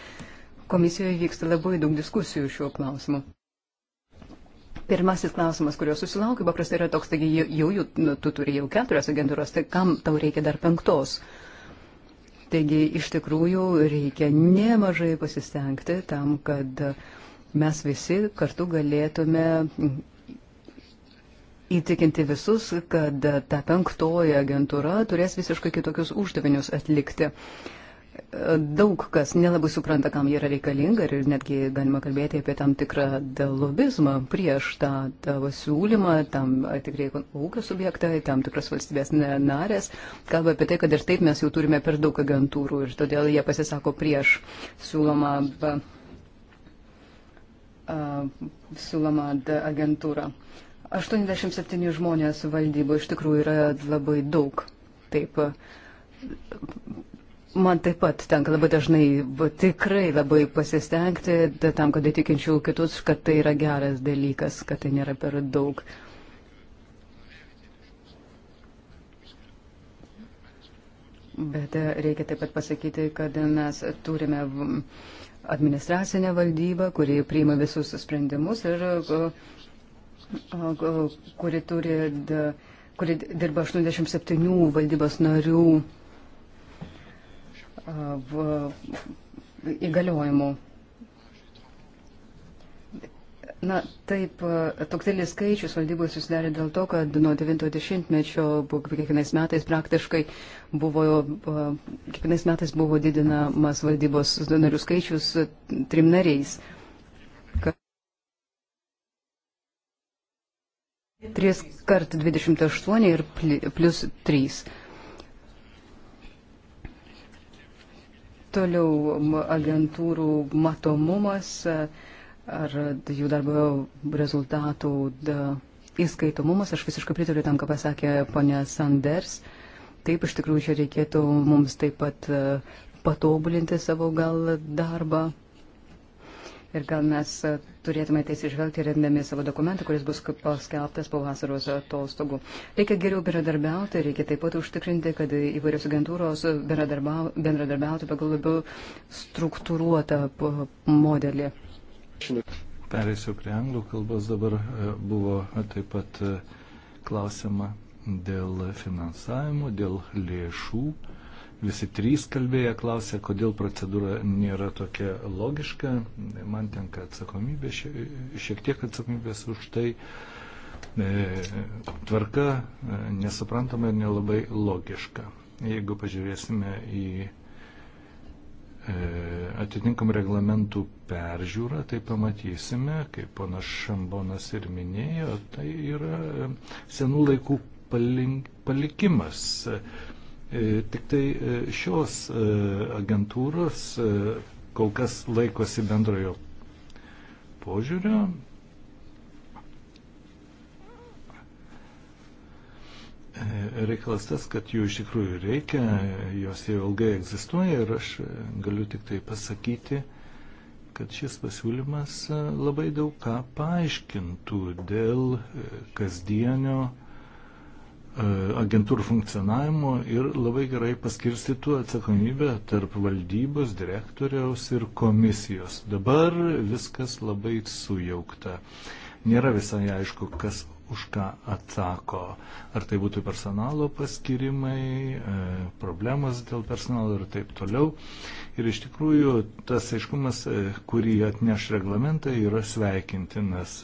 komisijoje vyksta labai daug diskusijų šiuo klausimu. Pirmasis klausimas, kurio susilaukiu, paprastai yra toks, taigi jau, jau tu turi jau keturias agentūras, tai kam tau reikia dar penktos? Uh, Taigi iš tikrųjų reikia nemažai pasistengti tam, kad mes visi kartu galėtume įtikinti visus, kad ta penktoji agentūra turės visiškai kitokius uždavinius atlikti. Uh, daug kas nelabai supranta, kam jie yra reikalinga ir netgi galima kalbėti apie tam tikrą lobizmą prieš tą, tą siūlymą, tam tikrai ūkio subjektai, tam tikras valstybės narės, kalba apie tai, kad ir taip mes jau turime per daug agentūrų ir todėl jie pasisako prieš siūlomą, siūlomą agentūrą. 87 žmonės valdybo iš tikrųjų yra labai daug. Taip, Man taip pat tenka labai dažnai tikrai labai pasistengti tam, kad įtikinčiau kitus, kad tai yra geras dalykas, kad tai nėra per daug. Bet e, reikia taip pat pasakyti, kad mes turime administracinę valdybą, kuri priima visus sprendimus ir kuri, turi, kuri dirba 87 valdybos narių įgaliojimų. Na, taip, toks didelis skaičius valdyboje susidarė dėl to, kad nuo 90-mečio kiekvienais metais praktiškai buvo, kiekvienais metais buvo didinamas valdybos narių skaičius trim nariais. Tris kart 28 ir plus 3. Toliau agentūrų matomumas ar jų darbo rezultatų įskaitomumas. Aš visiškai pritariu tam, ką pasakė ponia Sanders. Taip, iš tikrųjų, čia reikėtų mums taip pat patobulinti savo gal darbą. Ir gal mes e, turėtume tai išvelgti rengdami savo dokumentą, kuris bus paskelbtas po vasaros atostogų. Reikia geriau bendradarbiauti, reikia taip pat užtikrinti, kad įvairios agentūros bendradarbiautų pagal labiau struktūruotą modelį. Pereisiu prie anglų kalbos dabar e, buvo taip pat e, klausima dėl finansavimo, dėl lėšų Visi trys kalbėję klausė, kodėl procedūra nėra tokia logiška. Man tenka atsakomybė, šiek tiek atsakomybės už tai. E, tvarka e, nesuprantama ir nelabai logiška. Jeigu pažiūrėsime į e, atitinkamų reglamentų peržiūrą, tai pamatysime, kaip ponas Šambonas ir minėjo, tai yra senų laikų palink, palikimas. E, E, tik tai e, šios e, agentūros kol kas laikosi bendrojo požiūrio. Reikalas tas, kad jų iš tikrųjų reikia, jos jau ilgai egzistuoja ir aš galiu tik tai pasakyti, kad šis pasiūlymas labai daug ką paaiškintų dėl kasdienio uh, E, agentūrų funkcionavimo ir labai gerai paskirstytų atsakomybę tarp valdybos, direktoriaus ir komisijos. Dabar viskas labai sujaukta. Nėra visai aišku, kas už ką atsako. Ar tai būtų personalo paskirimai, e, problemos dėl personalo ir taip toliau. Ir iš tikrųjų tas aiškumas, e, kurį atneš reglamentai, yra sveikintinas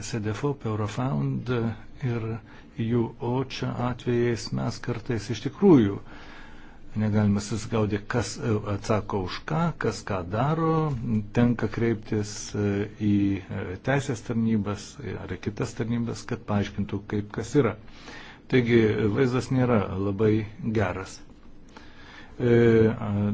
CDFOP, e, Eurofound ir jų OČA atvejais mes kartais iš tikrųjų negalime susigaudyti, kas atsako už ką, kas ką daro, tenka kreiptis e, į e, teisės tarnybas ar į kitas tarnybas, kad paaiškintų, kaip kas yra. Taigi vaizdas nėra labai geras.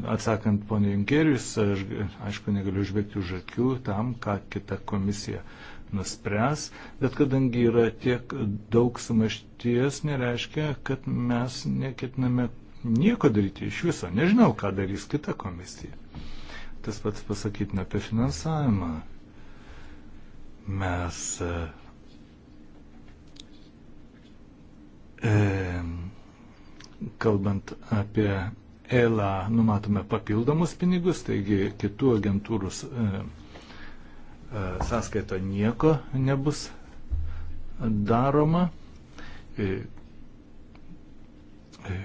Atsakant ponė Junkerius, aš aišku negaliu užbėgti už akių tam, ką kita komisija uh, nuspręs, bet kadangi yra tiek daug sumaišties, nereiškia, kad mes neketiname nieko daryti iš viso. Nežinau, ką darys kita komisija. Tas pats pasakytina apie finansavimą. Mes e, e kalbant apie ELA numatome papildomus pinigus, taigi kitų agentūrus e, E, sąskaita nieko nebus daroma. E, e,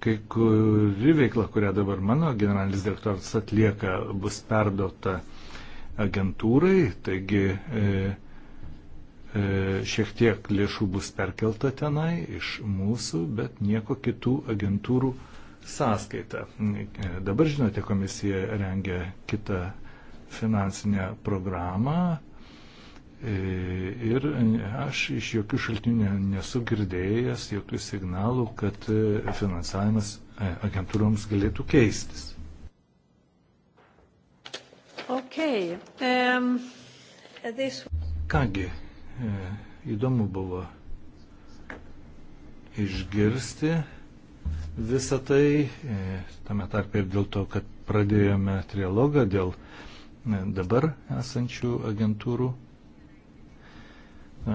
kai kuri veikla, kurią dabar mano generalinis direktoras atlieka, bus perdota agentūrai, taigi šiek tiek lėšų bus perkelta tenai iš mūsų, bet nieko kitų agentūrų sąskaita. Dabar žinote, komisija rengia kitą finansinę programą e, ir aš iš jokių šaltinių nesu girdėjęs jokių signalų, kad e, finansavimas e, agentūroms galėtų keistis. Okay. Um, this... Kągi, įdomu buvo išgirsti visą tai, tame tarp ir dėl to, kad pradėjome trialogą dėl dabar esančių agentūrų.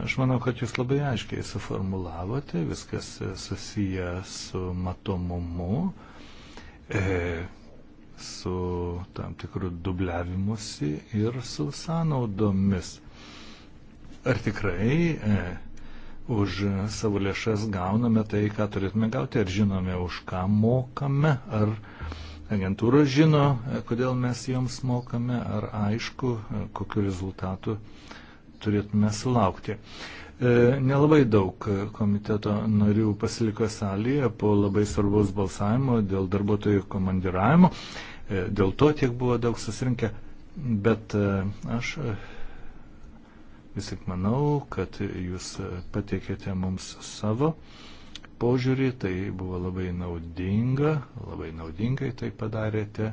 Aš manau, kad jūs labai aiškiai suformulavote, viskas susiję su matomumu, e, su tam tikrų dubliavimusi ir su sąnaudomis. Ar tikrai e, už savo lėšas gauname tai, ką turėtume gauti, ar žinome, už ką mokame, ar e, agentūros žino, e, kodėl mes joms mokame, ar aišku, e, kokiu rezultatu turėtume sulaukti. E, nelabai daug komiteto narių pasiliko salėje po labai svarbaus balsavimo dėl darbuotojų komandiravimo. Dėl to tiek buvo daug susirinkę. Bet aš vis tik manau, kad jūs patiekėte mums savo požiūrį, tai buvo labai naudinga, labai naudingai tai padarėte,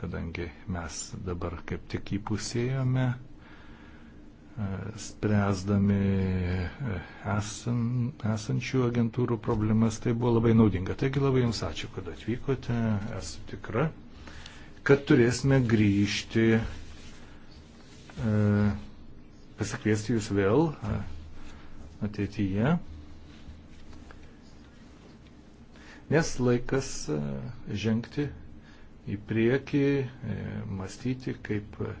kadangi mes dabar kaip tik įpusėjome, e, spręsdami e, esan, esančių agentūrų problemas, tai buvo labai naudinga. Taigi labai Jums ačiū, kad atvykote, esu tikra, kad turėsime grįžti, e, pasikviesti Jūs vėl ateityje. nes laikas e, žengti į priekį, e, mąstyti, kaip e,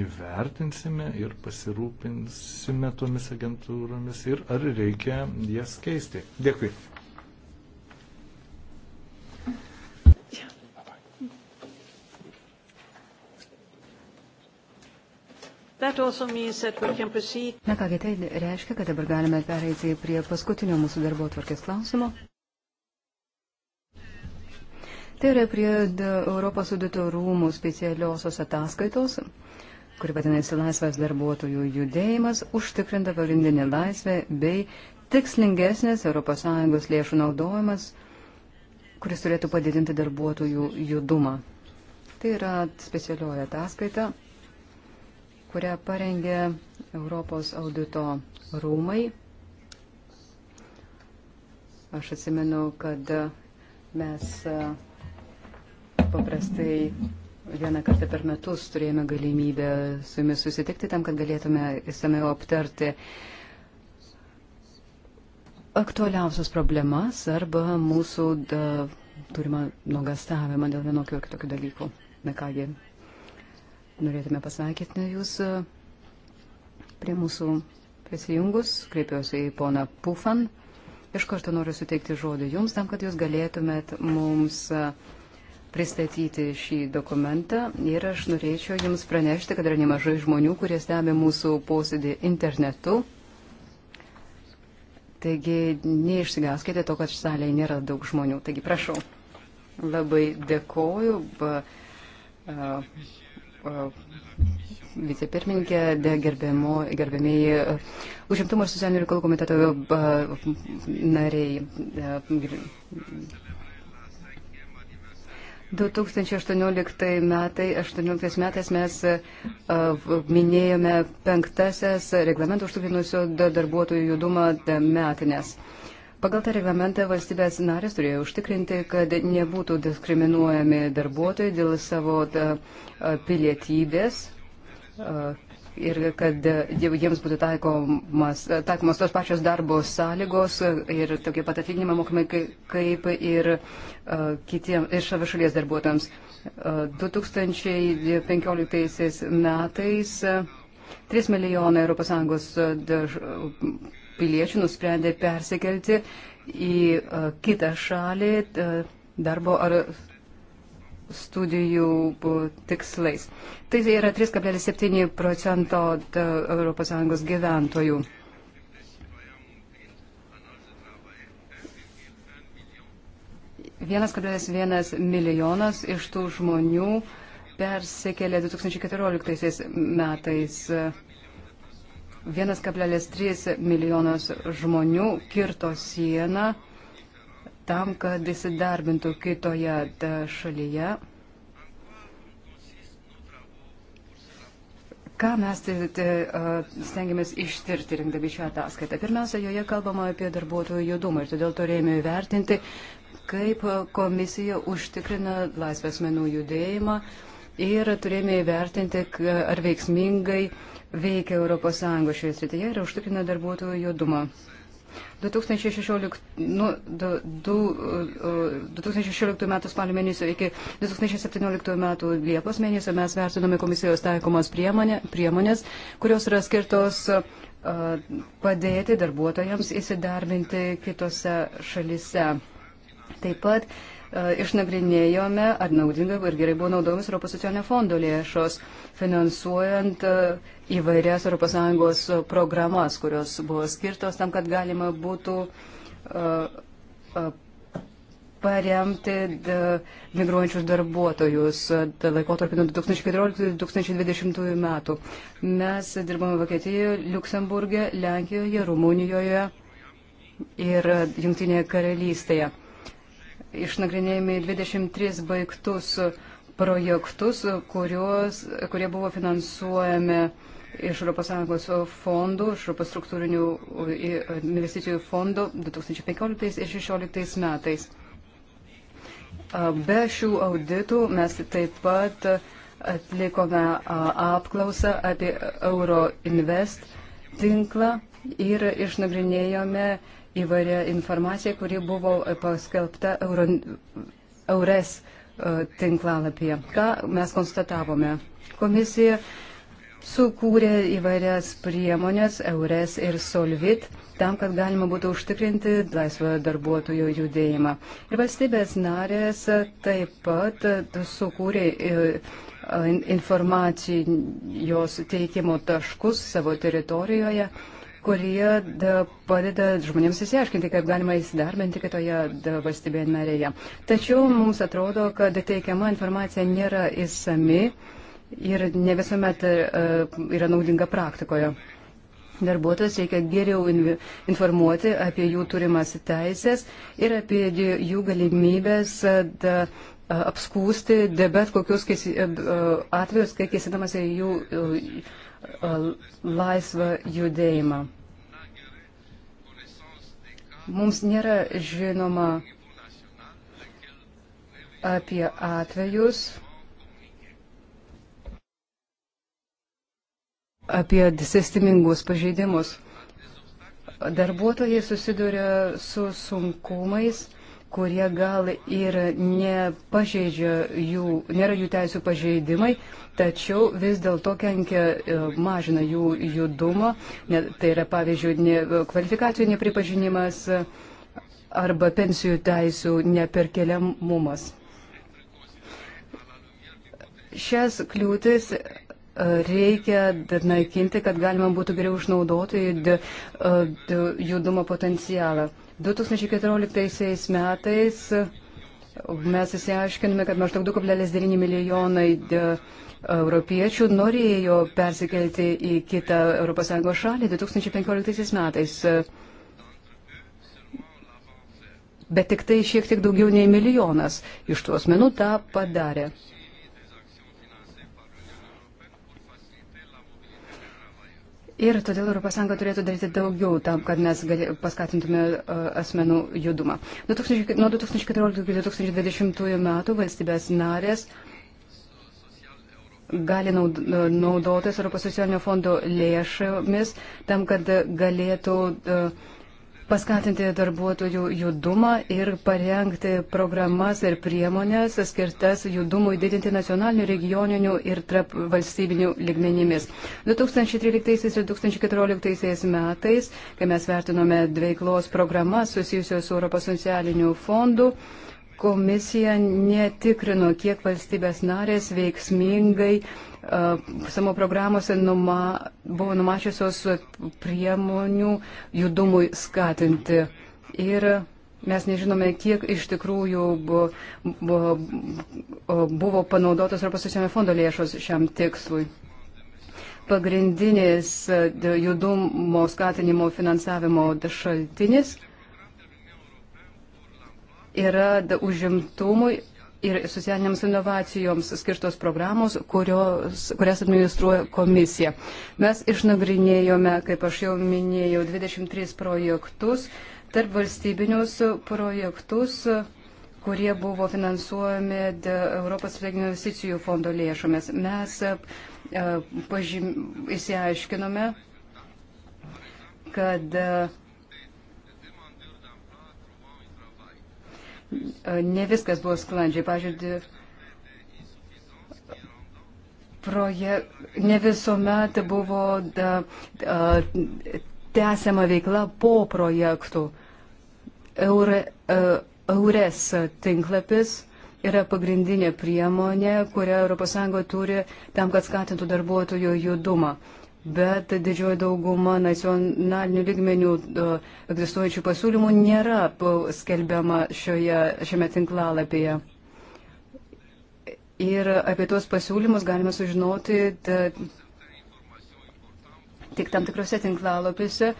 įvertinsime ir pasirūpinsime tomis agentūromis ir ar reikia jas keisti. Dėkui. Na kągi, tai reiškia, kad dabar galime pereiti prie paskutinio mūsų darbo tvarkės klausimo. Tai yra prie Europos audito rūmų specialiosios ataskaitos kuri vadinasi Laisvas darbuotojų judėjimas, užtikrinta pagrindinė laisvė bei tikslingesnis ES lėšų naudojimas, kuris turėtų padidinti darbuotojų judumą. Tai yra specialioja ataskaita, kurią parengė Europos audito rūmai. Aš atsimenu, kad mes Paprastai vieną kartą per metus turėjome galimybę su jumis susitikti tam, kad galėtume įsameu aptarti aktualiausias problemas arba mūsų da, turimą nuogastavimą dėl vienokių ar kitokių dalykų. Na kągi, norėtume pasakyti jūs e, prie mūsų prisijungus, kreipiuosi į poną Pufan. Iš karto noriu suteikti žodį jums tam, kad jūs galėtumėt mums. Uh, pristatyti šį dokumentą ir aš norėčiau Jums pranešti, kad yra nemažai žmonių, kurie stebi mūsų posėdį internetu. Taigi neišsigaskite to, kad salėje nėra daug žmonių. Taigi prašau. Labai dėkoju. Vicepirmininkė, gerbėmėjai, užimtumo ir socialinių reikalų komiteto nariai. 2018 metai, 18 metais mes uh, minėjome penktasias reglamentą užtikrinusio darbuotojų judumą e, metinės. Pagal tą reglamentą valstybės narės turėjo užtikrinti, kad nebūtų diskriminuojami darbuotojai dėl savo uh, pilietybės, uh, ir kad jiems būtų taikomas, taikomas tos pačios darbo sąlygos ir tokie pat atlyginimai mokami kaip ir uh, kitiems ir savo šalies darbuotojams. Uh, 2015 metais 3 milijonai ES piliečių nusprendė persikelti į uh, kitą šalį darbo ar studijų tikslais. Tai yra 3,7 procento ES gyventojų. Vienas kablelis vienas milijonas iš tų žmonių persikėlė 2014 metais. 1,3 milijonas žmonių kirto sieną tam, kad įsidarbintų kitoje šalyje. Ką mes tai, tai, stengiamės ištirti rinkdami šią ataskaitą? Pirmiausia, joje kalbama apie darbuotojų judumą ir todėl turėjome įvertinti, kaip komisija užtikrina laisvės menų judėjimą ir turėjome įvertinti, ar veiksmingai veikia ES šioje srityje ir užtikrina darbuotojų judumą. 2016, nu, du, du, 2016 e, e, m. spalio mėnesio iki 2017 m. Liepos mėnesio mes vertinome komisijos taikomas priemonė, priemonės, kurios yra skirtos e, padėti darbuotojams įsidarbinti kitose šalise. Taip pat E, išnagrinėjome, ar naudingai ir gerai buvo naudojamas Europos socialinio fondo lėšos, finansuojant e, įvairias ES programas, kurios buvo skirtos tam, kad galima būtų e, paremti migruojančius darbuotojus laikotarpį nuo 2014-2020 metų. Mes dirbame Vokietijoje, Luksemburgė, Lenkijoje, Rumunijoje ir Junktinėje karalystėje išnagrinėjami 23 baigtus projektus, kurios, kurie buvo finansuojami iš ES fondų, iš ES struktūrinių investicijų fondų 2015 ir 2016 metais. Be šių auditų mes taip pat atlikome apklausą apie Euro Invest tinklą ir išnagrinėjome uh, įvairią informaciją, kuri buvo e, paskelbta Euro, Eures e, tinklalapyje. Ką mes konstatavome? Komisija sukūrė įvairias priemonės Eures ir Solvit tam, kad galima būtų užtikrinti laisvą darbuotojų judėjimą. Ir valstybės narės taip pat sukūrė e, informacijos teikimo taškus savo teritorijoje kurie da, padeda žmonėms įsiaiškinti, kaip galima įsidarbinti kitoje da, valstybėje narėje. Tačiau mums atrodo, kad teikiama informacija nėra įsami ir ne visuomet e, yra naudinga praktikoje. Darbuotojus reikia geriau informuoti apie jų turimas teisės ir apie jų galimybės e, da, e, apskūsti bet kokius atvejus, kai kėsinamas į jų laisvą judėjimą. Mums nėra žinoma apie atvejus, apie sistemingus pažeidimus. Darbuotojai susiduria su sunkumais kurie gal ir nepažeidžia jų, nėra jų teisų pažeidimai, tačiau vis dėlto kenkia, e, mažina jų judumą, ne, tai yra pavyzdžiui ne, kvalifikacijų nepripažinimas arba pensijų teisų neperkeliamumas. Šias kliūtis e, reikia naikinti, kad galima būtų geriau išnaudoti e, judumo potencialą. 2014 metais mes įsiaiškinome, kad maždaug 2,9 milijonai e, europiečių norėjo persikelti į kitą ES šalį 2015 metais. Bet tik tai šiek tiek daugiau nei milijonas iš tų asmenų tą padarė. Ir todėl ES turėtų daryti daugiau tam, kad mes paskatintume e, asmenų judumą. Nuo 2014-2020 metų valstybės narės gali e, naudotis Europos socialinio fondo lėšomis tam, kad galėtų uh, paskatinti darbuotojų judumą ir parengti programas ir priemonės skirtas judumui didinti nacionalinių, regioninių ir trap valstybinių ligmenimis. 2013 ir 2014 metais, kai mes vertinome veiklos programas susijusios su Europos socialiniu fondu, komisija netikrino, kiek valstybės narės veiksmingai savo programuose numa, buvo numačiusios priemonių judumui skatinti. Ir mes nežinome, kiek iš tikrųjų buvo, buvo, buvo panaudotos Europos socialinio fondo lėšos šiam tikslui. Pagrindinis judumo skatinimo finansavimo šaltinis yra užimtumui ir socialiniams inovacijoms skirtos programos, kurios, kurias administruoja komisija. Mes išnagrinėjome, kaip aš jau minėjau, 23 projektus, tarp valstybinius projektus kurie buvo finansuojami Europos strateginių investicijų fondo lėšomis. Mes e, pažym, įsiaiškinome, kad uh, ne viskas buvo sklandžiai. Pavyzdžiui, proje, ne visuomet buvo da, da, tęsiama veikla po projektų. Eure, e, eures tinklapis yra pagrindinė priemonė, kurią ES turi tam, kad skatintų darbuotojų judumą bet didžioji dauguma nacionalinių lygmenių e, egzistuojančių pasiūlymų nėra skelbiama šioje, šiame tinklalapyje. Ir apie tuos pasiūlymus galima sužinoti ta, tik tam tikrose tinklalapiuose.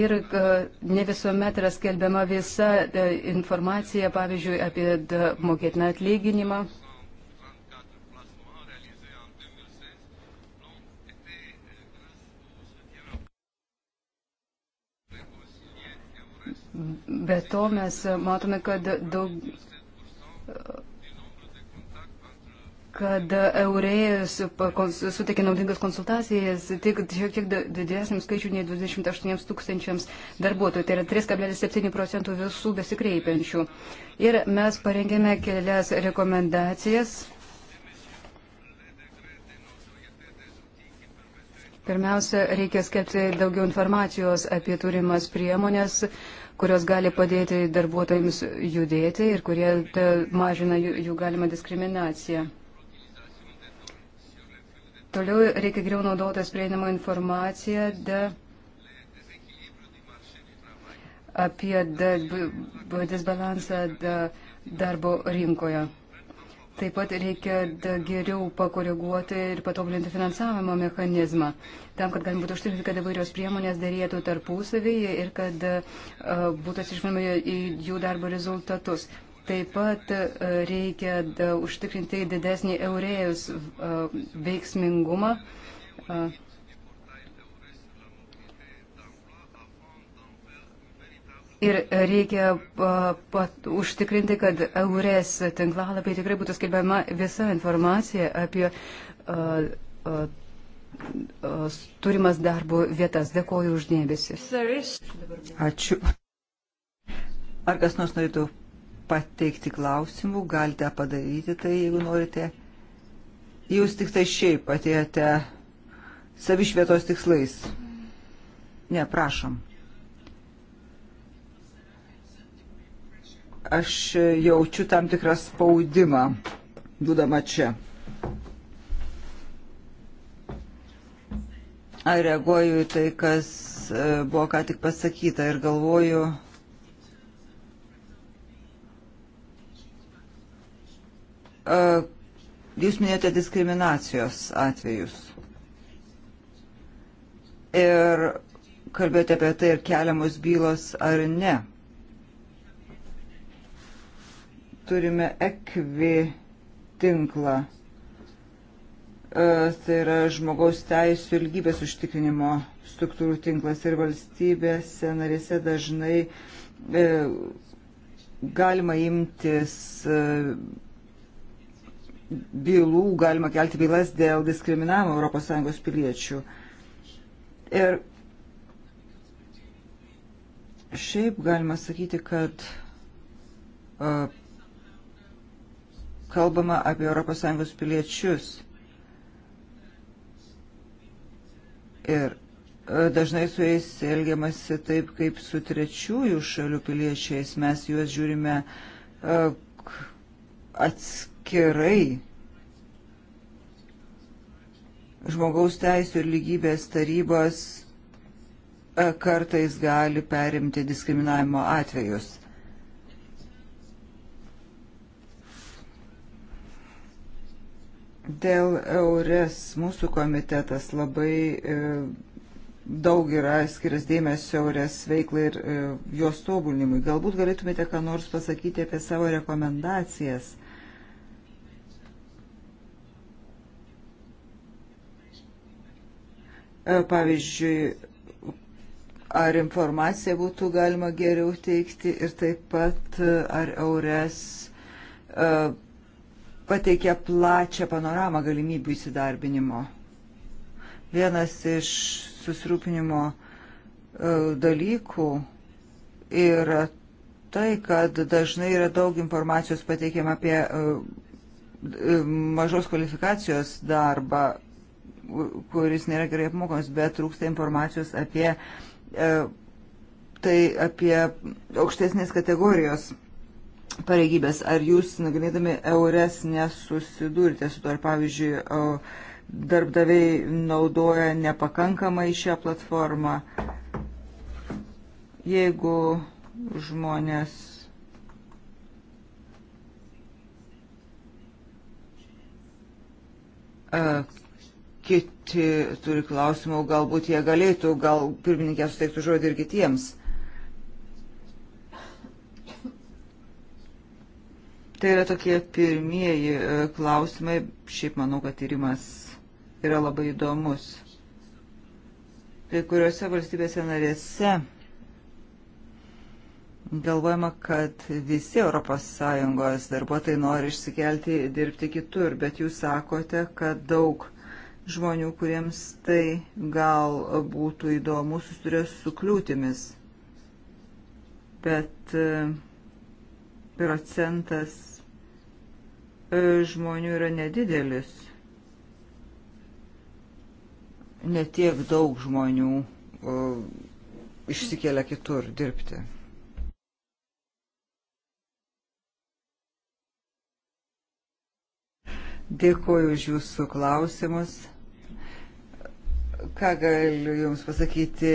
Ir e, ne visuomet yra skelbiama visa e, informacija, pavyzdžiui, apie mokėtiną atlyginimą. Be to mes matome, kad daug kad Eurėjas suteikė naudingas konsultacijas tik šiek tiek didesniam skaičiu nei 28 tūkstančiams darbuotojų, tai yra 3,7 procentų visų besikreipiančių. Ir mes parengėme kelias rekomendacijas. Pirmiausia, reikia skelbti daugiau informacijos apie turimas priemonės, uh, kurios gali padėti darbuotojams judėti ir kurie mažina jų, jų galimą diskriminaciją. Toliau reikia geriau naudotis prieinamą informaciją de, apie de, disbalansą de, darbo rinkoje. Taip pat reikia geriau pakoreguoti ir patobulinti finansavimo mechanizmą, tam, kad galima būtų užtikrinti, kad įvairios priemonės dėrėtų tarpusavyje ir kad uh, būtų atsižvelgiama į jų darbo rezultatus. Taip pat uh, reikia uh, užtikrinti didesnį eurėjus uh, veiksmingumą. Uh, Ir reikia pat užtikrinti, kad EURES tinklalapiai tikrai būtų skelbiama visa informacija apie uh, uh, turimas darbo vietas. Dėkoju uždėmesi. Ačiū. Ar kas nors norėtų pateikti klausimų? Galite padaryti tai, jeigu norite. Jūs tik tai šiaip atėjote savišvietos tikslais. Ne, prašom. aš jaučiu tam tikrą spaudimą, būdama čia. Ar reaguoju į tai, kas e, buvo ką tik pasakyta ir galvoju, e, jūs minėjote diskriminacijos atvejus. Ir kalbėjote apie tai, ar keliamos bylos ar ne. turime ekvi tinklą. E, tai yra žmogaus teisų ilgybės užtikrinimo struktūrų tinklas ir valstybėse narėse dažnai e, galima imtis e, bylų, galima kelti bylas dėl diskriminavimo ES piliečių. Ir šiaip galima sakyti, kad e, kalbama apie ES piliečius. Ir e, dažnai su jais elgiamasi taip, kaip su trečiųjų šalių piliečiais. Mes juos žiūrime e, atskirai. Žmogaus teisų ir lygybės tarybos e, kartais gali perimti diskriminavimo atvejus. Dėl eures mūsų komitetas labai e, daug yra skiras dėmesio eures veiklai ir e, jos tobulinimui. Galbūt galėtumėte ką nors pasakyti apie savo rekomendacijas. E, pavyzdžiui, ar informaciją būtų galima geriau teikti ir taip pat ar eures pateikia plačią panoramą galimybių įsidarbinimo. Vienas iš susirūpinimo e, dalykų yra tai, kad dažnai yra daug informacijos pateikiama apie e, e, mažos kvalifikacijos darbą, kuris nėra gerai apmokomas, bet trūksta informacijos apie tai, apie aukštesnės kategorijos pareigybės. Ar jūs, nagrinėdami eures, nesusidūrite su to, ar pavyzdžiui, darbdaviai naudoja nepakankamai šią platformą? Jeigu žmonės. Kiti turi klausimų, galbūt jie galėtų, gal pirmininkė suteiktų žodį ir kitiems. Tai yra tokie pirmieji e, klausimai. Šiaip manau, kad tyrimas yra labai įdomus. Kai kuriuose valstybėse narėse galvojama, kad visi ES darbuotojai nori išsikelti dirbti kitur, bet jūs sakote, kad daug žmonių, kuriems tai gal būtų įdomu, susidurė su kliūtimis. Bet e, procentas E, žmonių yra nedidelis. Netiek daug žmonių išsikelia kitur dirbti. Dėkuoju už jūsų klausimus. Ką galiu Jums pasakyti,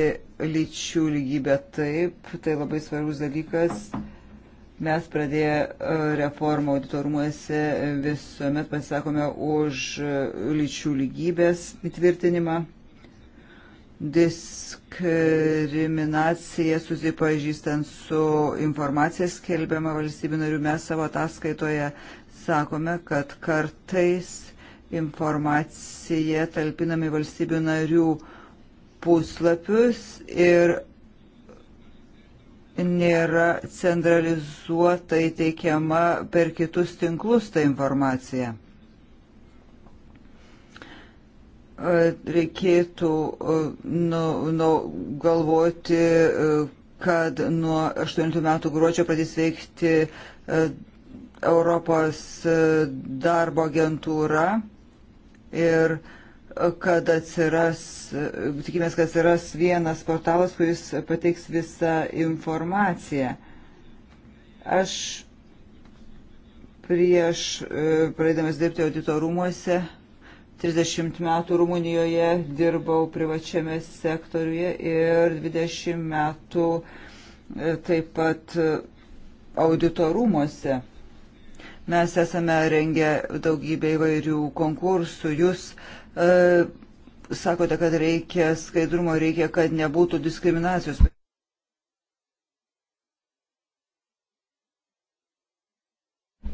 lyčių lygybė taip, tai labai svarbus dalykas. Uh, Mes pradėję e, reformą auditorumuose e, visuomet pasisakome už e, lyčių lygybės įtvirtinimą. Diskriminacija susipažįstant su informacija skelbiama valstybių narių mes savo ataskaitoje sakome, kad kartais informacija talpinami valstybių narių puslapius ir nėra centralizuotai teikiama per kitus tinklus ta informacija. Reikėtų nu, nu, galvoti, kad nuo 18 metų gruodžio pradės veikti Europos darbo agentūra ir uh, kad atsiras, tikimės, kad atsiras vienas portalas, kuris pateiks visą informaciją. Aš prieš e, praeidamas dirbti audito rūmuose, 30 metų Rumunijoje dirbau privačiame sektoriuje ir 20 metų e, taip pat audito rūmuose. Mes esame rengę daugybę įvairių konkursų, jūs uh, E, sakote, kad reikia skaidrumo, reikia, kad nebūtų diskriminacijos.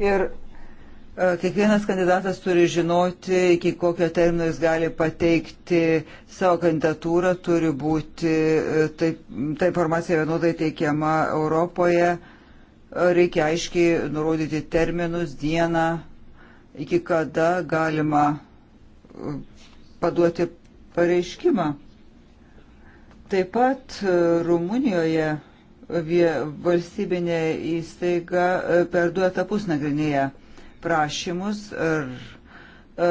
Ir e, Kiekvienas kandidatas turi žinoti, iki kokio termino jis gali pateikti savo kandidatūrą, turi būti e, taip, ta informacija vienodai teikiama Europoje, reikia aiškiai nurodyti terminus, dieną, iki kada galima paduoti pareiškimą. Taip pat e, Rumunijoje valstybinė įstaiga e, per du etapus nagrinėja prašymus ar e,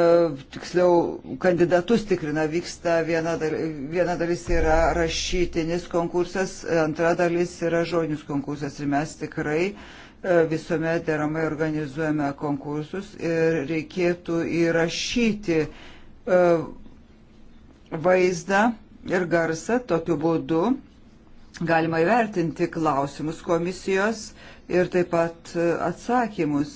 tiksliau kandidatus tikrina, vyksta viena, dal, viena dalis yra rašytinis konkursas, antra dalis yra žodinis konkursas ir mes tikrai visuomet deramai organizuojame konkursus ir reikėtų įrašyti uh, E, vaizdą ir garsą tokiu būdu galima įvertinti klausimus komisijos ir taip pat e, atsakymus.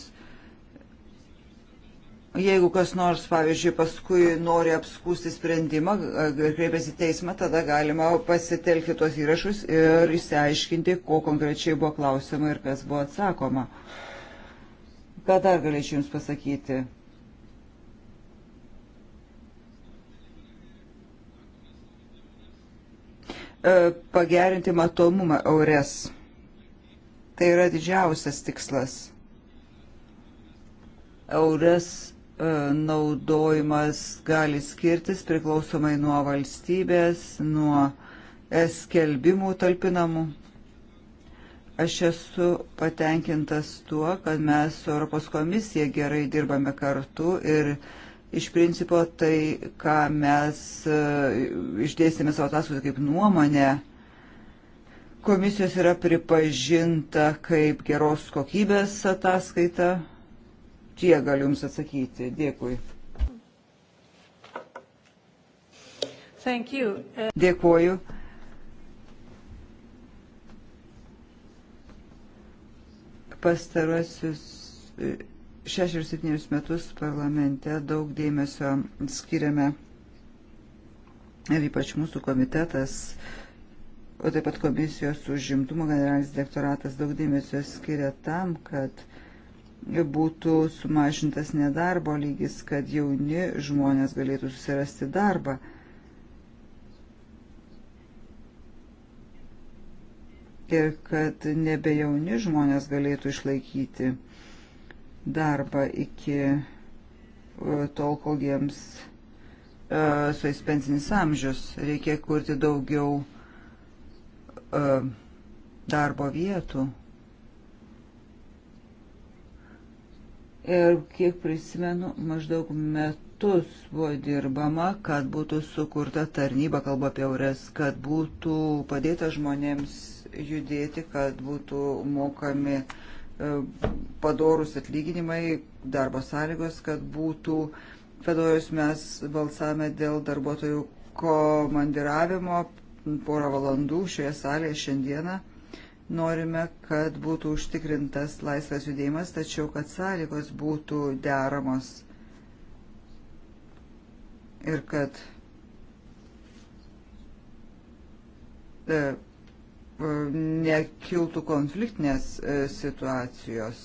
Jeigu kas nors, pavyzdžiui, paskui nori apskūsti sprendimą ir e, kreipiasi teismą, tada galima pasitelkti tuos įrašus ir išsiaiškinti, ko konkrečiai buvo klausima ir kas buvo atsakoma. Ką dar galėčiau Jums pasakyti? E, pagerinti matomumą eures. Tai yra didžiausias tikslas. Eures e, naudojimas gali skirtis priklausomai nuo valstybės, nuo skelbimų talpinamų aš esu patenkintas tuo, kad mes su Europos komisija gerai dirbame kartu ir Iš principo tai, ką mes e, išdėstėme savo ataskaitą kaip nuomonę, komisijos yra pripažinta kaip geros kokybės ataskaita. Tie galiu Jums atsakyti. Dėkui. E, Dėkuoju. Pastaruosius e, 6-7 metus parlamente daug dėmesio skiriame ir ypač mūsų komitetas, o taip pat komisijos užimtumo generalinis direktoratas daug dėmesio skiria tam, kad būtų sumažintas nedarbo lygis, kad jauni žmonės galėtų susirasti darbą. Ir kad nebe jauni žmonės galėtų išlaikyti darbą iki e, tol, kol jiems e, sueis pensinis amžius. Reikia kurti daugiau e, darbo vietų. Ir kiek prisimenu, maždaug metus buvo dirbama, kad būtų sukurta tarnyba, kalba apie eures, kad būtų padėta žmonėms judėti, kad būtų mokami uh, E, padorus atlyginimai, darbo sąlygos, kad būtų padorus. Mes balsavome dėl darbuotojų komandiravimo porą valandų šioje salėje šiandieną. Norime, kad būtų užtikrintas laisvas judėjimas, tačiau kad sąlygos būtų deramos ir kad e, nekiltų konfliktinės e, situacijos.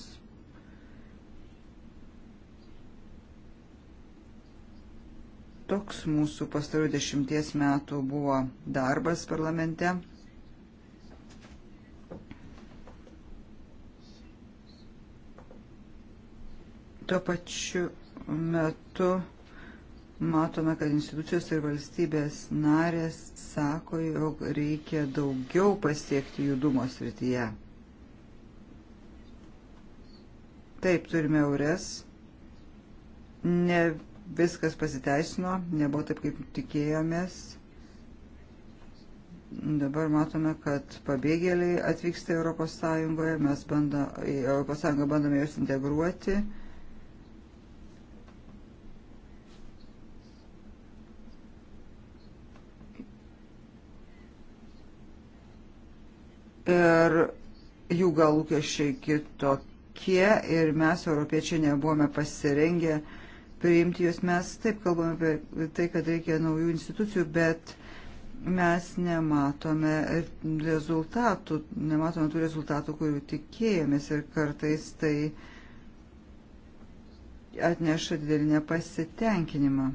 Toks mūsų pastarų dešimties metų buvo darbas parlamente. Tuo pačiu metu matome, kad institucijos ir valstybės narės sako, jog reikia daugiau pasiekti judumo srityje. Taip, turime eures. Ne viskas pasiteisino, nebuvo taip, kaip tikėjomės. Dabar matome, kad pabėgėliai atvyksta Europos Sąjungoje, mes bando, Europos Sąjungą bandome juos integruoti. ir jų gal lūkesčiai kitokie ir mes, europiečiai, nebuvome pasirengę priimti juos. Mes taip kalbame apie tai, kad reikia naujų institucijų, bet mes nematome rezultatų, nematome tų rezultatų, kurių tikėjomės ir kartais tai atneša didelį nepasitenkinimą.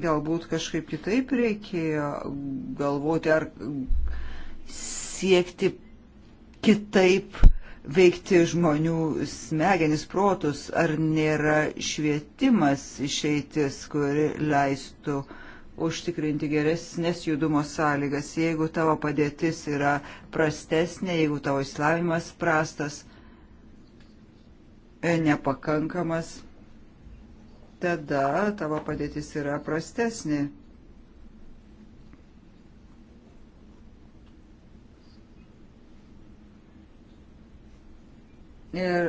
Galbūt kažkaip kitaip reikėjo galvoti ar siekti kitaip veikti žmonių smegenis, protus, ar nėra švietimas išeitis, kuri leistų užtikrinti geresnės judumo sąlygas. Jeigu tavo padėtis yra prastesnė, jeigu tavo įslavimas prastas, e, nepakankamas, tada tavo padėtis yra prastesnė. Ir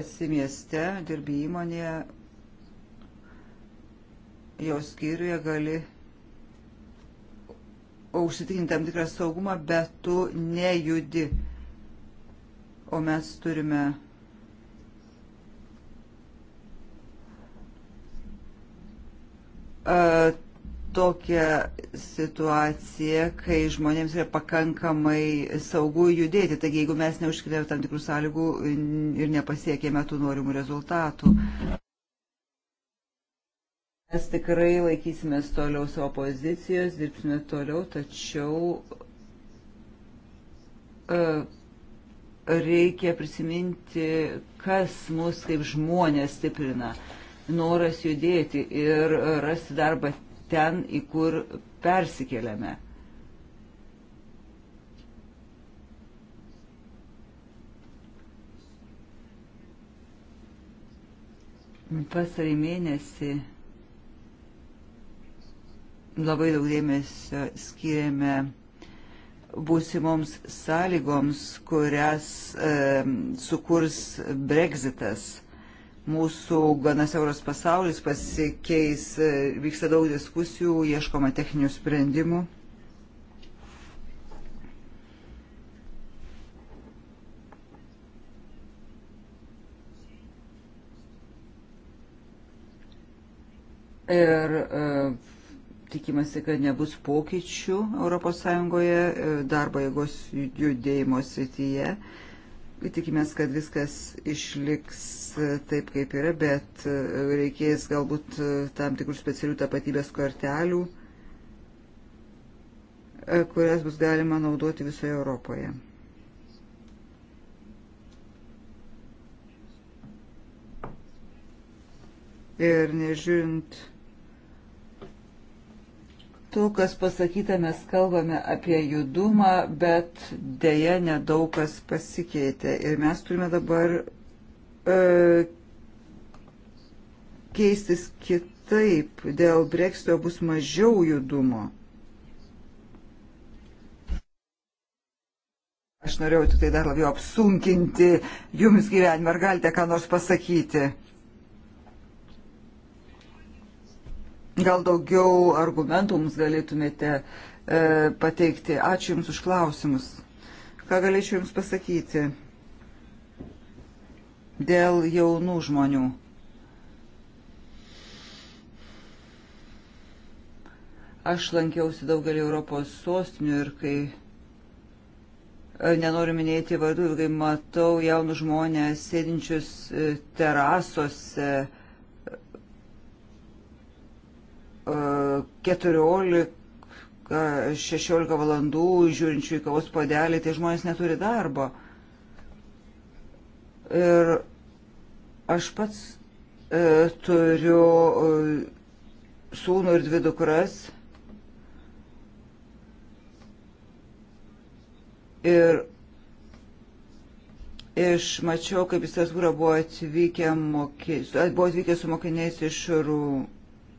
esi mieste, dirbi įmonėje, jau skyriuje gali užsitikinti tam tikrą saugumą, bet tu nejudi. O mes turime tokią situaciją, kai žmonėms yra pakankamai saugu judėti. Taigi, jeigu mes neužkirėme tam tikrų sąlygų ir nepasiekėme tų norimų rezultatų. Mes tikrai laikysimės toliau savo pozicijos, dirbsime toliau, tačiau reikia prisiminti, kas mus kaip žmonės stiprina. Uh, noras judėti ir rasti darbą ten, į kur persikeliame. Pasarį mėnesį labai daug dėmesio skiriame būsimoms sąlygoms, kurias e, sukurs Brexitas mūsų ganas euros pasaulis pasikeis, e, vyksta daug diskusijų, ieškoma techninių sprendimų. Ir e, tikimasi, kad nebus pokyčių ES e, darbo jėgos judėjimo srityje. E, Tikimės, kad viskas išliks taip, kaip yra, bet e, reikės galbūt e, tam tikrų specialių tapatybės kortelių, e, kurias bus galima naudoti visoje Europoje. Ir nežiūrint to, kas pasakyta, mes kalbame apie judumą, bet dėja nedaug kas pasikeitė. Ir mes turime dabar e, keistis kitaip. Dėl breksito bus mažiau judumo. Aš norėjau tik tai dar labiau apsunkinti jums gyvenimą. Ar galite ką nors pasakyti? Gal daugiau argumentų mums galėtumėte e, pateikti. Ačiū Jums už klausimus. Ką galėčiau Jums pasakyti dėl jaunų žmonių? Aš lankiausi daugelį Europos sostinių ir kai e, nenoriu minėti vardų, ilgai matau jaunus žmonės sėdinčius e, terasose, 14-16 valandų žiūrinčių į kavos padelį, tai žmonės neturi darbo. Ir aš pats e, turiu e, sūnų ir dvi dukras. Ir išmačiau, kaip jis tas būra buvo atvykę, moky... buvo atvykę su mokiniais iš Rūmų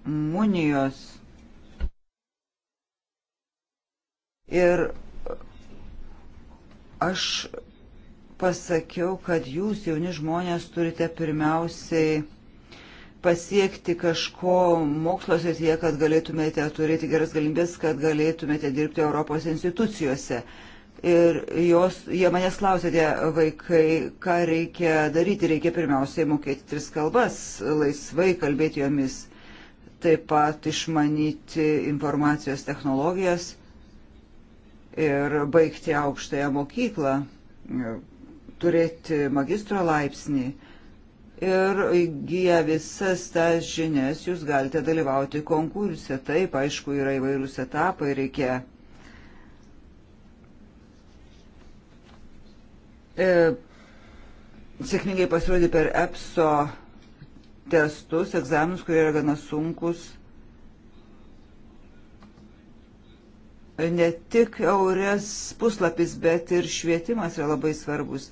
Munijos. Ir aš pasakiau, kad jūs, jauni žmonės, turite pirmiausiai pasiekti kažko mokslo srityje, kad galėtumėte turėti geras galimybės, kad galėtumėte dirbti Europos institucijose. Ir jos, jie manęs klausė, tie vaikai, ką reikia daryti, reikia pirmiausiai mokėti tris kalbas, laisvai kalbėti jomis taip pat išmanyti informacijos technologijas ir baigti aukštąją mokyklą, turėti magistro laipsnį. Ir įgyję visas tas žinias, jūs galite dalyvauti konkurse. Taip, aišku, yra įvairūs etapai, reikia e, sėkmingai pasirodyti per EPSO testus, egzaminus, kurie yra gana sunkus. Ne tik eurės puslapis, bet ir švietimas yra labai svarbus.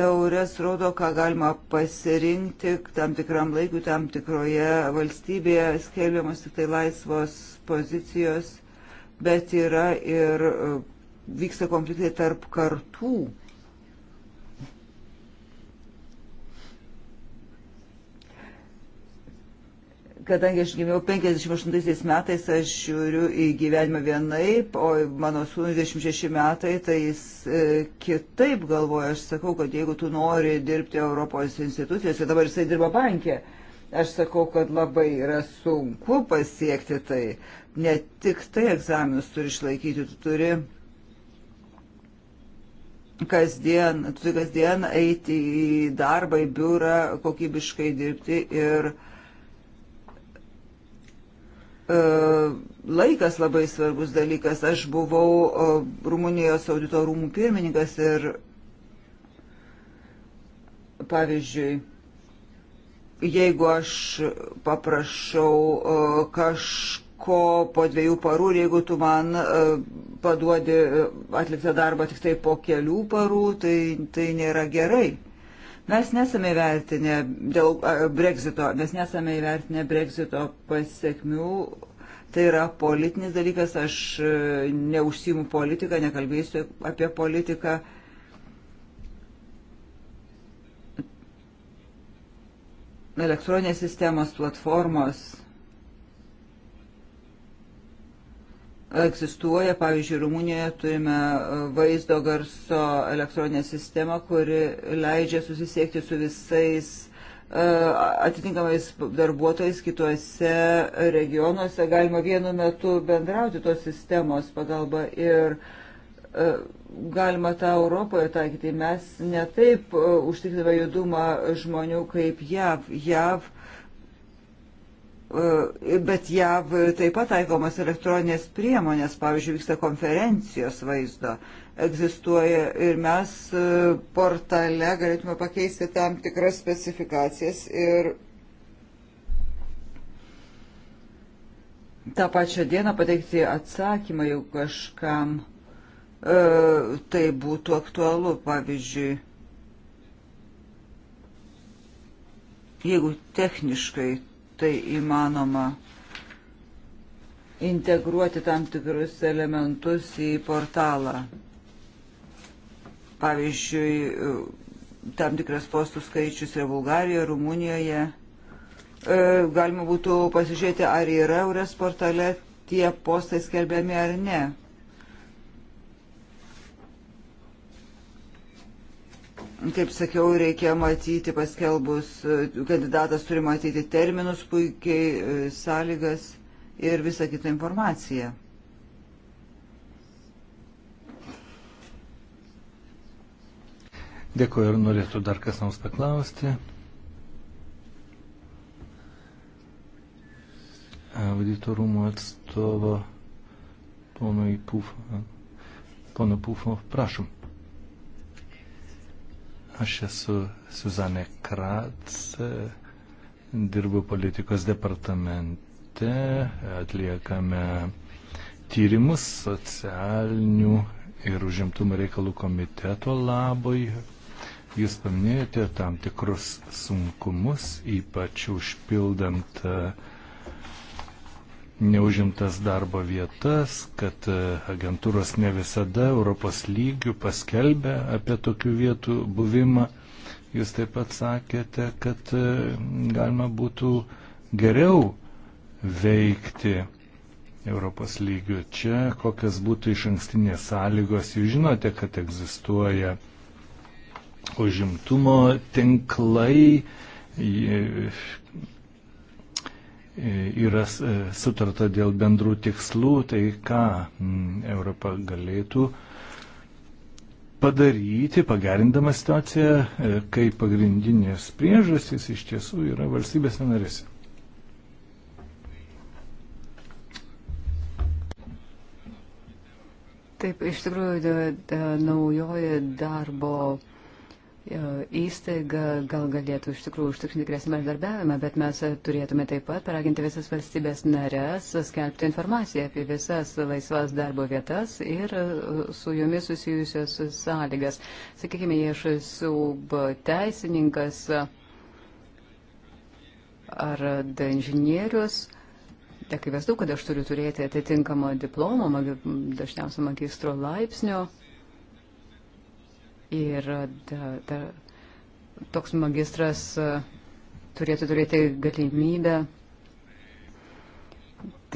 Eures rodo, ką galima pasirinkti tam tikram laikui, tam tikroje valstybėje, skelbiamos tik tai laisvos pozicijos, bet yra ir e, vyksta konfliktai tarp kartų kadangi aš gimiau 58 metais, aš žiūriu į gyvenimą vienaip, o mano sūnus 26 metai, tai jis e, kitaip galvoja. Aš sakau, kad jeigu tu nori dirbti Europos institucijose, dabar jisai dirba bankė, aš sakau, kad labai yra sunku pasiekti tai. Ne tik tai egzaminus turi išlaikyti, tu turi kasdien, tu turi kasdien eiti į darbą, į biurą, kokybiškai dirbti ir uh, E, laikas labai svarbus dalykas. Aš buvau e, Rumunijos audito rūmų pirmininkas ir, pavyzdžiui, jeigu aš paprašau e, kažko po dviejų parų ir jeigu tu man paduodi atliktą darbą tik tai po kelių parų, tai, tai nėra gerai. Mes nesame įvertinę dėl Brexito, mes nesame įvertinę Brexito pasiekmių. Tai yra politinis dalykas, aš e, neužsimu politiką, nekalbėsiu apie politiką. Elektroninės sistemos platformos egzistuoja. Pavyzdžiui, Rumunijoje turime e, vaizdo garso elektroninę sistemą, kuri leidžia susisiekti su visais e, atitinkamais darbuotojais kituose regionuose. Galima vienu metu bendrauti tos sistemos pagalba ir e, galima tą Europoje taikyti. Mes netaip užtikriname judumą žmonių kaip JAV. JAV E, bet jav taip pat taikomas elektroninės priemonės, pavyzdžiui, vyksta konferencijos vaizdo egzistuoja ir mes e, portale galėtume pakeisti tam tikras specifikacijas ir tą pačią dieną pateikti atsakymą, jeigu kažkam e, tai būtų aktualu, pavyzdžiui. Jeigu techniškai tai įmanoma integruoti tam tikrus elementus į portalą. Pavyzdžiui, tam tikras postų skaičius yra Bulgarijoje, Rumunijoje. E, galima būtų pasižiūrėti, ar yra Eures portale tie postai skelbiami ar ne. Kaip sakiau, reikia matyti paskelbus, kandidatas turi matyti terminus puikiai, e, sąlygas ir visą kitą informaciją. Dėkuoju, ar norėtų dar kas nors paklausti. Auditorumo atstovo ponui Pufo. Pono Pufo, prašom. Aš esu Suzanė Kratz, dirbu politikos departamente, atliekame tyrimus socialinių ir užimtumo reikalų komiteto labui. Jūs paminėjote tam tikrus sunkumus, ypač užpildant uh, neužimtas darbo vietas, kad e, agentūros ne visada Europos lygių paskelbė apie tokių vietų buvimą. Jūs taip pat sakėte, kad e, galima būtų geriau veikti Europos lygių. Čia kokias būtų iš ankstinės sąlygos, jūs žinote, kad egzistuoja užimtumo tinklai, yra e, sutarta dėl bendrų tikslų, tai ką Europa galėtų padaryti, pagerindama situaciją, e, kai pagrindinės priežastys iš tiesų yra valstybės narėse. Taip, iš tikrųjų, da, da, naujoji darbo įstaiga gal galėtų iš tikrųjų užtikrinti grėsmę ir darbiavimą, bet mes turėtume taip pat paraginti visas valstybės narės skelbti informaciją apie visas laisvas darbo vietas ir uh, su jomis susijusios sąlygas. Sakykime, jei aš esu teisininkas uh, ar inžinierius, tai kaip esu, kad aš turiu turėti atitinkamo diplomo, dažniausiai magistro laipsnio. Ir da, da, toks magistras e, turėtų turėti galimybę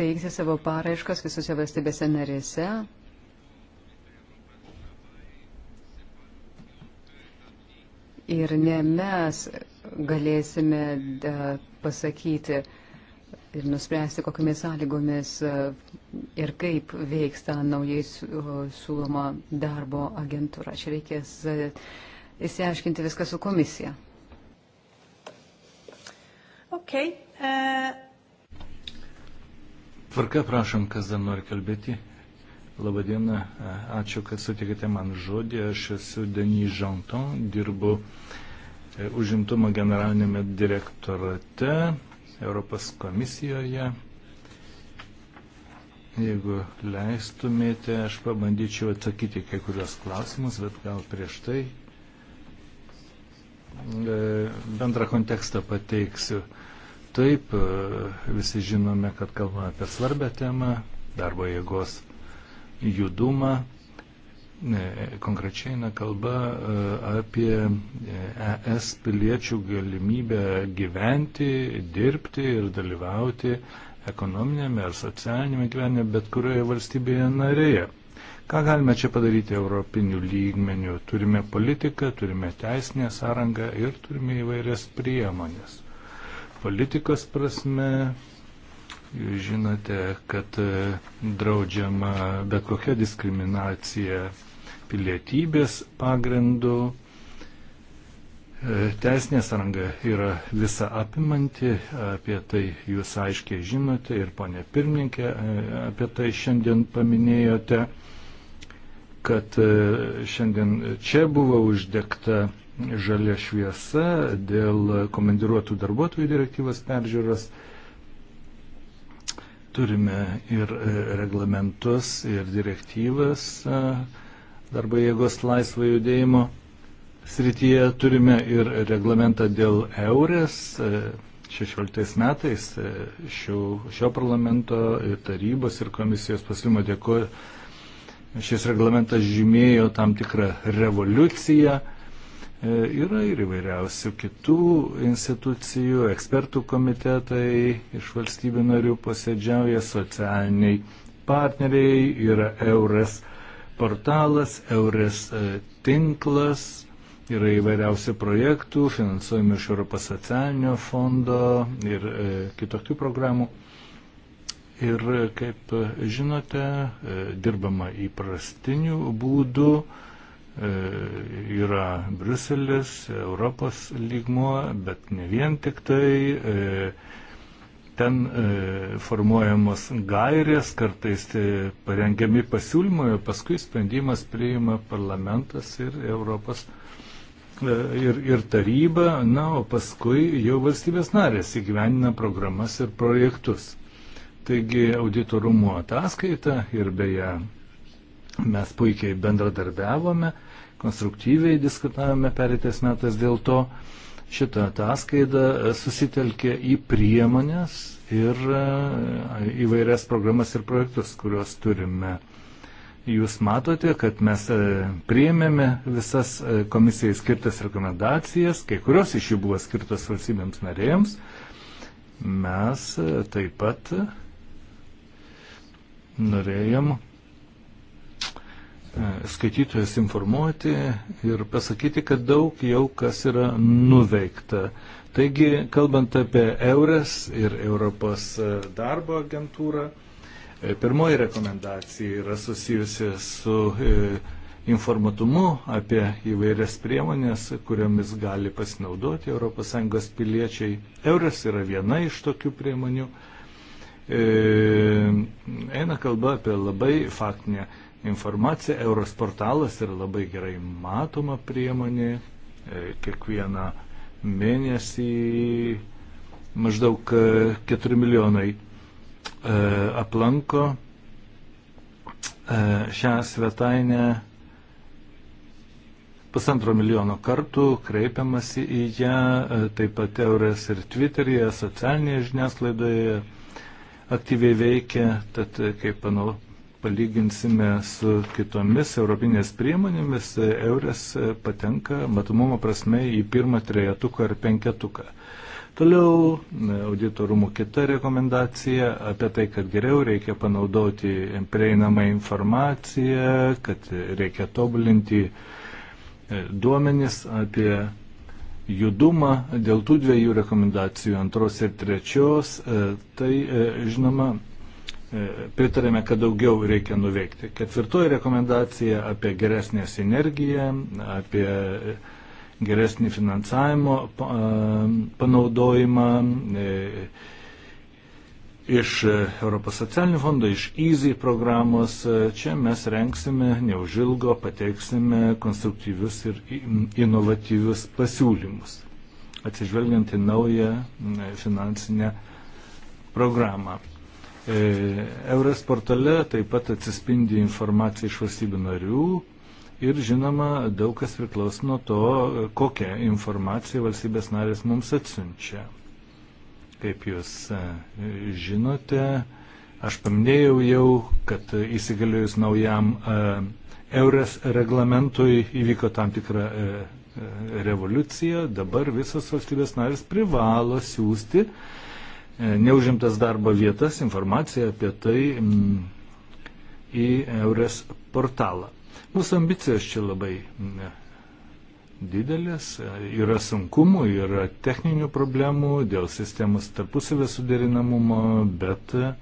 teikti savo paraiškas visose valstybėse narėse. Ir ne mes galėsime da, pasakyti ir nuspręsti, kokiamis sąlygomis e, ir kaip veiks ta naujai siūloma darbo agentūra. Čia reikės įsiaiškinti e, viską su komisija. Okay. Uh... Tvarka, prašom, kas dar nori kalbėti. Labadiena, e, ačiū, kad sutikite man žodį. Aš esu Denis Žanton, dirbu e, užimtumo generalinėme direktorate Europos komisijoje Jeigu leistumėte, aš pabandyčiau atsakyti kai kurios klausimus, bet gal prieš tai e, bendrą kontekstą pateiksiu. Taip, e, visi žinome, kad kalbame apie svarbę temą - darbo jėgos judumą. E, konkrečiai eina kalba apie ES piliečių galimybę gyventi, dirbti ir dalyvauti ekonominėme ar socialinėme gyvenime, bet kurioje valstybėje narėje. Ką galime čia padaryti europinių lygmenių? Turime politiką, turime teisinę sąrangą ir turime įvairias priemonės. Politikos prasme Jūs žinote, kad e, draudžiama bet kokia diskriminacija pilietybės pagrindu, Teisinė sąranga yra visa apimanti, apie tai jūs aiškiai žinote ir ponė pirmininkė e, apie tai šiandien paminėjote, kad e, šiandien čia buvo uždegta žalia šviesa dėl komandiruotų darbuotojų direktyvos peržiūros. Turime ir e, reglamentus, ir direktyvas darbo jėgos laisvo judėjimo srityje turime ir reglamentą dėl eurės. 16 e, metais e, šio, šio parlamento tarybos ir komisijos pasiūlymo dėkoju. Šis reglamentas žymėjo tam tikrą revoliuciją. E, yra ir įvairiausių kitų institucijų, ekspertų komitetai iš valstybių narių posėdžiauja, socialiniai partneriai, yra Eures portalas, Eures tinklas, Yra įvairiausių projektų, finansuojami iš Europos socialinio fondo ir e, kitokių programų. Ir e, kaip žinote, e, dirbama įprastinių būdų, e, yra Bruselis, Europos lygmuo, bet ne vien tik tai. E, ten e, formuojamos gairės, kartais e, parengiami pasiūlymai, paskui sprendimas priima parlamentas ir Europos parlamentas E, ir, ir taryba, na, o paskui jau valstybės narės įgyvenina programas ir projektus. Taigi auditorumo ataskaita ir beje mes puikiai bendradarbiavome, konstruktyviai diskutavome pereitės metais dėl to. Šitą ataskaitą e, susitelkė į priemonės ir e, įvairias programas ir projektus, kuriuos turime Jūs matote, kad mes e, priėmėme visas e, komisijai skirtas rekomendacijas, kai kurios iš jų buvo skirtos valstybėms narėjams. Mes e, taip pat norėjom skaitytojas informuoti ir pasakyti, kad daug jau kas yra nuveikta. Taigi, kalbant apie Eures ir Europos darbo agentūrą, E, pirmoji rekomendacija yra susijusi su e, informatumu apie įvairias priemonės, kuriomis gali pasinaudoti ES piliečiai. Euras yra viena iš tokių priemonių. E, eina kalba apie labai faktinę informaciją. Euros portalas yra labai gerai matoma priemonė. Kiekvieną mėnesį maždaug 4 milijonai E, aplanko e, šią svetainę pusantro milijono kartų, kreipiamasi į ją, e, taip pat Eures ir Twitter'yje, socialinėje žiniasklaidoje aktyviai veikia, tad kaip panau, palyginsime su kitomis europinės priemonėmis, Eures patenka matomumo prasme į pirmą trejetuką ar penketuką. Toliau e, auditorumo kita rekomendacija apie tai, kad geriau reikia panaudoti prieinamą informaciją, kad reikia tobulinti e, duomenis apie judumą dėl tų dviejų rekomendacijų, antros ir trečios, e, tai žinoma, pritarėme, kad daugiau reikia nuveikti. Ketvirtoji rekomendacija apie geresnę sinergiją, apie geresnį finansavimo panaudojimą e, iš Europos socialinių fondo, iš EASY programos. E, čia mes renksime, neužilgo pateiksime konstruktyvius ir inovatyvius pasiūlymus, atsižvelgiant į naują finansinę programą. E, Eures portale taip pat atsispindi informacija iš valstybių narių, Ir žinoma, daug kas priklauso nuo to, kokią informaciją valstybės narės mums atsiunčia. Kaip jūs e, žinote, aš paminėjau jau, kad įsigaliojus naujam e, Eures reglamentui įvyko tam tikra e, revoliucija, dabar visas valstybės narės privalo siūsti neužimtas darbo vietas informaciją apie tai į Eures portalą. Mūsų ambicijos čia labai didelės, yra sunkumų, yra techninių problemų dėl sistemos tarpusavės suderinamumo, bet e,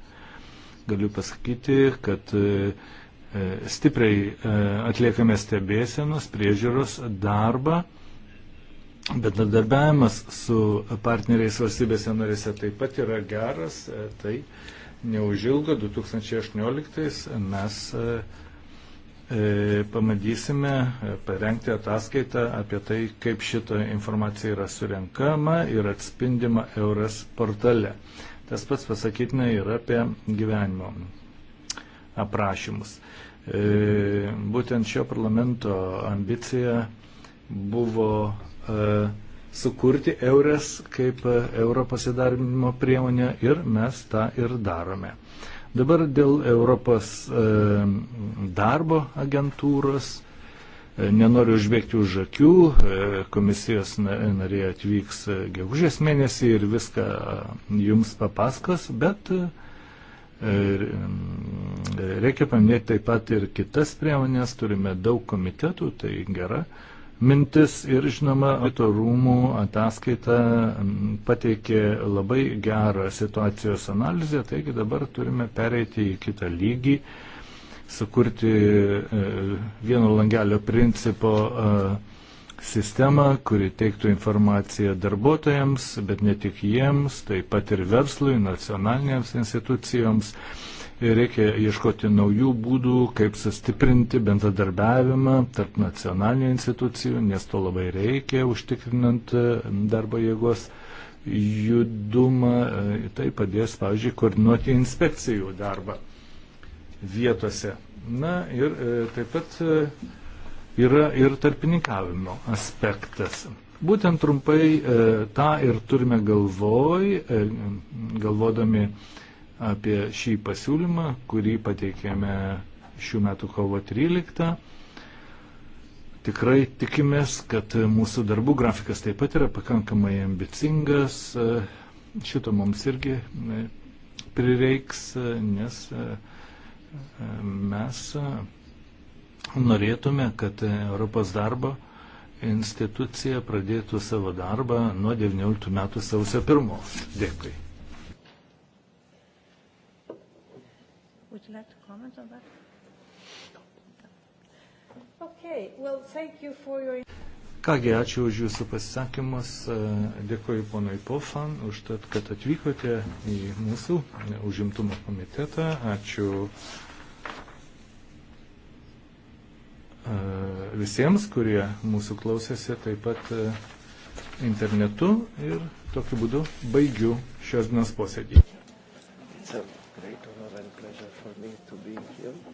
galiu pasakyti, kad e, e, stipriai atliekame stebėsenos, priežiūros darbą. Bendradarbiavimas su partneriais valstybėse norėse taip pat yra geras, tai neužilgo 2018 mes E, pabandysime e, parengti ataskaitą apie tai, kaip šita informacija yra surenkama ir atspindima Euras portale. Tas pats pasakytina ir apie gyvenimo aprašymus. E, būtent šio parlamento ambicija buvo sukurti Eures kaip Euro pasidarinimo priemonę ir mes tą ir darome. Dabar dėl Europos e, darbo agentūros. E, nenoriu užbėgti už akių, e, komisijos narė atvyks gegužės mėnesį ir viską jums papasakos, bet reikia paminėti taip pat ir kitas priemonės, turime daug komitetų, tai gera mintis ir žinoma, Vito rūmų ataskaita pateikė labai gerą situacijos analizę, taigi dabar turime pereiti į kitą lygį, sukurti e, vieno langelio principo e, sistemą, kuri teiktų informaciją darbuotojams, bet ne tik jiems, taip pat ir verslui, nacionalinėms institucijoms. Reikia ieškoti naujų būdų, kaip sustiprinti bendradarbiavimą tarp nacionalinių institucijų, nes to labai reikia, užtikrinant e, darbo jėgos judumą. E, tai padės, pavyzdžiui, koordinuoti inspekcijų darbą vietose. Na ir e, taip pat yra ir tarpininkavimo aspektas. Būtent trumpai tą ir turime galvoj, galvodami apie šį pasiūlymą, kurį pateikėme šių metų kovo 13. Tikrai tikimės, kad mūsų darbų grafikas taip pat yra pakankamai ambicingas. Šito mums irgi e, prireiks, e, nes e, mes norėtume, kad Europos darbo institucija pradėtų savo darbą nuo 19 metų sausio 1. Dėkui. Would you like to comment on that? Okay, well, thank you for your... Kągi, ačiū už Jūsų pasisakymus. E, Dėkuoju ponui Pofan už tad, kad atvykote į mūsų e, užimtumo komitetą. Ačiū e, visiems, kurie mūsų klausėsi taip pat internetu ir tokiu būdu baigiu šios dienos posėdį.